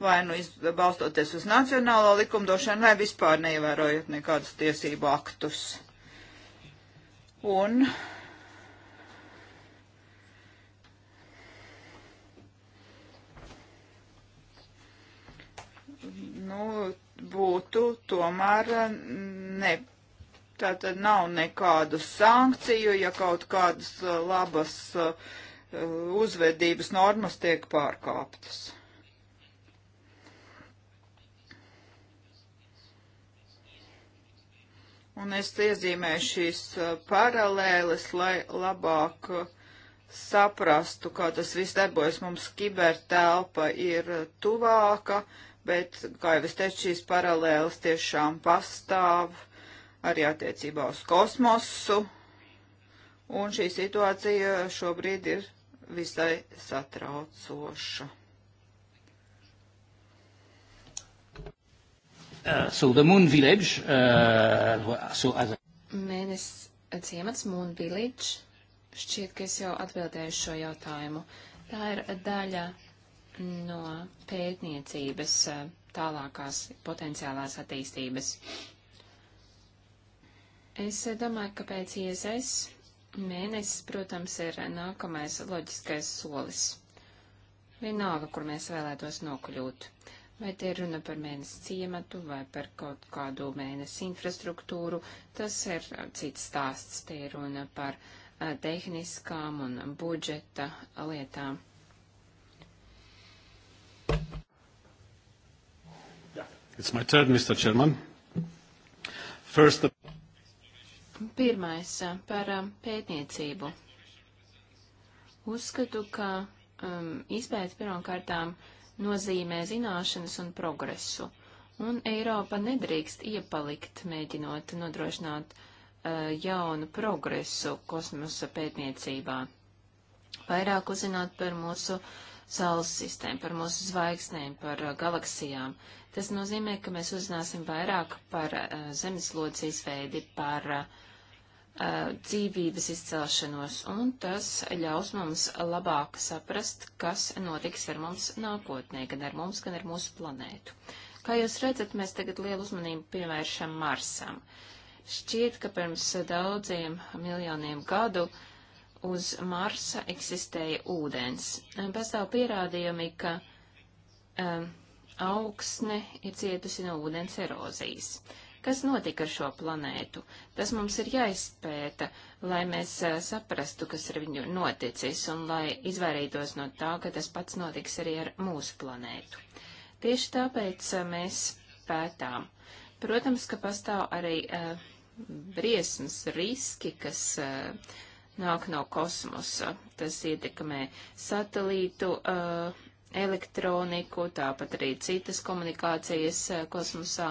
vai nu balstoties uz nacionālo likumdošanu, vai vispār neievērojot nekādus tiesību aktus. Un nu, būtu tomēr eh, ne. Tātad nav nekādu sankciju, ja kaut kādas eh, labas eh, uzvedības normas tiek pārkāptas. Un es iezīmēju šīs paralēles, lai labāk saprastu, kā tas viss darbojas. Mums kibertelpa ir tuvāka, uh, bet, kā jau es teicu, šīs paralēles tiešām pastāv arī attiecībā uz kosmosu, un šī situācija šobrīd ir visai satraucoša. Uh, so the Moon Village, uh, so as a... Mēnes ciemats Moon Village, šķiet, ka es jau atbildēju šo jautājumu. Tā ir daļa no pētniecības eh, tālākās potenciālās attīstības. Es eh, domāju, ka pēc ISS mēnesis, protams, ir nākamais loģiskais solis. Vienalga, kur mēs vēlētos nokļūt. Vai te runa par mēnesi ciematu vai par kaut kādu mēnesi infrastruktūru, tas ir eh, cits stāsts. Te runa par tehniskām un budžeta lietām. It's my turn, Mr. Chairman. First, the... Pirmais uh, par um, pētniecību. Uzskatu, ka um, izpēta pirmkārtām nozīmē zināšanas un progresu, un Eiropa nedrīkst iepalikt, mēģinot nodrošināt uh, jaunu progresu kosmosa pētniecībā. Vairāk uzzināt par mūsu uh, Saules sistēmu, par mūsu zvaigznēm, par uh, galaksijām. Tas nozīmē, ka mēs uzzināsim vairāk par uh, zemeslodes izveidi, par uh, uh, dzīvības izcelšanos, un tas ļaus mums labāk saprast, kas notiks ar mums nākotnē, gan ar mums, gan ar mūsu planētu. Kā jūs redzat, mēs tagad lielu uzmanību pievēršam Marsam. Šķiet, ka pirms daudziem miljoniem gadu uh, uz Marsa eksistēja ūdens. Pastāv pierādījumi, ka um, augsne ir cietusi no ūdens erozijas. Kas notika ar šo planētu? Tas mums ir jāizpēta, lai mēs uh, saprastu, kas ar viņu noticis, un lai izvairītos no tā, ka tas pats notiks arī ar mūsu planētu. Tieši tāpēc uh, mēs pētām. Protams, ka pastāv arī uh, briesmas riski, kas uh, nāk no kosmosa. Tas ietekmē satelītu uh, elektroniku, tāpat arī citas komunikācijas uh, kosmosā.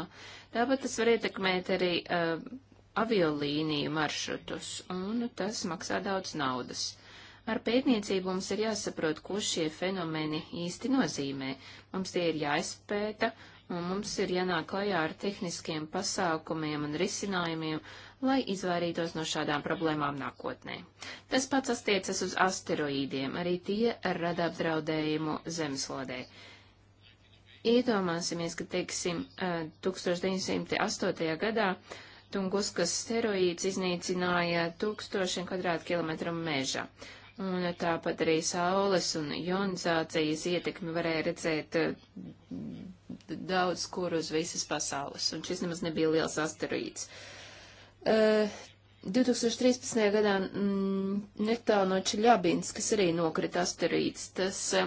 Tāpat tas var ietekmēt arī uh, aviolīniju maršrutus, un tas maksā daudz naudas. Ar pētniecību mums ir jāsaprot, ko šie fenomeni īsti nozīmē. Mums tie ir jāizpēta, un mums ir jānāk klajā ar tehniskiem pasākumiem un risinājumiem, lai izvairītos no šādām problēmām nākotnē. Tas pats attiecas uz asteroīdiem, arī tie rada apdraudējumu zemeslodē. Iedomāsimies, ka, teiksim, 1908. gadā Tunguskas steroīds iznīcināja tūkstošiem kvadrātkilometru meža. Un tāpat arī saules un jonizācijas ietekmi varēja redzēt daudz kur uz visas pasaules, un šis nemaz nebija liels asteroīds. Uh, 2013. Eh, gadā mm, netālu no Čeļabins, kas arī nokrita asteroīds, tas eh,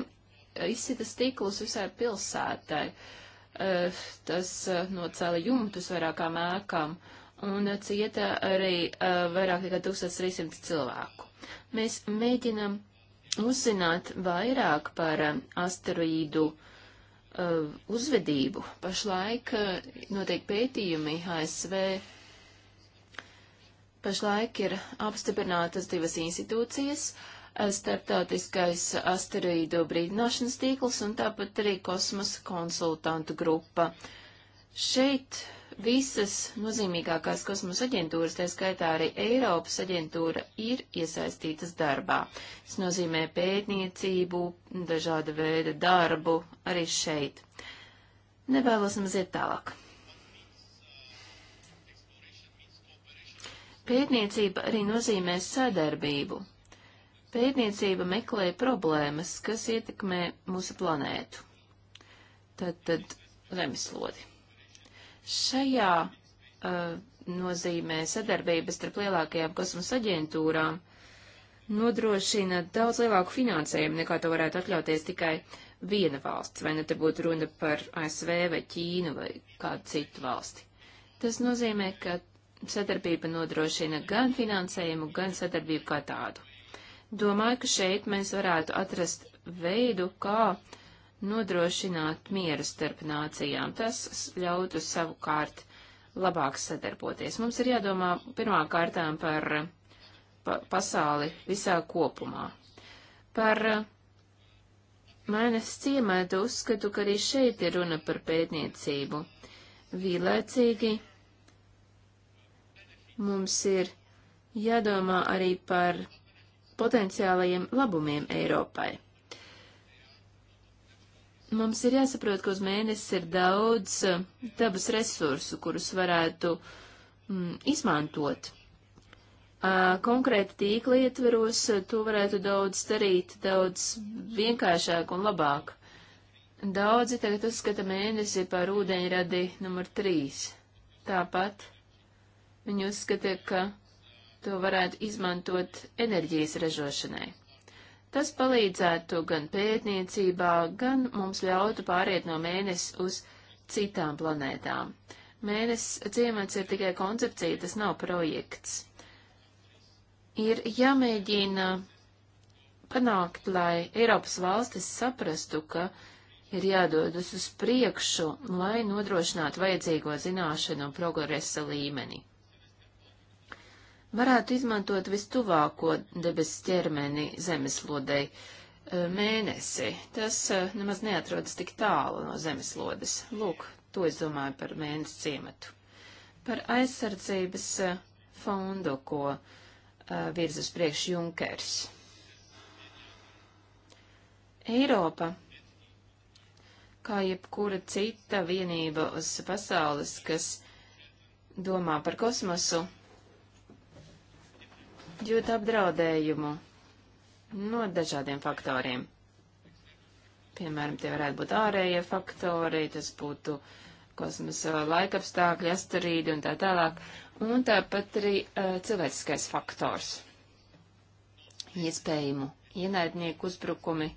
izsitas stiklus visai pilsētai. Eh, tas nocēla jumtus vairākām ēkām un cieta arī vairāk nekā 1300 cilvēku. Mēs mēģinam uzzināt vairāk par asteroīdu uzvedību. Pašlaik notiek pētījumi ASV Pašlaik ir apstiprinātas divas institūcijas eh, - starptautiskais asteroīdu brīdināšanas tīkls un tāpat arī kosmosa konsultantu grupa. Šeit visas nozīmīgākās kosmosa aģentūras, tā skaitā arī Eiropas aģentūra, ir iesaistītas darbā. Tas nozīmē pētniecību, dažāda veida darbu arī šeit. Nevēlos maziet tālāk. Pētniecība arī nozīmē sadarbību. Pētniecība meklē problēmas, kas ietekmē mūsu planētu. Tad, tad remislodi. Šajā uh, nozīmē sadarbības starp lielākajām kosmosa aģentūrām nodrošina daudz lielāku finansējumu, nekā to varētu atļauties tikai viena valsts, vai ne nu te būtu runa par ASV vai Ķīnu vai kādu citu valsti. Tas nozīmē, ka sadarbība nodrošina gan finansējumu, gan sadarbību kā tādu. Domāju, ka šeit mēs varētu atrast veidu, kā nodrošināt mieru starp nācijām. Tas ļautu savukārt labāk sadarboties. Mums ir jādomā pirmām kārtām par pa pasauli visā kopumā. Par manis ciemētu uzskatu, ka arī šeit ir runa par pētniecību. Vīlēcīgi Mums ir jādomā arī par potenciālajiem labumiem Eiropai. Mums ir jāsaprot, ka uz mēnesis ir daudz eh, dabas resursu, kurus varētu mm, izmantot. Konkrēti tīkli ietveros eh, to varētu daudz darīt, daudz vienkāršāk un labāk. Daudzi tagad uzskata mēnesi par ūdeņradi numur 3. Tāpat Viņi uzskata, ka to varētu izmantot enerģijas ražošanai. Tas palīdzētu gan pētniecībā, gan mums ļautu pāriet no mēnesis uz citām planētām. Mēnesis ciemats ir tikai koncepcija, tas nav projekts. Ir jāmēģina panākt, lai Eiropas valstis saprastu, ka ir jādodas uz priekšu, lai nodrošinātu vajadzīgo zināšanu un progresa līmeni varētu izmantot vistuvāko debesu ķermeni zemeslodei e, mēnesi. Tas e, nemaz neatrodas tik tālu no zemeslodes. Lūk, to es domāju par mēnesi ciematu. Par aizsardzības e, fondu, ko virz uz priekšu Junkers. Eiropa, kā jebkura cita vienība uz pasaules, kas domā par kosmosu, jūt apdraudējumu no dažādiem faktoriem. Piemēram, tie varētu būt ārējie faktori, tas būtu kosmosa uh, laikapstākļi, astarīdi un tā tālāk, un tāpat arī uh, cilvēciskais faktors. Iespējumu ienaidnieku uzbrukumi.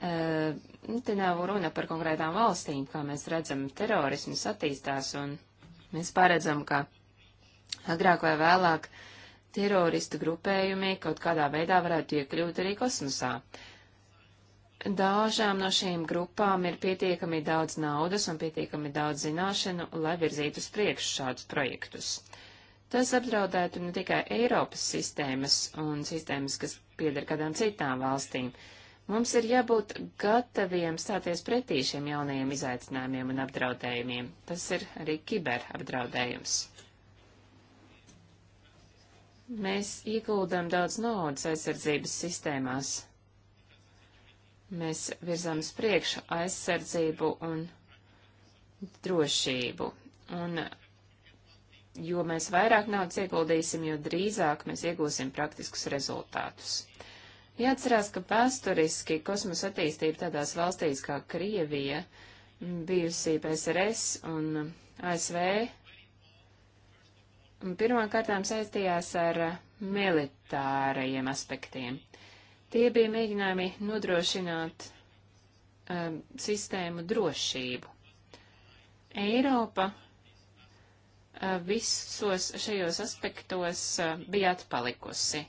Uh, te nav runa par konkrētām valstīm, kā mēs redzam, terorisms attīstās, un mēs paredzam, ka agrāk vai vēlāk uh, teroristu grupējumi kaut kādā veidā varētu iekļūt arī kosmosā. Dažām no šīm grupām ir pietiekami daudz naudas un pietiekami daudz zināšanu, lai virzītu uz priekšu šādus projektus. Tas apdraudētu ne tikai Eiropas sistēmas un sistēmas, kas pieder kādām citām valstīm. Mums ir jābūt gataviem stāties pretī šiem jaunajiem izaicinājumiem un apdraudējumiem. Tas ir arī kiberapdraudējums. Mēs ieguldam daudz naudas aizsardzības sistēmās. Mēs virzām uz priekšu aizsardzību un drošību. Un jo mēs vairāk naudas ieguldīsim, jo drīzāk mēs iegūsim praktiskus rezultātus. Jāatcerās, ka vēsturiski kosmosa attīstība tādās valstīs kā Krievija, bijusi PSRS un ASV pirmām kārtām saistījās ar militārajiem aspektiem. Tie bija mēģinājumi nodrošināt um, sistēmu drošību. Eiropa uh, visos šajos aspektos uh, bija atpalikusi.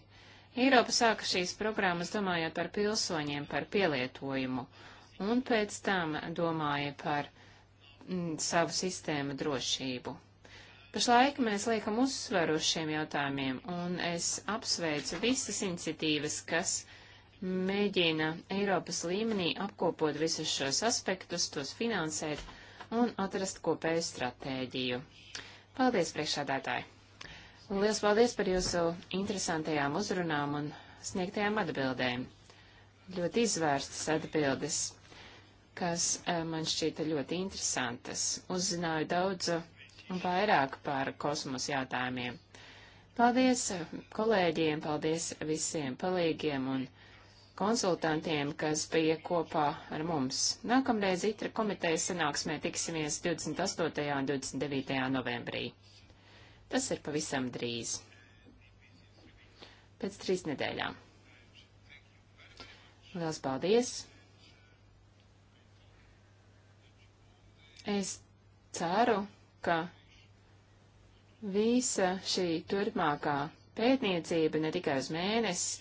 Eiropa sāka šīs programmas domājot par pilsoņiem, par pielietojumu, un pēc tam domāja par mm, savu sistēmu drošību. Pašlaik mēs liekam uzsveru uz šiem jautājumiem, un es apsveicu visas iniciatīvas, kas mēģina Eiropas līmenī apkopot visus šos aspektus, tos finansēt un atrast kopēju stratēģiju. Paldies, priekšādātāji! Lielas paldies par jūsu interesantajām uzrunām un sniegtajām atbildēm. Ļoti izvērstas atbildes, kas eh, man šķīta ļoti interesantas. Uzzināju daudzu vairāk par kosmosa jautājumiem. Paldies kolēģiem, paldies visiem palīgiem un konsultantiem, kas bija kopā ar mums. Nākamreiz itra komitejas sanāksmē tiksimies 28. un 29. novembrī. Tas ir pavisam drīz. Pēc trīs nedēļām. Liels paldies! Es ceru, ka Visa šī turpmākā pētniecība, ne tikai uz mēnesi,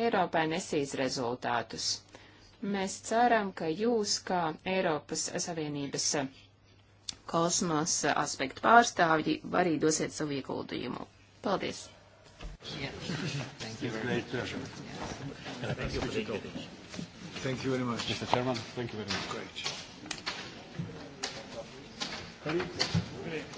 Eiropai nesīs rezultātus. Mēs ceram, ka jūs, kā Eiropas Savienības kosmosa aspektu pārstāvji, arī dosiet savu ieguldījumu. Paldies! Yeah. Thank you very much. Pleasure. Yes. Thank you for the talk. Thank you very much. Mr. Chairman, thank you very much. Great. Ready?